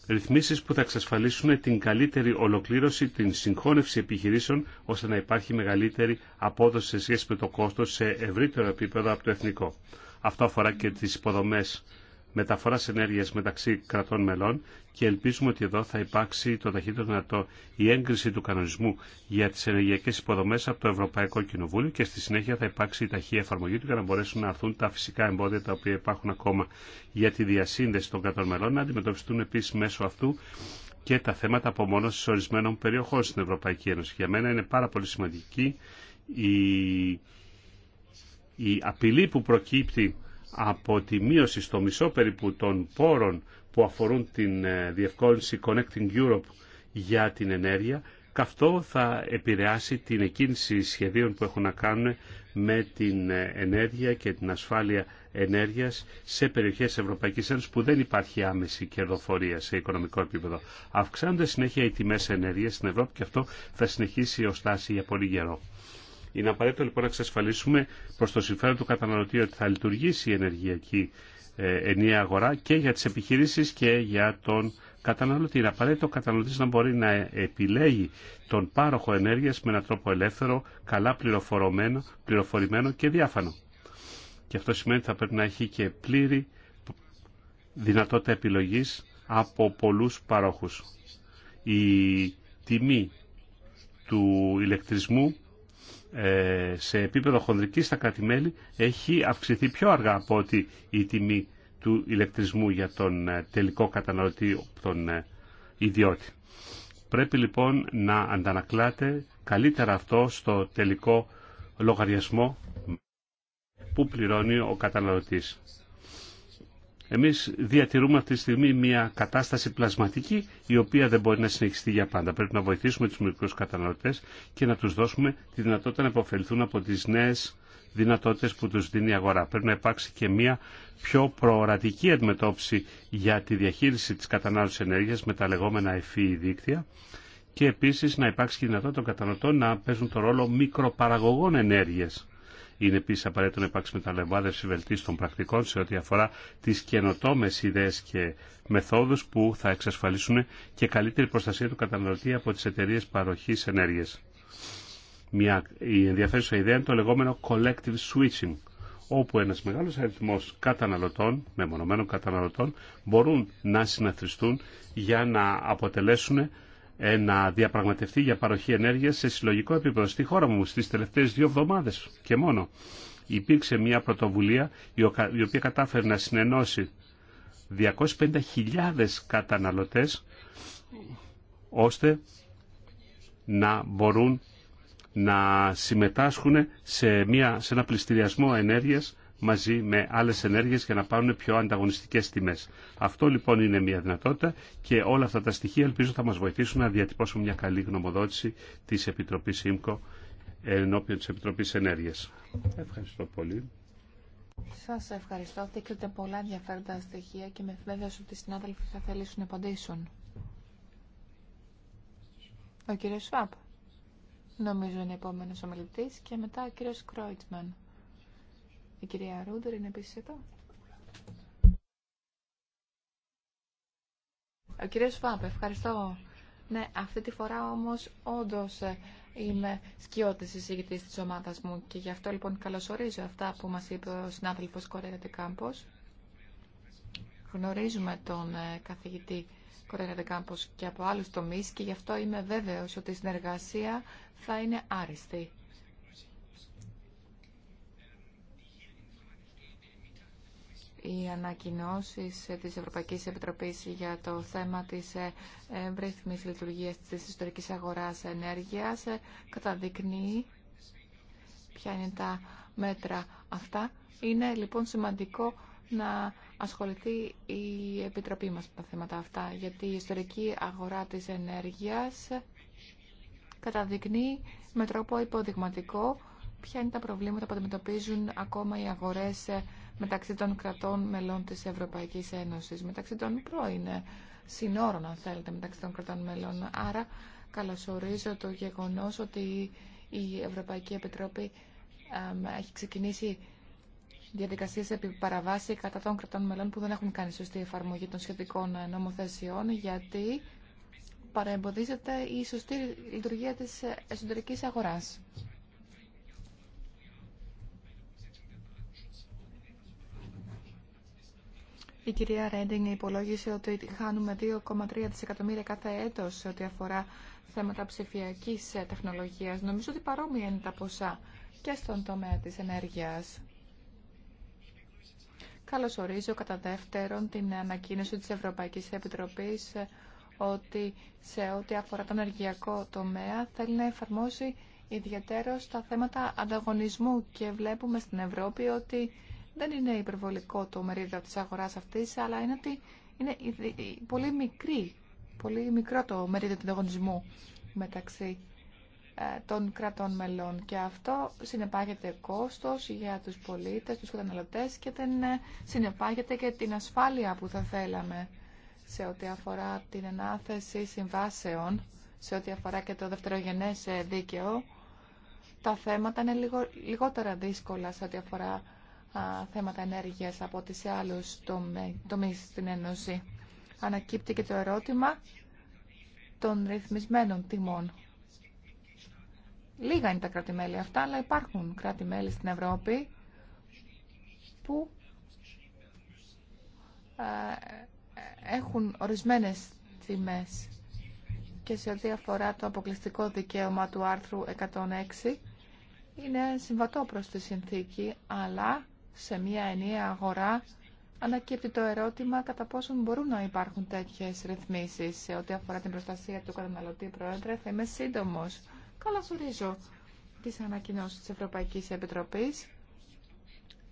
S1: ρυθμίσεις που θα εξασφαλίσουν την καλύτερη ολοκλήρωση, την συγχώνευση επιχειρήσεων, ώστε να υπάρχει μεγαλύτερη απόδοση σε σχέση με το κόστος σε ευρύτερο επίπεδο από το εθνικό. Αυτό αφορά και τις υποδομές Μεταφορά ενέργεια μεταξύ κρατών μελών και ελπίζουμε ότι εδώ θα υπάρξει το ταχύτερο δυνατό η έγκριση του κανονισμού για τι ενεργειακέ υποδομέ από το Ευρωπαϊκό Κοινοβούλιο και στη συνέχεια θα υπάρξει η ταχεία εφαρμογή του για να μπορέσουν να αρθούν τα φυσικά εμπόδια τα οποία υπάρχουν ακόμα για τη διασύνδεση των κρατών μελών να αντιμετωπιστούν επίση μέσω αυτού και τα θέματα απομόνωση ορισμένων περιοχών στην Ευρωπαϊκή Ένωση. Για μένα είναι πάρα πολύ σημαντική η, η απειλή που προκύπτει από τη μείωση στο μισό περίπου των πόρων που αφορούν την ε, διευκόλυνση Connecting Europe για την ενέργεια, αυτό θα επηρεάσει την εκκίνηση σχεδίων που έχουν να κάνουν με την ε, ενέργεια και την ασφάλεια ενέργειας σε περιοχές Ευρωπαϊκής Ένωσης που δεν υπάρχει άμεση κερδοφορία σε οικονομικό επίπεδο. Αυξάνονται συνέχεια οι τιμές ενέργειας στην Ευρώπη και αυτό θα συνεχίσει ως τάση για πολύ καιρό. Είναι απαραίτητο λοιπόν να εξασφαλίσουμε προ το συμφέρον του καταναλωτή ότι θα λειτουργήσει η ενεργειακή ε, ενιαία αγορά και για τι επιχειρήσει και για τον καταναλωτή. Είναι απαραίτητο ο καταναλωτή να μπορεί να επιλέγει τον πάροχο ενέργεια με έναν τρόπο ελεύθερο, καλά πληροφορημένο, πληροφορημένο και διάφανο. Και αυτό σημαίνει ότι θα πρέπει να έχει και πλήρη δυνατότητα επιλογής από πολλούς παρόχους. Η τιμή του ηλεκτρισμού ε, σε επίπεδο χονδρικής στα κράτη-μέλη έχει αυξηθεί πιο αργά από ότι η τιμή του ηλεκτρισμού για τον ε, τελικό καταναλωτή, τον ε, ιδιώτη. Πρέπει λοιπόν να αντανακλάτε καλύτερα αυτό στο τελικό λογαριασμό που πληρώνει ο καταναλωτής. Εμείς διατηρούμε αυτή τη στιγμή μια κατάσταση πλασματική η οποία δεν μπορεί να συνεχιστεί για πάντα. Πρέπει να βοηθήσουμε τους μικρούς καταναλωτές και να τους δώσουμε τη δυνατότητα να υποφελθούν από τις νέες δυνατότητες που τους δίνει η αγορά. Πρέπει να υπάρξει και μια πιο προορατική αντιμετώπιση για τη διαχείριση της κατανάλωσης ενέργειας με τα λεγόμενα ευφύη δίκτυα και επίσης να υπάρξει και δυνατότητα των καταναλωτών να παίζουν το ρόλο μικροπαραγωγών ενέργειας. Είναι επίση απαραίτητο να υπάρξει μεταλαμβάνευση βελτίστων πρακτικών σε ό,τι αφορά τι καινοτόμε ιδέε και μεθόδου που θα εξασφαλίσουν και καλύτερη προστασία του καταναλωτή από τι εταιρείε παροχή ενέργεια. Μια η ενδιαφέρουσα ιδέα είναι το λεγόμενο collective switching, όπου ένας μεγάλος αριθμός καταναλωτών, μεμονωμένων καταναλωτών, μπορούν να συναθριστούν για να αποτελέσουν ε, να διαπραγματευτεί για παροχή ενέργειας σε συλλογικό επίπεδο στη χώρα μου στις τελευταίες δύο εβδομάδες και μόνο. Υπήρξε μια πρωτοβουλία η οποία κατάφερε να συνενώσει 250.000 καταναλωτές ώστε να μπορούν να συμμετάσχουν σε, μια, σε ένα πληστηριασμό ενέργειας μαζί με άλλε ενέργειε για να πάρουν πιο ανταγωνιστικέ τιμέ. Αυτό λοιπόν είναι μια δυνατότητα και όλα αυτά τα στοιχεία ελπίζω θα μα βοηθήσουν να διατυπώσουμε μια καλή γνωμοδότηση τη Επιτροπή ΙΜΚΟ ενώπιον τη Επιτροπή ενέργεια. Ευχαριστώ πολύ.
S3: σα ευχαριστώ. Δείξατε πολλά ενδιαφέροντα στοιχεία και με βέβαια ότι οι συνάδελφοι θα θέλησουν να απαντήσουν. Ο κύριο Σφάπ. Νομίζω είναι επόμενο ομιλητή, και μετά ο κύριο Κρόιτσμαν. Η κυρία Ρούντερ είναι επίση εδώ. Ο κύριο Φάπ, ευχαριστώ. Ναι, αυτή τη φορά όμως όντως ε, είμαι σκιώτης εισηγητής της ομάδας μου και γι' αυτό λοιπόν καλωσορίζω αυτά που μας είπε ο συνάδελφος Κορέρα Κάμπος. Γνωρίζουμε τον ε, καθηγητή Κορέρα Κάμπος και από άλλους τομείς και γι' αυτό είμαι βέβαιος ότι η συνεργασία θα είναι άριστη. οι ανακοινώσει της Ευρωπαϊκής Επιτροπής για το θέμα της εύρυθμης λειτουργίας της ιστορικής αγοράς ενέργειας ε, καταδεικνύει ποια είναι τα μέτρα αυτά. Είναι λοιπόν σημαντικό να ασχοληθεί η Επιτροπή μας με τα θέματα αυτά, γιατί η ιστορική αγορά της ενέργειας καταδεικνύει με τρόπο υποδειγματικό ποια είναι τα προβλήματα που αντιμετωπίζουν ακόμα οι αγορές ε, μεταξύ των κρατών μελών της Ευρωπαϊκής Ένωσης, μεταξύ των πρώην συνόρων, αν θέλετε, μεταξύ των κρατών μελών. Άρα, καλωσορίζω το γεγονός ότι η Ευρωπαϊκή Επιτροπή έχει ξεκινήσει διαδικασίε επί παραβάση κατά των κρατών μελών που δεν έχουν κάνει σωστή εφαρμογή των σχετικών νομοθεσιών, γιατί παρεμποδίζεται η σωστή λειτουργία της εσωτερικής αγοράς. Η κυρία Ρέντινγκ υπολόγισε ότι χάνουμε 2,3 δισεκατομμύρια κάθε έτος σε ό,τι αφορά θέματα ψηφιακής ε, τεχνολογίας. Νομίζω ότι παρόμοια είναι τα ποσά και στον τομέα της ενέργειας. Καλώς ορίζω κατά δεύτερον την ανακοίνωση της Ευρωπαϊκής Επιτροπής ε, ότι σε ό,τι αφορά τον ενεργειακό τομέα θέλει να εφαρμόσει ιδιαίτερο στα θέματα ανταγωνισμού και βλέπουμε στην Ευρώπη ότι δεν είναι υπερβολικό το μερίδιο της αγοράς αυτής, αλλά είναι ότι είναι πολύ μικρή, πολύ μικρό το μερίδιο του ανταγωνισμού μεταξύ ε, των κρατών μελών και αυτό συνεπάγεται κόστος για τους πολίτες, τους καταναλωτές και δεν ε, συνεπάγεται και την ασφάλεια που θα θέλαμε σε ό,τι αφορά την ανάθεση συμβάσεων, σε ό,τι αφορά και το δευτερογενές ε, δίκαιο. Τα θέματα είναι λιγότερα δύσκολα σε ό,τι αφορά θέματα ενέργειας από τις άλλους τομείς στην Ένωση. Ανακύπτει και το ερώτημα των ρυθμισμένων τιμών. Λίγα είναι τα κράτη-μέλη αυτά, αλλά υπάρχουν κράτη-μέλη στην Ευρώπη που έχουν ορισμένες τιμές και σε ό,τι αφορά το αποκλειστικό δικαίωμα του άρθρου 106 είναι συμβατό προς τη συνθήκη, αλλά σε μια ενιαία αγορά ανακύπτει το ερώτημα κατά πόσον μπορούν να υπάρχουν τέτοιε ρυθμίσει, σε ό,τι αφορά την προστασία του καταναλωτή πρόεδρε. Θα είμαι σύντομος. Καλώς ορίζω τις ανακοινώσεις της Ευρωπαϊκής Επιτροπής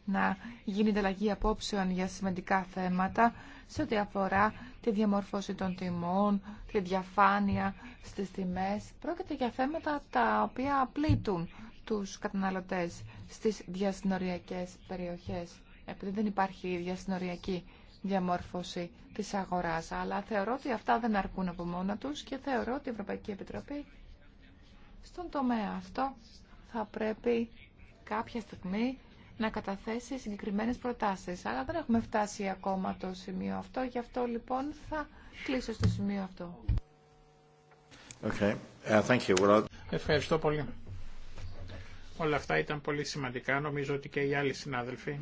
S3: να γίνει ανταλλαγή απόψεων για σημαντικά θέματα σε ό,τι αφορά τη διαμόρφωση των τιμών, τη διαφάνεια στις τιμές. Πρόκειται για θέματα τα οποία πλήττουν τους καταναλωτές στις διασυνοριακές περιοχές, επειδή δεν υπάρχει διασυνοριακή διαμόρφωση της αγοράς. Αλλά θεωρώ ότι αυτά δεν αρκούν από μόνα τους και θεωρώ ότι η Ευρωπαϊκή Επιτροπή στον τομέα αυτό θα πρέπει κάποια στιγμή να καταθέσει συγκεκριμένες προτάσεις. Αλλά δεν έχουμε φτάσει ακόμα το σημείο αυτό, γι' αυτό λοιπόν θα κλείσω στο σημείο αυτό.
S2: Okay. Uh, thank you. Ευχαριστώ πολύ. Όλα αυτά ήταν πολύ σημαντικά. Νομίζω ότι και οι άλλοι συνάδελφοι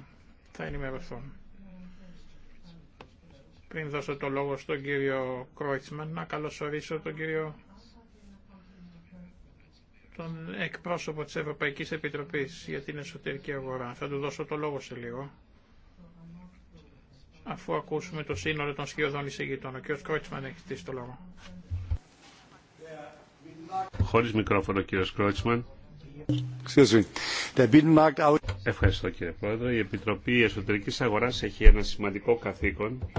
S2: θα ενημερωθούν. Πριν δώσω το λόγο στον κύριο Κρόιτσμαν, να καλωσορίσω τον κύριο τον εκπρόσωπο της Ευρωπαϊκής Επιτροπής για την εσωτερική αγορά. Θα του δώσω το λόγο σε λίγο, αφού ακούσουμε το σύνολο των σκιωδών εισηγητών. Ο κ. Κρότσμαν έχει στήσει το λόγο.
S1: Χωρίς μικρόφωνο, κ. Κρότσμαν. Ευχαριστώ κύριε Πρόεδρε. Η Επιτροπή Εσωτερικής Αγοράς έχει ένα σημαντικό καθήκον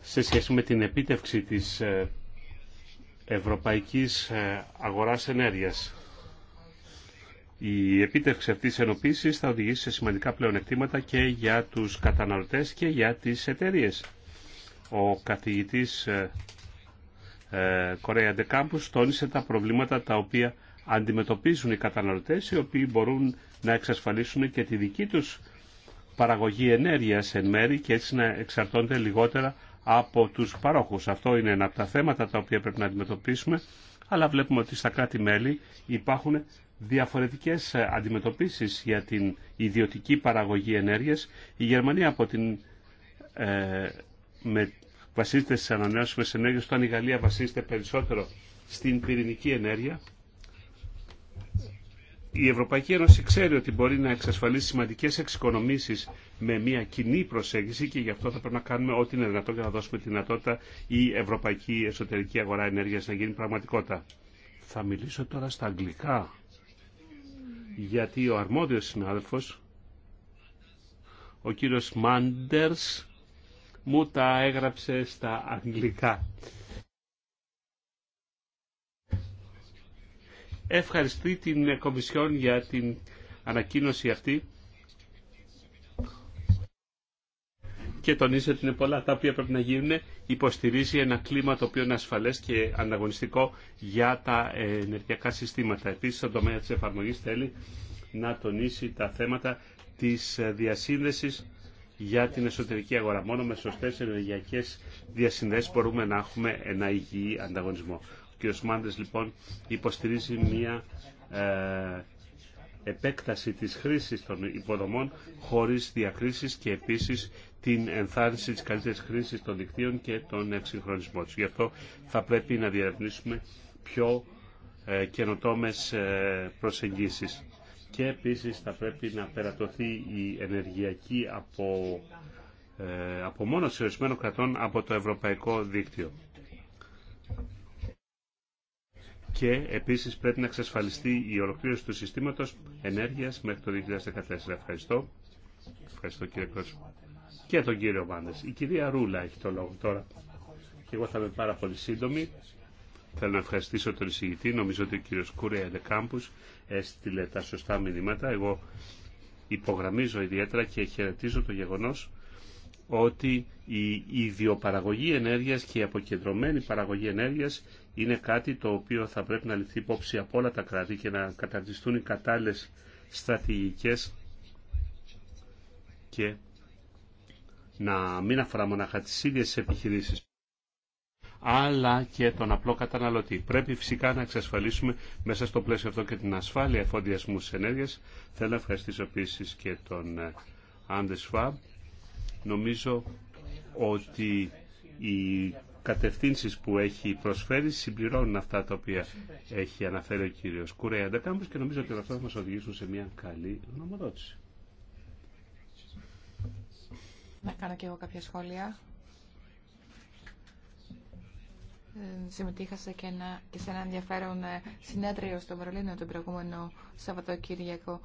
S1: σε σχέση με την επίτευξη της ε, ευρωπαϊκής ε, αγοράς ενέργειας. Η επίτευξη αυτής της ενοποίησης θα οδηγήσει σε σημαντικά πλεονεκτήματα και για τους καταναλωτές και για τις εταιρείες. Ο καθηγητής ε, ε, Κορέα Κάμπους, τόνισε τα προβλήματα τα οποία αντιμετωπίζουν οι καταναλωτές οι οποίοι μπορούν να εξασφαλίσουν και τη δική τους παραγωγή ενέργειας εν μέρη και έτσι να εξαρτώνται λιγότερα από τους παρόχους. Αυτό είναι ένα από τα θέματα τα οποία πρέπει να αντιμετωπίσουμε αλλά βλέπουμε ότι στα κράτη-μέλη υπάρχουν διαφορετικές αντιμετωπίσεις για την ιδιωτική παραγωγή ενέργειας. Η Γερμανία από την, ε, με βασίζεται στις ανανεώσιμες ενέργειες, όταν η Γαλλία βασίζεται περισσότερο στην πυρηνική ενέργεια, η Ευρωπαϊκή Ένωση ξέρει ότι μπορεί να εξασφαλίσει σημαντικέ εξοικονομήσει με μια κοινή προσέγγιση και γι' αυτό θα πρέπει να κάνουμε ό,τι είναι δυνατό για να δώσουμε τη δυνατότητα η ευρωπαϊκή εσωτερική αγορά ενέργεια να γίνει πραγματικότητα. Θα μιλήσω τώρα στα αγγλικά. Γιατί ο αρμόδιο συνάδελφο, ο κύριο Μάντερ, μου τα έγραψε στα αγγλικά. Ευχαριστεί την Κομισιόν για την ανακοίνωση αυτή και τονίζει ότι είναι πολλά τα οποία πρέπει να γίνουν. Υποστηρίζει ένα κλίμα το οποίο είναι ασφαλές και ανταγωνιστικό για τα ενεργειακά συστήματα. Επίσης, στον τομέα της εφαρμογής θέλει να τονίσει τα θέματα της διασύνδεσης για την εσωτερική αγορά. Μόνο με σωστέ ενεργειακέ διασυνδέσεις μπορούμε να έχουμε ένα υγιή ανταγωνισμό. Ο κ. λοιπόν υποστηρίζει μια ε, επέκταση της χρήσης των υποδομών χωρίς διακρίσεις και επίσης την ενθάρρυνση της καλύτερης χρήσης των δικτύων και τον εξυγχρονισμό τους. Γι' αυτό θα πρέπει να διαρευνήσουμε πιο ε, καινοτόμες ε, προσεγγίσεις και επίσης θα πρέπει να περατωθεί η ενεργειακή από, ε, σε ορισμένων κρατών από το ευρωπαϊκό δίκτυο. Και επίσης πρέπει να εξασφαλιστεί η ολοκλήρωση του συστήματος ενέργειας μέχρι το 2014. Ευχαριστώ. Ευχαριστώ κύριε Κρόσου. Και τον κύριο Βάντες. Η κυρία Ρούλα έχει το λόγο τώρα. Και εγώ θα είμαι πάρα πολύ σύντομη. Θέλω να ευχαριστήσω τον εισηγητή. Νομίζω ότι ο κύριο Κούρια Ελεκάμπους έστειλε τα σωστά μηνύματα. Εγώ υπογραμμίζω ιδιαίτερα και χαιρετίζω το γεγονός ότι η ιδιοπαραγωγή ενέργειας και η αποκεντρωμένη παραγωγή ενέργειας είναι κάτι το οποίο θα πρέπει να ληφθεί υπόψη από όλα τα κράτη και να καταρτιστούν οι κατάλληλες στρατηγικές και να μην αφορά μονάχα τις ίδιες επιχειρήσεις αλλά και τον απλό καταναλωτή. Πρέπει φυσικά να εξασφαλίσουμε μέσα στο πλαίσιο αυτό και την ασφάλεια εφοδιασμού τη ενέργεια. Θέλω να ευχαριστήσω επίση και τον ε, Άντε Φαμ. Νομίζω ότι οι κατευθύνσεις που έχει προσφέρει συμπληρώνουν αυτά τα οποία έχει αναφέρει ο κύριος Κουρέα Αντακάμπος και νομίζω ότι αυτό θα μας οδηγήσουν σε μια καλή γνωμοδότηση.
S3: Να κάνω και εγώ κάποια σχόλια συμμετείχα σε και, ένα, σε ένα ενδιαφέρον ε, συνέδριο στο Βερολίνο τον προηγούμενο Σαββατοκύριακο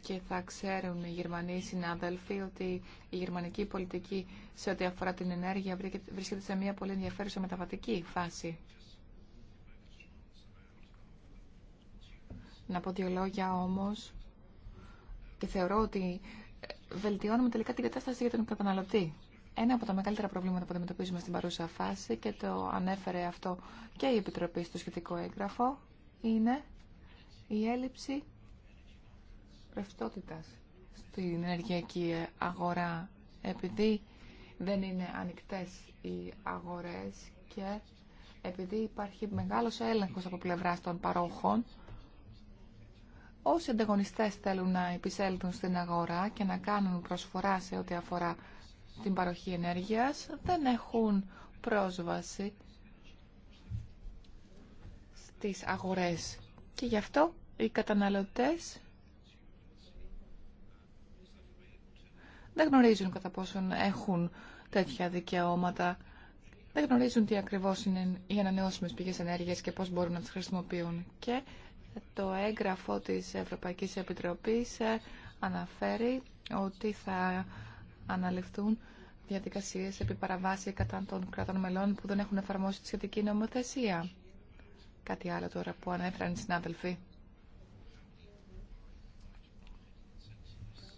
S3: και θα ξέρουν οι Γερμανοί συνάδελφοι ότι η γερμανική πολιτική σε ό,τι αφορά την ενέργεια βρίσκεται σε μια πολύ ενδιαφέρουσα μεταβατική φάση. Να πω δύο λόγια όμως και θεωρώ ότι ε, βελτιώνουμε τελικά την κατάσταση για τον καταναλωτή ένα από τα μεγαλύτερα προβλήματα που αντιμετωπίζουμε στην παρούσα φάση και το ανέφερε αυτό και η Επιτροπή στο σχετικό έγγραφο είναι η έλλειψη ρευστότητας στην ενεργειακή αγορά επειδή δεν είναι ανοιχτές οι αγορές και επειδή υπάρχει μεγάλος έλεγχος από πλευράς των παρόχων όσοι ανταγωνιστές θέλουν να επισέλθουν στην αγορά και να κάνουν προσφορά σε ό,τι αφορά την παροχή ενέργειας δεν έχουν πρόσβαση στις αγορές και γι' αυτό οι καταναλωτές δεν γνωρίζουν κατά πόσον έχουν τέτοια δικαιώματα δεν γνωρίζουν τι ακριβώς είναι οι ανανεώσιμες πηγές ενέργειας και πώς μπορούν να τις χρησιμοποιούν. Και το έγγραφο της Ευρωπαϊκής Επιτροπής ε, αναφέρει ότι θα αναλυφθούν διαδικασίε επί παραβάση κατά των κρατών μελών που δεν έχουν εφαρμόσει τη σχετική νομοθεσία. Κάτι άλλο τώρα που ανέφεραν οι συνάδελφοι.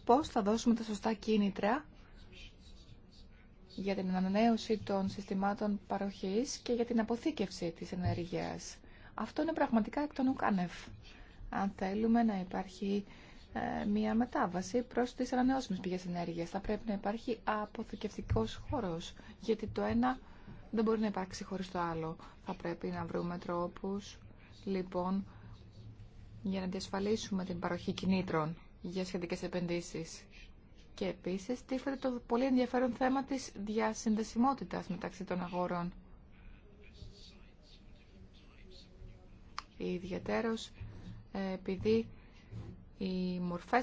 S3: Πώς θα δώσουμε τα σωστά κίνητρα για την ανανέωση των συστημάτων παροχής και για την αποθήκευση της ενέργειας. Αυτό είναι πραγματικά εκ των ουκάνευ. Αν θέλουμε να υπάρχει ε, μια μετάβαση προς τι ανανεώσιμε πηγέ ενέργεια. Θα πρέπει να υπάρχει αποθηκευτικό χώρος, γιατί το ένα δεν μπορεί να υπάρξει χωρί το άλλο. Θα πρέπει να βρούμε τρόπου, λοιπόν, για να διασφαλίσουμε την παροχή κινήτρων για σχετικές επενδύσεις. Και επίσης τίθεται το πολύ ενδιαφέρον θέμα τη διασυνδεσιμότητα μεταξύ των αγορών. Ιδιαίτερος ε, επειδή οι μορφέ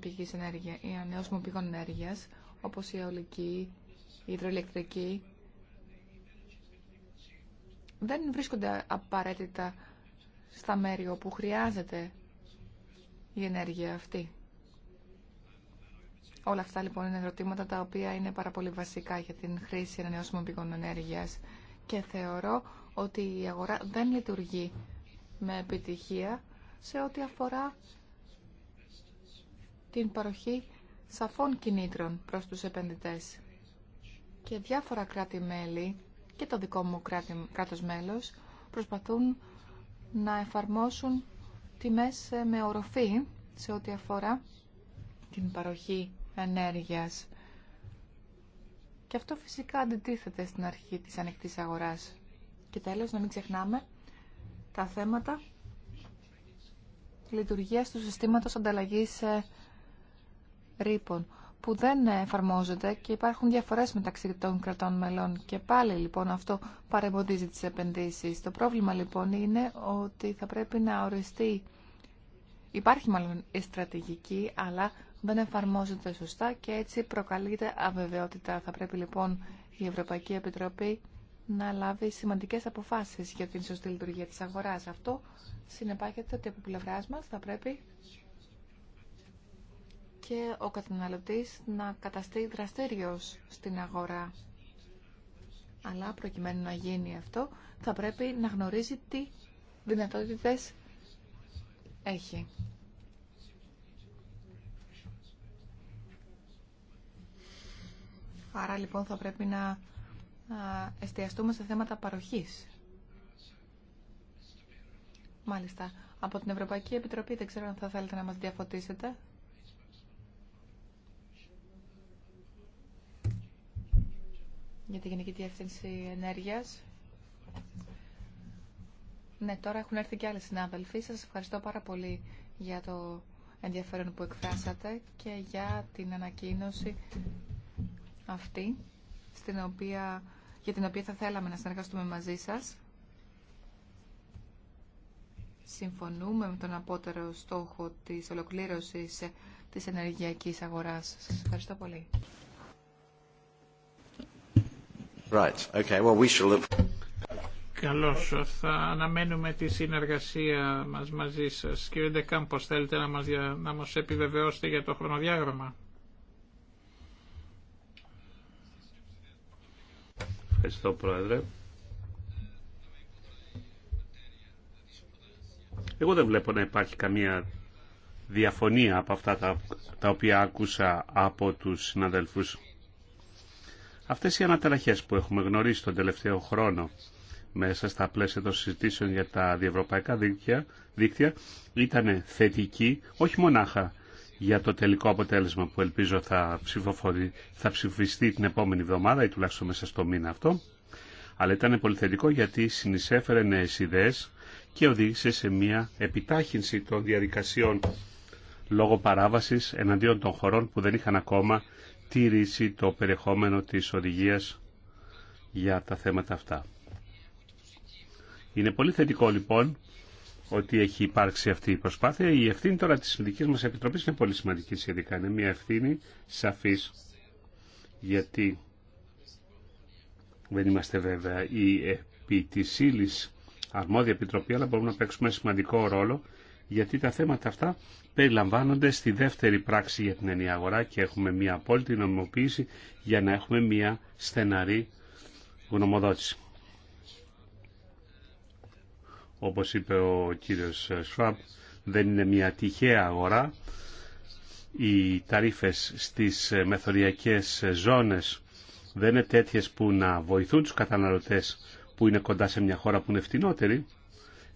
S3: πηγής ενέργεια ή ανανεώσιμων πηγών ενέργειας, όπως η αιωλική, η υδροηλεκτρική, δεν βρίσκονται απαραίτητα στα μέρη όπου χρειάζεται η υδροηλεκτρικη δεν βρισκονται αυτή. Όλα αυτά λοιπόν είναι ερωτήματα τα οποία είναι πάρα πολύ βασικά για την χρήση ανανεώσιμων πηγών ενέργειας και θεωρώ ότι η αγορά δεν λειτουργεί με επιτυχία σε ό,τι αφορά την παροχή σαφών κινήτρων προς τους επενδυτές. Και διάφορα κράτη-μέλη και το δικό μου κράτος μέλος προσπαθούν να εφαρμόσουν τιμές ε, με οροφή σε ό,τι αφορά την παροχή ενέργειας. Και αυτό φυσικά αντιτίθεται στην αρχή της ανοιχτής αγοράς. Και τέλος, να μην ξεχνάμε τα θέματα λειτουργίας του συστήματος ανταλλαγής ε, ρήπων που δεν εφαρμόζονται και υπάρχουν διαφορές μεταξύ των κρατών μελών και πάλι λοιπόν αυτό παρεμποδίζει τις επενδύσεις. Το πρόβλημα λοιπόν είναι ότι θα πρέπει να οριστεί, υπάρχει μάλλον η στρατηγική αλλά δεν εφαρμόζεται σωστά και έτσι προκαλείται αβεβαιότητα. Θα πρέπει λοιπόν η Ευρωπαϊκή Επιτροπή να λάβει σημαντικές αποφάσεις για την σωστή λειτουργία της αγοράς. Αυτό συνεπάγεται ότι από πλευρά μας θα πρέπει και ο καταναλωτής να καταστεί δραστήριος στην αγορά. Αλλά προκειμένου να γίνει αυτό, θα πρέπει να γνωρίζει τι δυνατότητες έχει. Άρα λοιπόν θα πρέπει να εστιαστούμε σε θέματα παροχής. Μάλιστα. Από την Ευρωπαϊκή Επιτροπή δεν ξέρω αν θα θέλετε να μας διαφωτίσετε. για τη Γενική Διεύθυνση Ενέργειας. Ναι, τώρα έχουν έρθει και άλλοι συνάδελφοι. Σας ευχαριστώ πάρα πολύ για το ενδιαφέρον που εκφράσατε και για την ανακοίνωση αυτή, στην οποία, για την οποία θα θέλαμε να συνεργαστούμε μαζί σας. Συμφωνούμε με τον απότερο στόχο της ολοκλήρωσης ε, της ενεργειακής αγοράς. Σας ευχαριστώ πολύ.
S4: Right.
S2: Καλώς. Θα αναμένουμε τη συνεργασία μας μαζί σας. Κύριε Ντεκάμπος, θέλετε να μας, να μας επιβεβαιώσετε για το χρονοδιάγραμμα.
S1: Ευχαριστώ, Πρόεδρε. Εγώ δεν βλέπω να υπάρχει καμία διαφωνία από αυτά τα, τα οποία άκουσα από τους συναδελφούς Αυτές οι αναταραχές που έχουμε γνωρίσει τον τελευταίο χρόνο μέσα στα πλαίσια των συζητήσεων για τα διευρωπαϊκά δίκτυα, δίκτυα ήταν θετική όχι μονάχα για το τελικό αποτέλεσμα που ελπίζω θα, θα ψηφιστεί την επόμενη εβδομάδα ή τουλάχιστον μέσα στο μήνα αυτό, αλλά ήταν πολύ θετικό γιατί συνεισέφερε νέες ιδέες και οδήγησε σε μια επιτάχυνση των διαδικασιών λόγω παράβασης εναντίον των χωρών που δεν είχαν ακόμα το περιεχόμενο της οδηγίας για τα θέματα αυτά. Είναι πολύ θετικό λοιπόν ότι έχει υπάρξει αυτή η προσπάθεια. Η ευθύνη τώρα της δική μας Επιτροπής είναι πολύ σημαντική σχετικά. Είναι μια ευθύνη σαφής γιατί δεν είμαστε βέβαια η επί της αρμόδια επιτροπή αλλά μπορούμε να παίξουμε σημαντικό ρόλο γιατί τα θέματα αυτά περιλαμβάνονται στη δεύτερη πράξη για την ενιαία αγορά και έχουμε μια απόλυτη νομιμοποίηση για να έχουμε μια στεναρή γνωμοδότηση. Όπως είπε ο κύριος Σφαμπ, δεν είναι μια τυχαία αγορά. Οι ταρίφες στις μεθοριακές ζώνες δεν είναι τέτοιες που να βοηθούν τους καταναλωτές που είναι κοντά σε μια χώρα που είναι φτηνότερη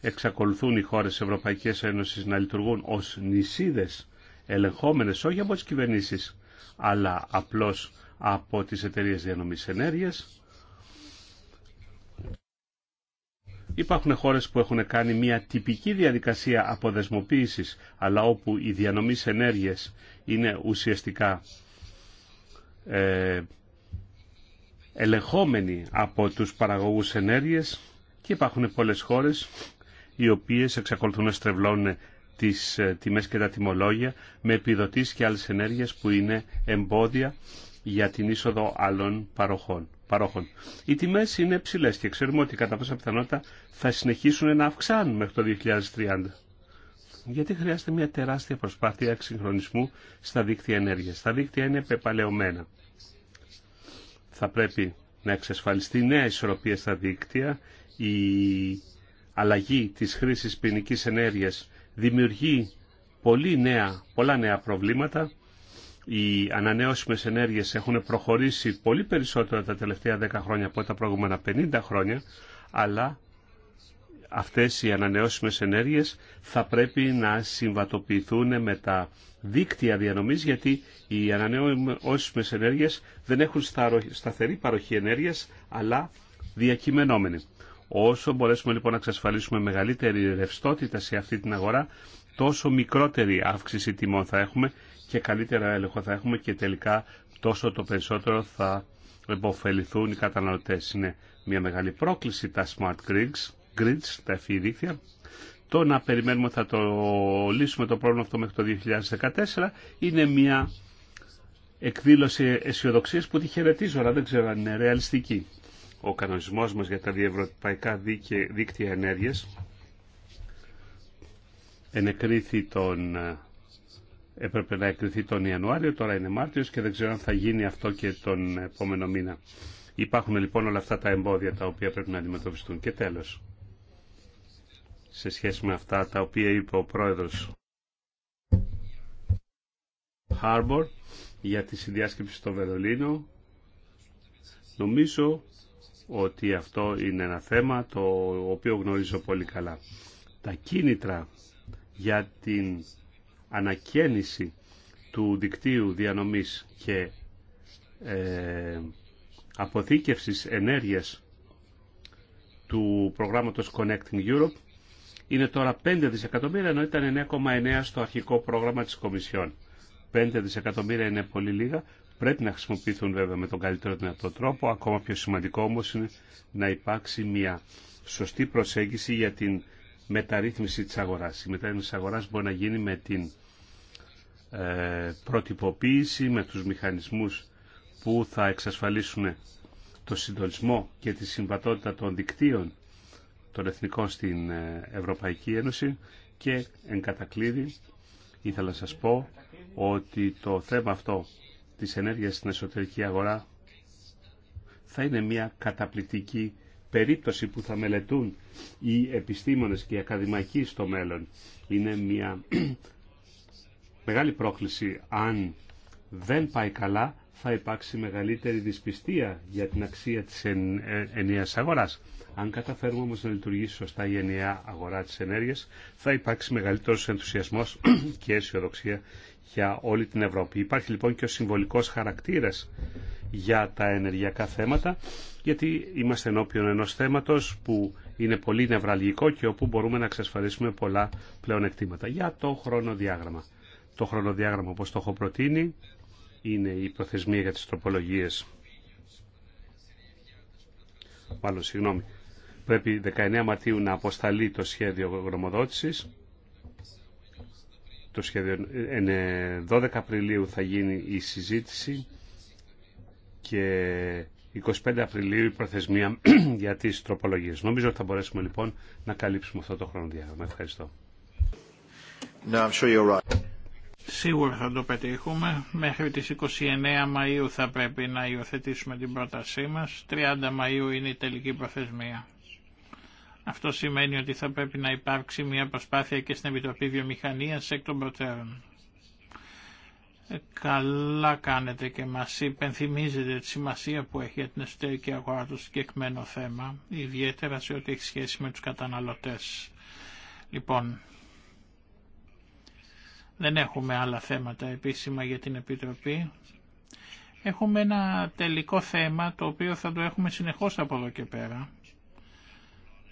S1: εξακολουθούν οι χώρες Ευρωπαϊκής Ένωσης να λειτουργούν ως νησίδες ελεγχόμενες όχι από τις κυβερνήσεις αλλά απλώς από τις εταιρείες διανομής ενέργειας. Υπάρχουν χώρες που έχουν κάνει μια τυπική διαδικασία αποδεσμοποίησης αλλά όπου οι διανομής ενέργειας είναι ουσιαστικά ε, από τους παραγωγούς ενέργειας και υπάρχουν πολλές χώρες οι οποίες εξακολουθούν να στρεβλώνουν τις ε, τιμές και τα τιμολόγια με επιδοτήσεις και άλλε ενέργειες που είναι εμπόδια για την είσοδο άλλων παροχών. παρόχων. Οι τιμές είναι ψηλέ και ξέρουμε ότι κατά πάσα πιθανότητα θα συνεχίσουν να αυξάνουν μέχρι το 2030. Γιατί χρειάζεται μια τεράστια προσπάθεια εξυγχρονισμού στα δίκτυα ενέργειας. Τα δίκτυα είναι πεπαλαιωμένα. Θα πρέπει να εξασφαλιστεί νέα ισορροπία στα δίκτυα, η αλλαγή της χρήσης ποινική ενέργειας δημιουργεί πολύ νέα, πολλά νέα προβλήματα. Οι ανανεώσιμες ενέργειες έχουν προχωρήσει πολύ περισσότερο τα τελευταία 10 χρόνια από τα προηγούμενα 50 χρόνια, αλλά αυτές οι ανανεώσιμες ενέργειες θα πρέπει να συμβατοποιηθούν με τα δίκτυα διανομής γιατί οι ανανεώσιμες ενέργειες δεν έχουν σταθερή παροχή ενέργειας αλλά διακειμενόμενη. Όσο μπορέσουμε λοιπόν να εξασφαλίσουμε μεγαλύτερη ρευστότητα σε αυτή την αγορά, τόσο μικρότερη αύξηση τιμών θα έχουμε και καλύτερα έλεγχο θα έχουμε και τελικά τόσο το περισσότερο θα επωφεληθούν οι καταναλωτές. Είναι μια μεγάλη πρόκληση τα smart grids, grids τα εφηδίκτια. Το να περιμένουμε θα το λύσουμε το πρόβλημα αυτό μέχρι το 2014 είναι μια εκδήλωση αισιοδοξία που τη χαιρετίζω, αλλά δεν ξέρω αν είναι ρεαλιστική ο κανονισμός μας για τα διευρωπαϊκά δίκτυα ενέργειας ενεκρίθη τον, έπρεπε να εκριθεί τον Ιανουάριο, τώρα είναι Μάρτιος και δεν ξέρω αν θα γίνει αυτό και τον επόμενο μήνα. Υπάρχουν λοιπόν όλα αυτά τα εμπόδια τα οποία πρέπει να αντιμετωπιστούν. Και τέλος, σε σχέση με αυτά τα οποία είπε ο πρόεδρος Χάρμπορ για τη συνδιάσκεψη στο Βερολίνο, νομίζω ότι αυτό είναι ένα θέμα το οποίο γνωρίζω πολύ καλά. Τα κίνητρα για την ανακαίνιση του δικτύου διανομής και ε, αποθήκευσης ενέργειας του προγράμματος Connecting Europe είναι τώρα 5 δισεκατομμύρια ενώ ήταν 9,9 στο αρχικό πρόγραμμα της Κομισιόν. 5 δισεκατομμύρια είναι πολύ λίγα πρέπει να χρησιμοποιηθούν βέβαια με τον καλύτερο δυνατό τρόπο. Ακόμα πιο σημαντικό όμως είναι να υπάρξει μια σωστή προσέγγιση για την μεταρρύθμιση της αγοράς. Η μεταρρύθμιση της αγοράς μπορεί να γίνει με την ε, προτυποποίηση, με τους μηχανισμούς που θα εξασφαλίσουν το συντονισμό και τη συμβατότητα των δικτύων των εθνικών στην ε, Ευρωπαϊκή Ένωση και εν κατακλείδη ήθελα να σας πω ότι το θέμα αυτό της ενέργειας στην εσωτερική αγορά θα είναι μια καταπληκτική περίπτωση που θα μελετούν οι επιστήμονες και οι ακαδημαϊκοί στο μέλλον. Είναι μια [CLEARS THROAT] μεγάλη πρόκληση. Αν δεν πάει καλά θα υπάρξει μεγαλύτερη δυσπιστία για την αξία της ε, ενιαίας αγοράς. Αν καταφέρουμε όμως να λειτουργήσει σωστά η ενιαία αγορά της ενέργειας, θα υπάρξει μεγαλύτερος ενθουσιασμός [CLEARS THROAT] και αισιοδοξία για όλη την Ευρώπη. Υπάρχει λοιπόν και ο συμβολικός χαρακτήρας για τα ενεργειακά θέματα, γιατί είμαστε ενώπιον ενός θέματος που είναι πολύ νευραλγικό και όπου μπορούμε να εξασφαλίσουμε πολλά πλεονεκτήματα. Για το χρονοδιάγραμμα. Το χρονοδιάγραμμα, όπως το έχω προτείνει, είναι η προθεσμία για τις τροπολογίες. Μάλλον, συγγνώμη. Πρέπει 19 Μαρτίου να αποσταλεί το σχέδιο γνωμοδότησης το σχέδιο 12 ε, ναι, Απριλίου θα γίνει η συζήτηση και 25 Απριλίου η προθεσμία [CLEARS THROAT] για τις τροπολογίες. Νομίζω ότι θα μπορέσουμε λοιπόν να καλύψουμε αυτό το χρονοδιάγραμμα. Ευχαριστώ.
S2: No, I'm sure you're right. Σίγουρα θα το
S1: πετύχουμε. Μέχρι τις 29
S2: Μαΐου θα πρέπει να υιοθετήσουμε την πρότασή μας. 30 Μαΐου είναι η τελική προθεσμία. Αυτό σημαίνει ότι θα πρέπει να υπάρξει μια προσπάθεια και στην Επιτροπή Βιομηχανίας εκ των προτέρων. Ε, καλά κάνετε και μας υπενθυμίζετε τη σημασία που έχει για την εσωτερική αγορά του συγκεκριμένο θέμα, ιδιαίτερα σε ό,τι έχει σχέση με τους καταναλωτές. Λοιπόν, δεν έχουμε άλλα θέματα επίσημα για την Επιτροπή. Έχουμε ένα τελικό θέμα το οποίο θα το έχουμε συνεχώς από εδώ και πέρα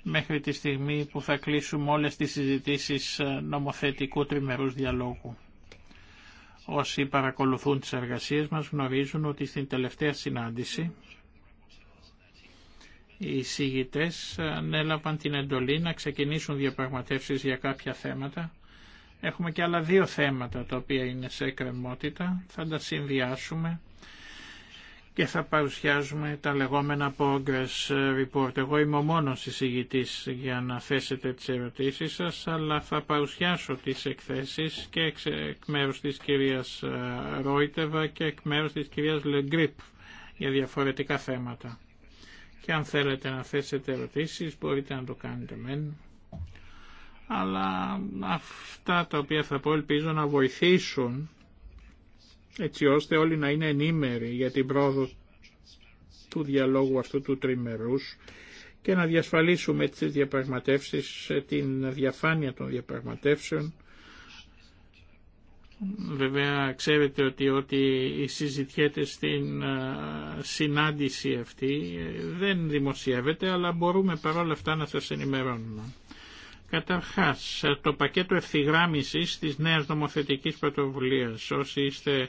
S2: μέχρι τη στιγμή που θα κλείσουμε όλες τις συζητήσεις ε, νομοθετικού τριμερούς διαλόγου. Όσοι παρακολουθούν τις εργασίες μας γνωρίζουν ότι στην τελευταία συνάντηση οι εισηγητές ανέλαβαν την εντολή να ξεκινήσουν διαπραγματεύσεις για κάποια θέματα. Έχουμε και άλλα δύο θέματα τα οποία είναι σε εκκρεμότητα. Θα τα συνδυάσουμε και θα παρουσιάζουμε τα λεγόμενα progress report. Εγώ είμαι ο μόνος εισηγητής για να θέσετε τις ερωτήσεις σας, αλλά θα παρουσιάσω τις εκθέσεις και εκ μέρους της κυρίας ε, Ρόιτεβα και εκ μέρους της κυρίας Λεγκρίπ για διαφορετικά θέματα. Και αν θέλετε να θέσετε ερωτήσεις μπορείτε να το κάνετε μεν. Αλλά αυτά τα οποία θα πω ελπίζω να βοηθήσουν έτσι ώστε όλοι να είναι ενήμεροι για την πρόοδο του διαλόγου αυτού του τριμερούς και να διασφαλίσουμε τις διαπραγματεύσεις, την διαφάνεια των διαπραγματεύσεων. Βέβαια ξέρετε ότι ό,τι συζητιέται στην ε, συνάντηση αυτή ε, δεν δημοσιεύεται, αλλά μπορούμε παρόλα αυτά να σας ενημερώνουμε. Καταρχάς, το πακέτο ευθυγράμμισης της νέας νομοθετικής πρωτοβουλία. Όσοι είστε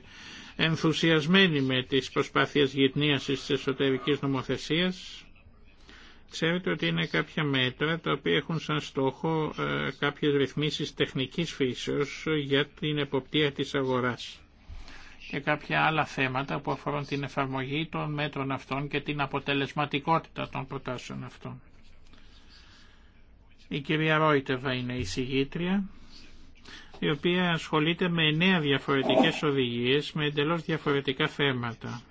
S2: ενθουσιασμένοι με τις προσπάθειες γυρνίασης της εσωτερικής νομοθεσίας, ξέρετε ότι είναι κάποια μέτρα τα οποία έχουν σαν στόχο ε, κάποιες ρυθμίσεις τεχνικής φύσεως για την εποπτεία της αγοράς και κάποια άλλα θέματα που αφορούν την εφαρμογή των μέτρων αυτών και την αποτελεσματικότητα των προτάσεων αυτών. Η κυρία Ρόιτεβα είναι η συγγήτρια, η οποία ασχολείται με εννέα διαφορετικές οδηγίες με εντελώς διαφορετικά θέματα.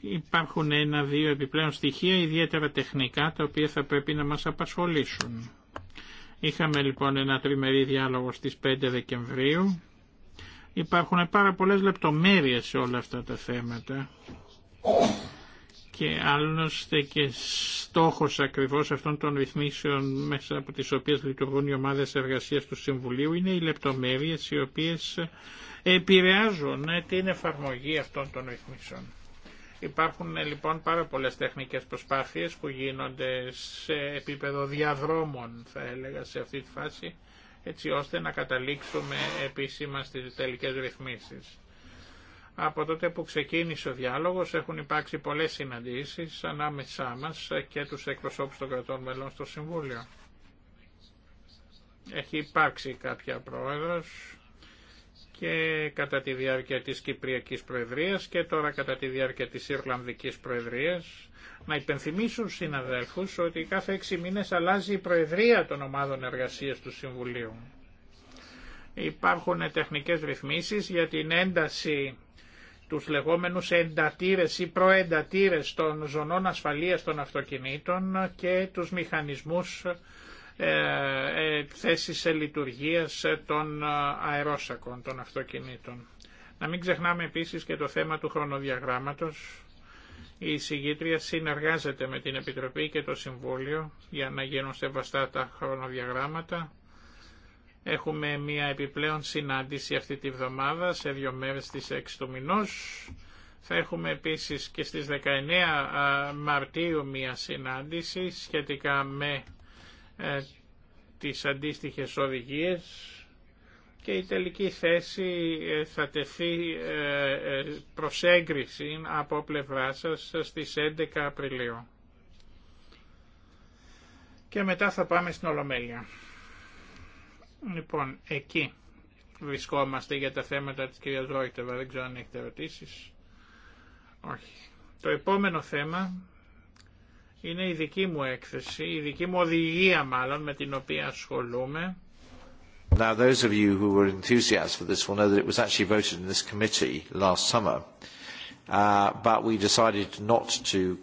S2: Υπάρχουν ένα-δύο επιπλέον στοιχεία, ιδιαίτερα τεχνικά, τα οποία θα πρέπει να μας απασχολήσουν. Είχαμε λοιπόν ένα τριμερή διάλογο στις 5 Δεκεμβρίου. Υπάρχουν πάρα πολλές λεπτομέρειες σε όλα αυτά τα θέματα και άλλωστε και στόχος ακριβώς αυτών των ρυθμίσεων μέσα από τις οποίες λειτουργούν οι ομάδες εργασίας του Συμβουλίου είναι οι λεπτομέρειες οι οποίες επηρεάζουν ε, την εφαρμογή αυτών των ρυθμίσεων. Υπάρχουν ε, λοιπόν πάρα πολλές τεχνικές προσπάθειες που γίνονται σε επίπεδο διαδρόμων θα έλεγα σε αυτή τη φάση έτσι ώστε να καταλήξουμε επίσημα στις τελικές ρυθμίσεις. Από τότε που ξεκίνησε ο διάλογος έχουν υπάρξει πολλές συναντήσεις ανάμεσά μας και τους εκπροσώπους των κρατών μελών στο Συμβούλιο. Έχει υπάρξει κάποια πρόεδρος και κατά τη διάρκεια της Κυπριακής Προεδρίας και τώρα κατά τη διάρκεια της Ιρλανδικής Προεδρίας να υπενθυμίσουν συναδέλφους ότι κάθε έξι μήνες αλλάζει η Προεδρία των Ομάδων Εργασίας του Συμβουλίου. Υπάρχουν τεχνικές ρυθμίσεις για την ένταση τους λεγόμενους εντατήρες ή προεντατήρες των ζωνών ασφαλείας των αυτοκινήτων και τους μηχανισμούς ε, ε, θέσης σε λειτουργίας των ε, αερόσακων των αυτοκινήτων. Να μην ξεχνάμε επίσης και το θέμα του χρονοδιαγράμματος. Η συγκήτρια συνεργάζεται με την Επιτροπή και το Συμβούλιο για να γίνουν σεβαστά τα χρονοδιαγράμματα Έχουμε μία επιπλέον συνάντηση αυτή τη βδομάδα σε δύο μέρες στις 6 του μηνός. Θα έχουμε επίσης και στις 19 Μαρτίου μία συνάντηση σχετικά με ε, τις αντίστοιχες οδηγίες και η τελική θέση ε, θα τεθεί ε, προς έγκριση από πλευρά σας στις 11 Απριλίου. Και μετά θα πάμε στην Ολομέλεια. Λοιπόν, εκεί βρισκόμαστε για τα θέματα της κυρίας Ρόιτεβα. Δεν ξέρω αν έχετε ερωτήσει. Όχι. Το επόμενο θέμα είναι η δική μου έκθεση, η δική μου οδηγία μάλλον με την οποία ασχολούμαι. Now those of you who were enthusiasts for this will know that it was actually voted in this committee last
S3: summer, uh, but we decided not to.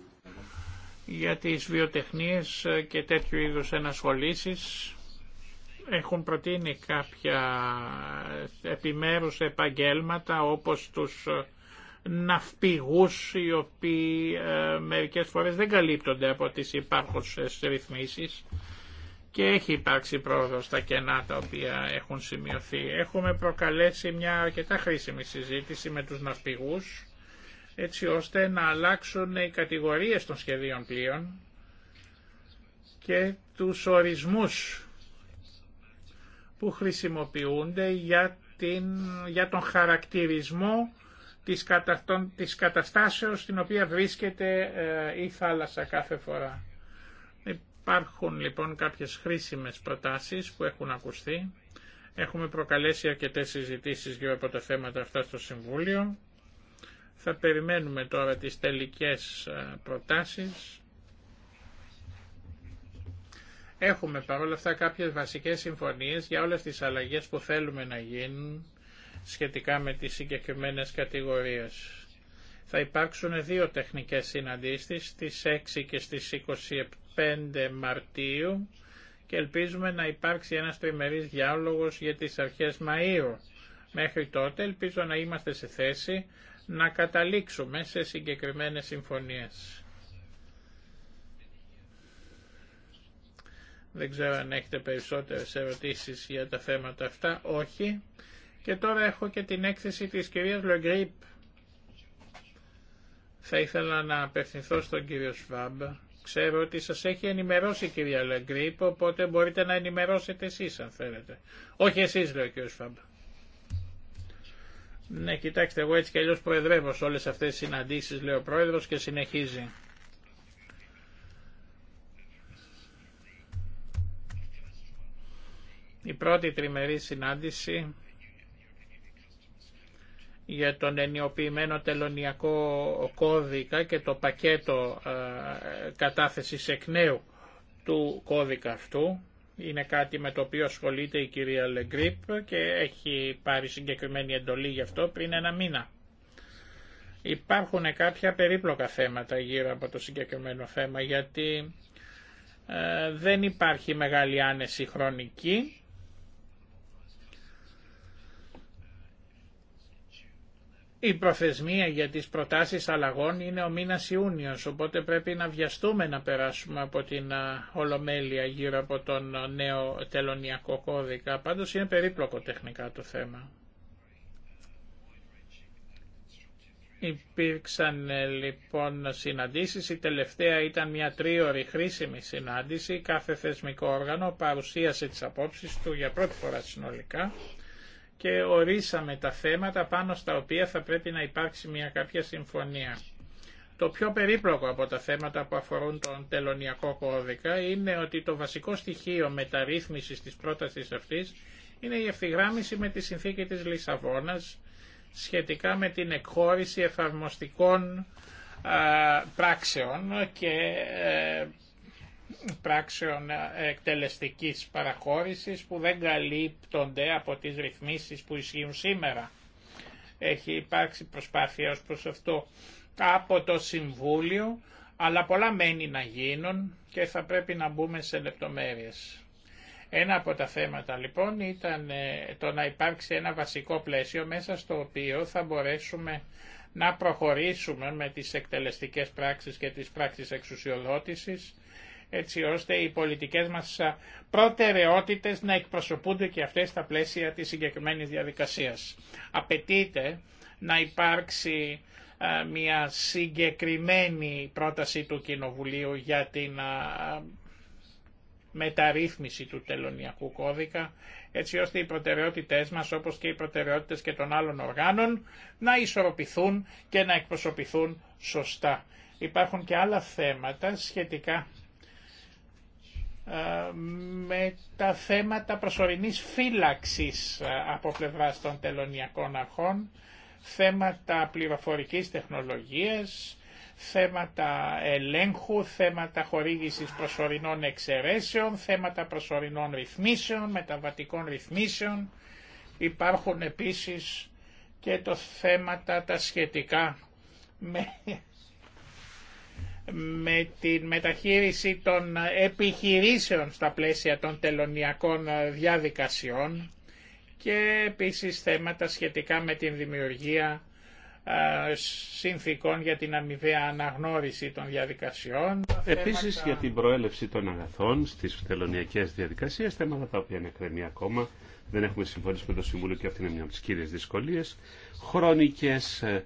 S2: Για τις βιοτεχνίες ε, και τέτοιου είδους ενασχολήσεις έχουν προτείνει κάποια επιμέρους επαγγέλματα όπως τους ε, ναυπηγούς οι οποίοι ε, μερικές φορές δεν καλύπτονται από τις υπάρχουσες ρυθμίσεις και έχει υπάρξει πρόοδο στα κενά τα οποία έχουν σημειωθεί. Έχουμε προκαλέσει μια αρκετά χρήσιμη συζήτηση με τους ναυπηγούς έτσι ώστε να αλλάξουν οι κατηγορίες των σχεδίων πλοίων και τους ορισμούς που χρησιμοποιούνται για, την, για τον χαρακτηρισμό της, κατα, των, της καταστάσεως στην οποία βρίσκεται ε, η θάλασσα κάθε φορά. Υπάρχουν λοιπόν κάποιες χρήσιμες προτάσεις που έχουν ακουστεί. Έχουμε προκαλέσει αρκετές συζητήσεις γύρω από τα θέματα αυτά στο Συμβούλιο. Θα περιμένουμε τώρα τις τελικές ε, προτάσεις Έχουμε παρόλα αυτά κάποιες βασικές συμφωνίες για όλες τις αλλαγές που θέλουμε να γίνουν σχετικά με τις συγκεκριμένες κατηγορίες. Θα υπάρξουν δύο τεχνικές συναντήσεις, στις 6 και στις 25 Μαρτίου και ελπίζουμε να υπάρξει ένας τριμερής διάλογος για τις αρχές Μαΐου. Μέχρι τότε ελπίζω να είμαστε σε θέση να καταλήξουμε σε συγκεκριμένες συμφωνίες. Δεν ξέρω αν έχετε περισσότερες ερωτήσεις για τα θέματα αυτά. Όχι. Και τώρα έχω και την έκθεση της κυρίας Λεγκρίπ. Θα ήθελα να απευθυνθώ στον κύριο Σβάμπ. Ξέρω ότι σας έχει ενημερώσει η κυρία Λεγκρίπ, οπότε μπορείτε να ενημερώσετε εσείς αν θέλετε. Όχι εσείς λέει ο κύριος Σβάμπ. Ναι, κοιτάξτε, εγώ έτσι κι αλλιώς προεδρεύω σε όλες αυτές τις συναντήσεις, λέει ο πρόεδρος και συνεχίζει. Η πρώτη τριμερή συνάντηση για τον ενιοποιημένο τελωνιακό κώδικα και το πακέτο ε, κατάθεσης εκ νέου του κώδικα αυτού. Είναι κάτι με το οποίο ασχολείται η κυρία Λεγκρίπ και έχει πάρει συγκεκριμένη εντολή γι' αυτό πριν ένα μήνα. Υπάρχουν κάποια περίπλοκα θέματα γύρω από το συγκεκριμένο θέμα γιατί ε, δεν υπάρχει μεγάλη άνεση χρονική Η προθεσμία για τις προτάσεις αλλαγών είναι ο μήνας Ιούνιος, οπότε πρέπει να βιαστούμε να περάσουμε από την Ολομέλεια γύρω από τον νέο τελωνιακό κώδικα. Πάντως είναι περίπλοκο τεχνικά το θέμα. Υπήρξαν ε, λοιπόν συναντήσεις, η τελευταία ήταν μια τρίωρη χρήσιμη συνάντηση, κάθε θεσμικό όργανο παρουσίασε τις απόψεις του για πρώτη φορά συνολικά και ορίσαμε τα θέματα πάνω στα οποία θα πρέπει να υπάρξει μια κάποια συμφωνία. Το πιο περίπλοκο από τα θέματα που αφορούν τον τελωνιακό κώδικα είναι ότι το βασικό στοιχείο μεταρρύθμισης της πρότασης αυτής είναι η ευθυγράμμιση με τη συνθήκη της Λισαβόνας σχετικά με την εκχώρηση εφαρμοστικών πράξεων και ε, πράξεων ε, εκτελεστικής παραχώρησης που δεν καλύπτονται από τις ρυθμίσεις που ισχύουν σήμερα. Έχει υπάρξει προσπάθεια ως προς αυτό από το Συμβούλιο, αλλά πολλά μένει να γίνουν και θα πρέπει να μπούμε σε λεπτομέρειες. Ένα από τα θέματα λοιπόν ήταν ε, το να υπάρξει ένα βασικό πλαίσιο μέσα στο οποίο θα μπορέσουμε να προχωρήσουμε με τις εκτελεστικές πράξεις και τις πράξεις εξουσιοδότησης έτσι ώστε οι πολιτικές μας προτεραιότητες να εκπροσωπούνται και αυτές στα πλαίσια της συγκεκριμένης διαδικασίας. Απαιτείται να υπάρξει μια συγκεκριμένη πρόταση του Κοινοβουλίου για την μεταρρύθμιση του τελωνιακού κώδικα, έτσι ώστε οι προτεραιότητές μας, όπως και οι προτεραιότητες και των άλλων οργάνων, να ισορροπηθούν και να εκπροσωπηθούν σωστά. Υπάρχουν και άλλα θέματα σχετικά ε, με τα θέματα προσωρινής φύλαξης ε, από πλευράς των τελωνιακών αρχών, θέματα πληροφορικής τεχνολογίας, θέματα ελέγχου, θέματα χορήγησης προσωρινών εξαιρέσεων, θέματα προσωρινών ρυθμίσεων, μεταβατικών ρυθμίσεων. Υπάρχουν επίσης και το θέματα τα σχετικά με με την μεταχείριση των επιχειρήσεων στα πλαίσια των τελωνιακών διαδικασιών και επίσης θέματα σχετικά με την δημιουργία συνθήκων για την αμοιβαία αναγνώριση των διαδικασιών. Επίσης για την
S1: προέλευση των αγαθών στις τελωνιακές διαδικασίες, θέματα τα οποία είναι κρεμή ακόμα, δεν έχουμε συμφωνήσει με το Συμβούλιο και αυτή είναι μια από τις κύριες δυσκολίες. Χρονικές, ε,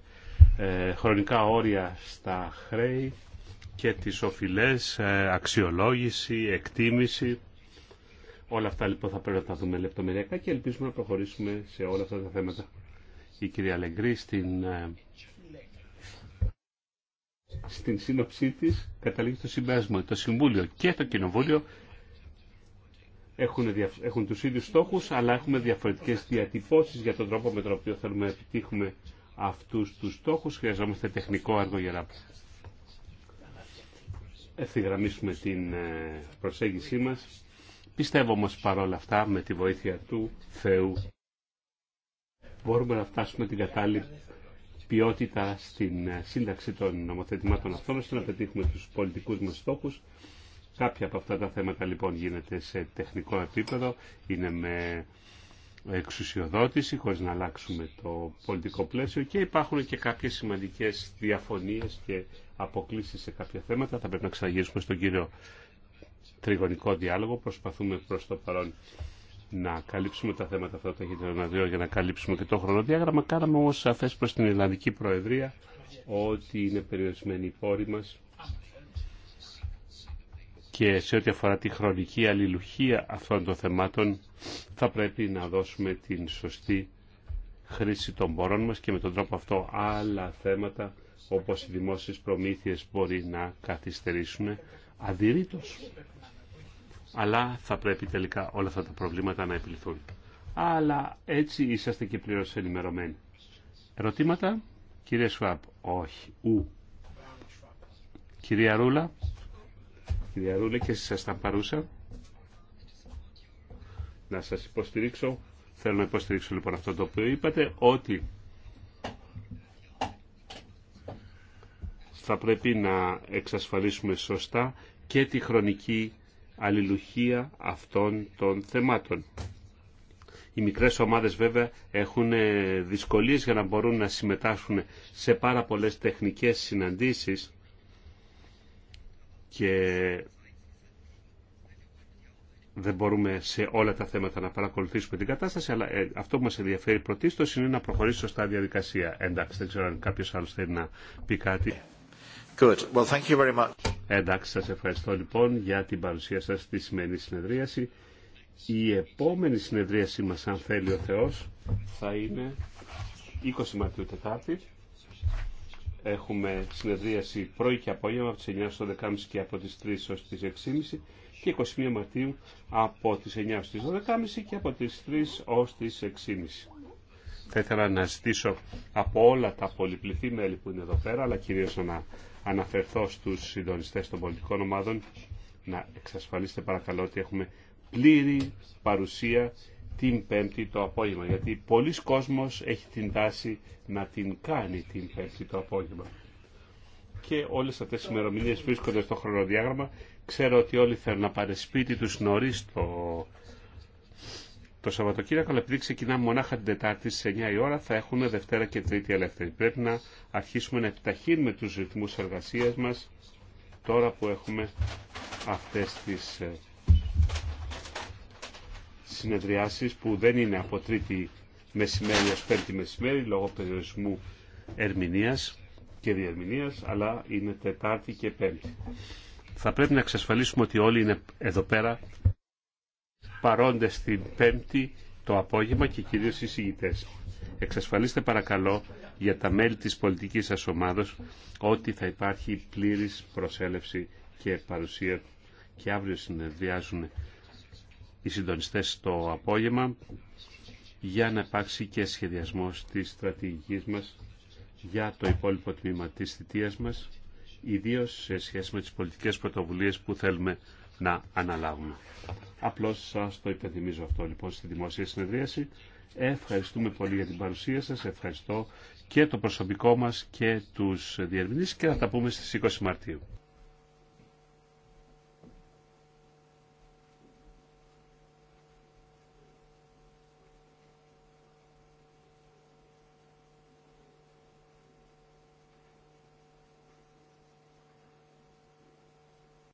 S1: ε, χρονικά όρια στα χρέη, και τις οφειλές, ε, αξιολόγηση, εκτίμηση. Όλα αυτά λοιπόν θα πρέπει να τα δούμε λεπτομεριακά και ελπίζουμε να προχωρήσουμε σε όλα αυτά τα θέματα. Η κυρία Λεγκρή στην, ε, σύνοψή της καταλήγει στο συμπέρασμα ότι το Συμβούλιο και το Κοινοβούλιο έχουν, έχουν τους ίδιους στόχους αλλά έχουμε διαφορετικές διατυπώσεις για τον τρόπο με τον οποίο θέλουμε να επιτύχουμε αυτούς τους στόχους. Χρειαζόμαστε τεχνικό έργο για ευθυγραμμίσουμε την ε, προσέγγισή μας. Πιστεύω όμως παρόλα αυτά με τη βοήθεια του Θεού μπορούμε να φτάσουμε την κατάλληλη ποιότητα στην ε, σύνταξη των νομοθετημάτων αυτών ώστε να πετύχουμε τους πολιτικούς μας στόχους. Κάποια από αυτά τα θέματα λοιπόν γίνεται σε τεχνικό επίπεδο, είναι με εξουσιοδότηση χωρίς να αλλάξουμε το πολιτικό πλαίσιο και υπάρχουν και κάποιες σημαντικές διαφωνίες και αποκλήσεις σε κάποια θέματα. Θα πρέπει να ξαναγυρίσουμε στον κύριο τριγωνικό διάλογο. Προσπαθούμε προς το παρόν να καλύψουμε τα θέματα αυτά τα δύο για να καλύψουμε και το χρονοδιάγραμμα. Κάναμε όμως σαφές προς την Ελλανδική Προεδρία ότι είναι περιορισμένοι οι πόροι μας και σε ό,τι αφορά τη χρονική αλληλουχία αυτών των θεμάτων θα πρέπει να δώσουμε την σωστή χρήση των πόρων μας και με τον τρόπο αυτό άλλα θέματα όπως οι δημόσιες προμήθειες μπορεί να καθυστερήσουν αδειρήτως. Αλλά θα πρέπει τελικά όλα αυτά τα προβλήματα να επιληθούν. Αλλά έτσι είσαστε και πλήρω ενημερωμένοι. Ερωτήματα? Κύριε Σουάπ, όχι, ου. Κυρία Ρούλα, κυρία και σας τα παρούσα. Να σας υποστηρίξω. Θέλω να υποστηρίξω λοιπόν αυτό το οποίο είπατε, ότι θα πρέπει να εξασφαλίσουμε σωστά και τη χρονική αλληλουχία αυτών των θεμάτων. Οι μικρές ομάδες βέβαια έχουν ε, δυσκολίες για να μπορούν να συμμετάσχουν σε πάρα πολλές τεχνικές συναντήσεις και δεν μπορούμε σε όλα τα θέματα να παρακολουθήσουμε την κατάσταση, αλλά ε, αυτό που μας ενδιαφέρει πρωτίστως είναι να προχωρήσει σωστά διαδικασία. Εντάξει, δεν ξέρω αν κάποιος άλλος θέλει να πει κάτι. Good. Well, thank you very much. Εντάξει, σας ευχαριστώ λοιπόν για την παρουσία σας στη σημερινή συνεδρίαση. Η επόμενη συνεδρίασή μας, αν θέλει ο Θεός, θα είναι 20 Μαρτίου Τετάρτη έχουμε συνεδρίαση πρωί και απόγευμα από τις 9 στο 10.30 και από τις 3 ως τις 6.30 και 21 Μαρτίου από τις 9 ως τι 12.30 και από τις 3 ως τις 6.30. Θα ήθελα να ζητήσω από όλα τα πολυπληθή μέλη που είναι εδώ πέρα, αλλά κυρίως να αναφερθώ στους συντονιστές των πολιτικών ομάδων, να εξασφαλίσετε παρακαλώ ότι έχουμε πλήρη παρουσία την Πέμπτη το απόγευμα, γιατί πολλοί κόσμος έχει την τάση να την κάνει την Πέμπτη το απόγευμα. Και όλες αυτές οι ημερομηνίε βρίσκονται στο χρονοδιάγραμμα. Ξέρω ότι όλοι θέλουν να πάρουν σπίτι τους νωρίς το, το Σαββατοκύριακο, αλλά επειδή ξεκινάμε μονάχα την Τετάρτη στις 9 η ώρα, θα έχουμε Δευτέρα και Τρίτη ελεύθερη. Πρέπει να αρχίσουμε να επιταχύνουμε τους ρυθμούς εργασίας μας τώρα που έχουμε αυτές τις ε, συνεδριάσεις που δεν είναι από τρίτη μεσημέρι ω πέμπτη μεσημέρι λόγω περιορισμού ερμηνείας και διερμηνείας, αλλά είναι Τετάρτη και Πέμπτη. Θα πρέπει να εξασφαλίσουμε ότι όλοι είναι εδώ πέρα παρόντες την Πέμπτη το απόγευμα και κυρίως οι συγητές. Εξασφαλίστε παρακαλώ για τα μέλη της πολιτικής σας ομάδος ότι θα υπάρχει πλήρης προσέλευση και παρουσία και αύριο συνεδριάζουν οι συντονιστές το απόγευμα για να υπάρξει και σχεδιασμός της στρατηγικής μας για το υπόλοιπο τμήμα της θητείας μας, ιδίως σε σχέση με τις πολιτικές πρωτοβουλίες που θέλουμε να αναλάβουμε. Απλώς σας το υπενθυμίζω αυτό λοιπόν στη δημόσια συνεδρίαση. Ευχαριστούμε πολύ για την παρουσία σας, ευχαριστώ και το προσωπικό μας και τους διερμηνείς και θα τα πούμε στις 20 Μαρτίου.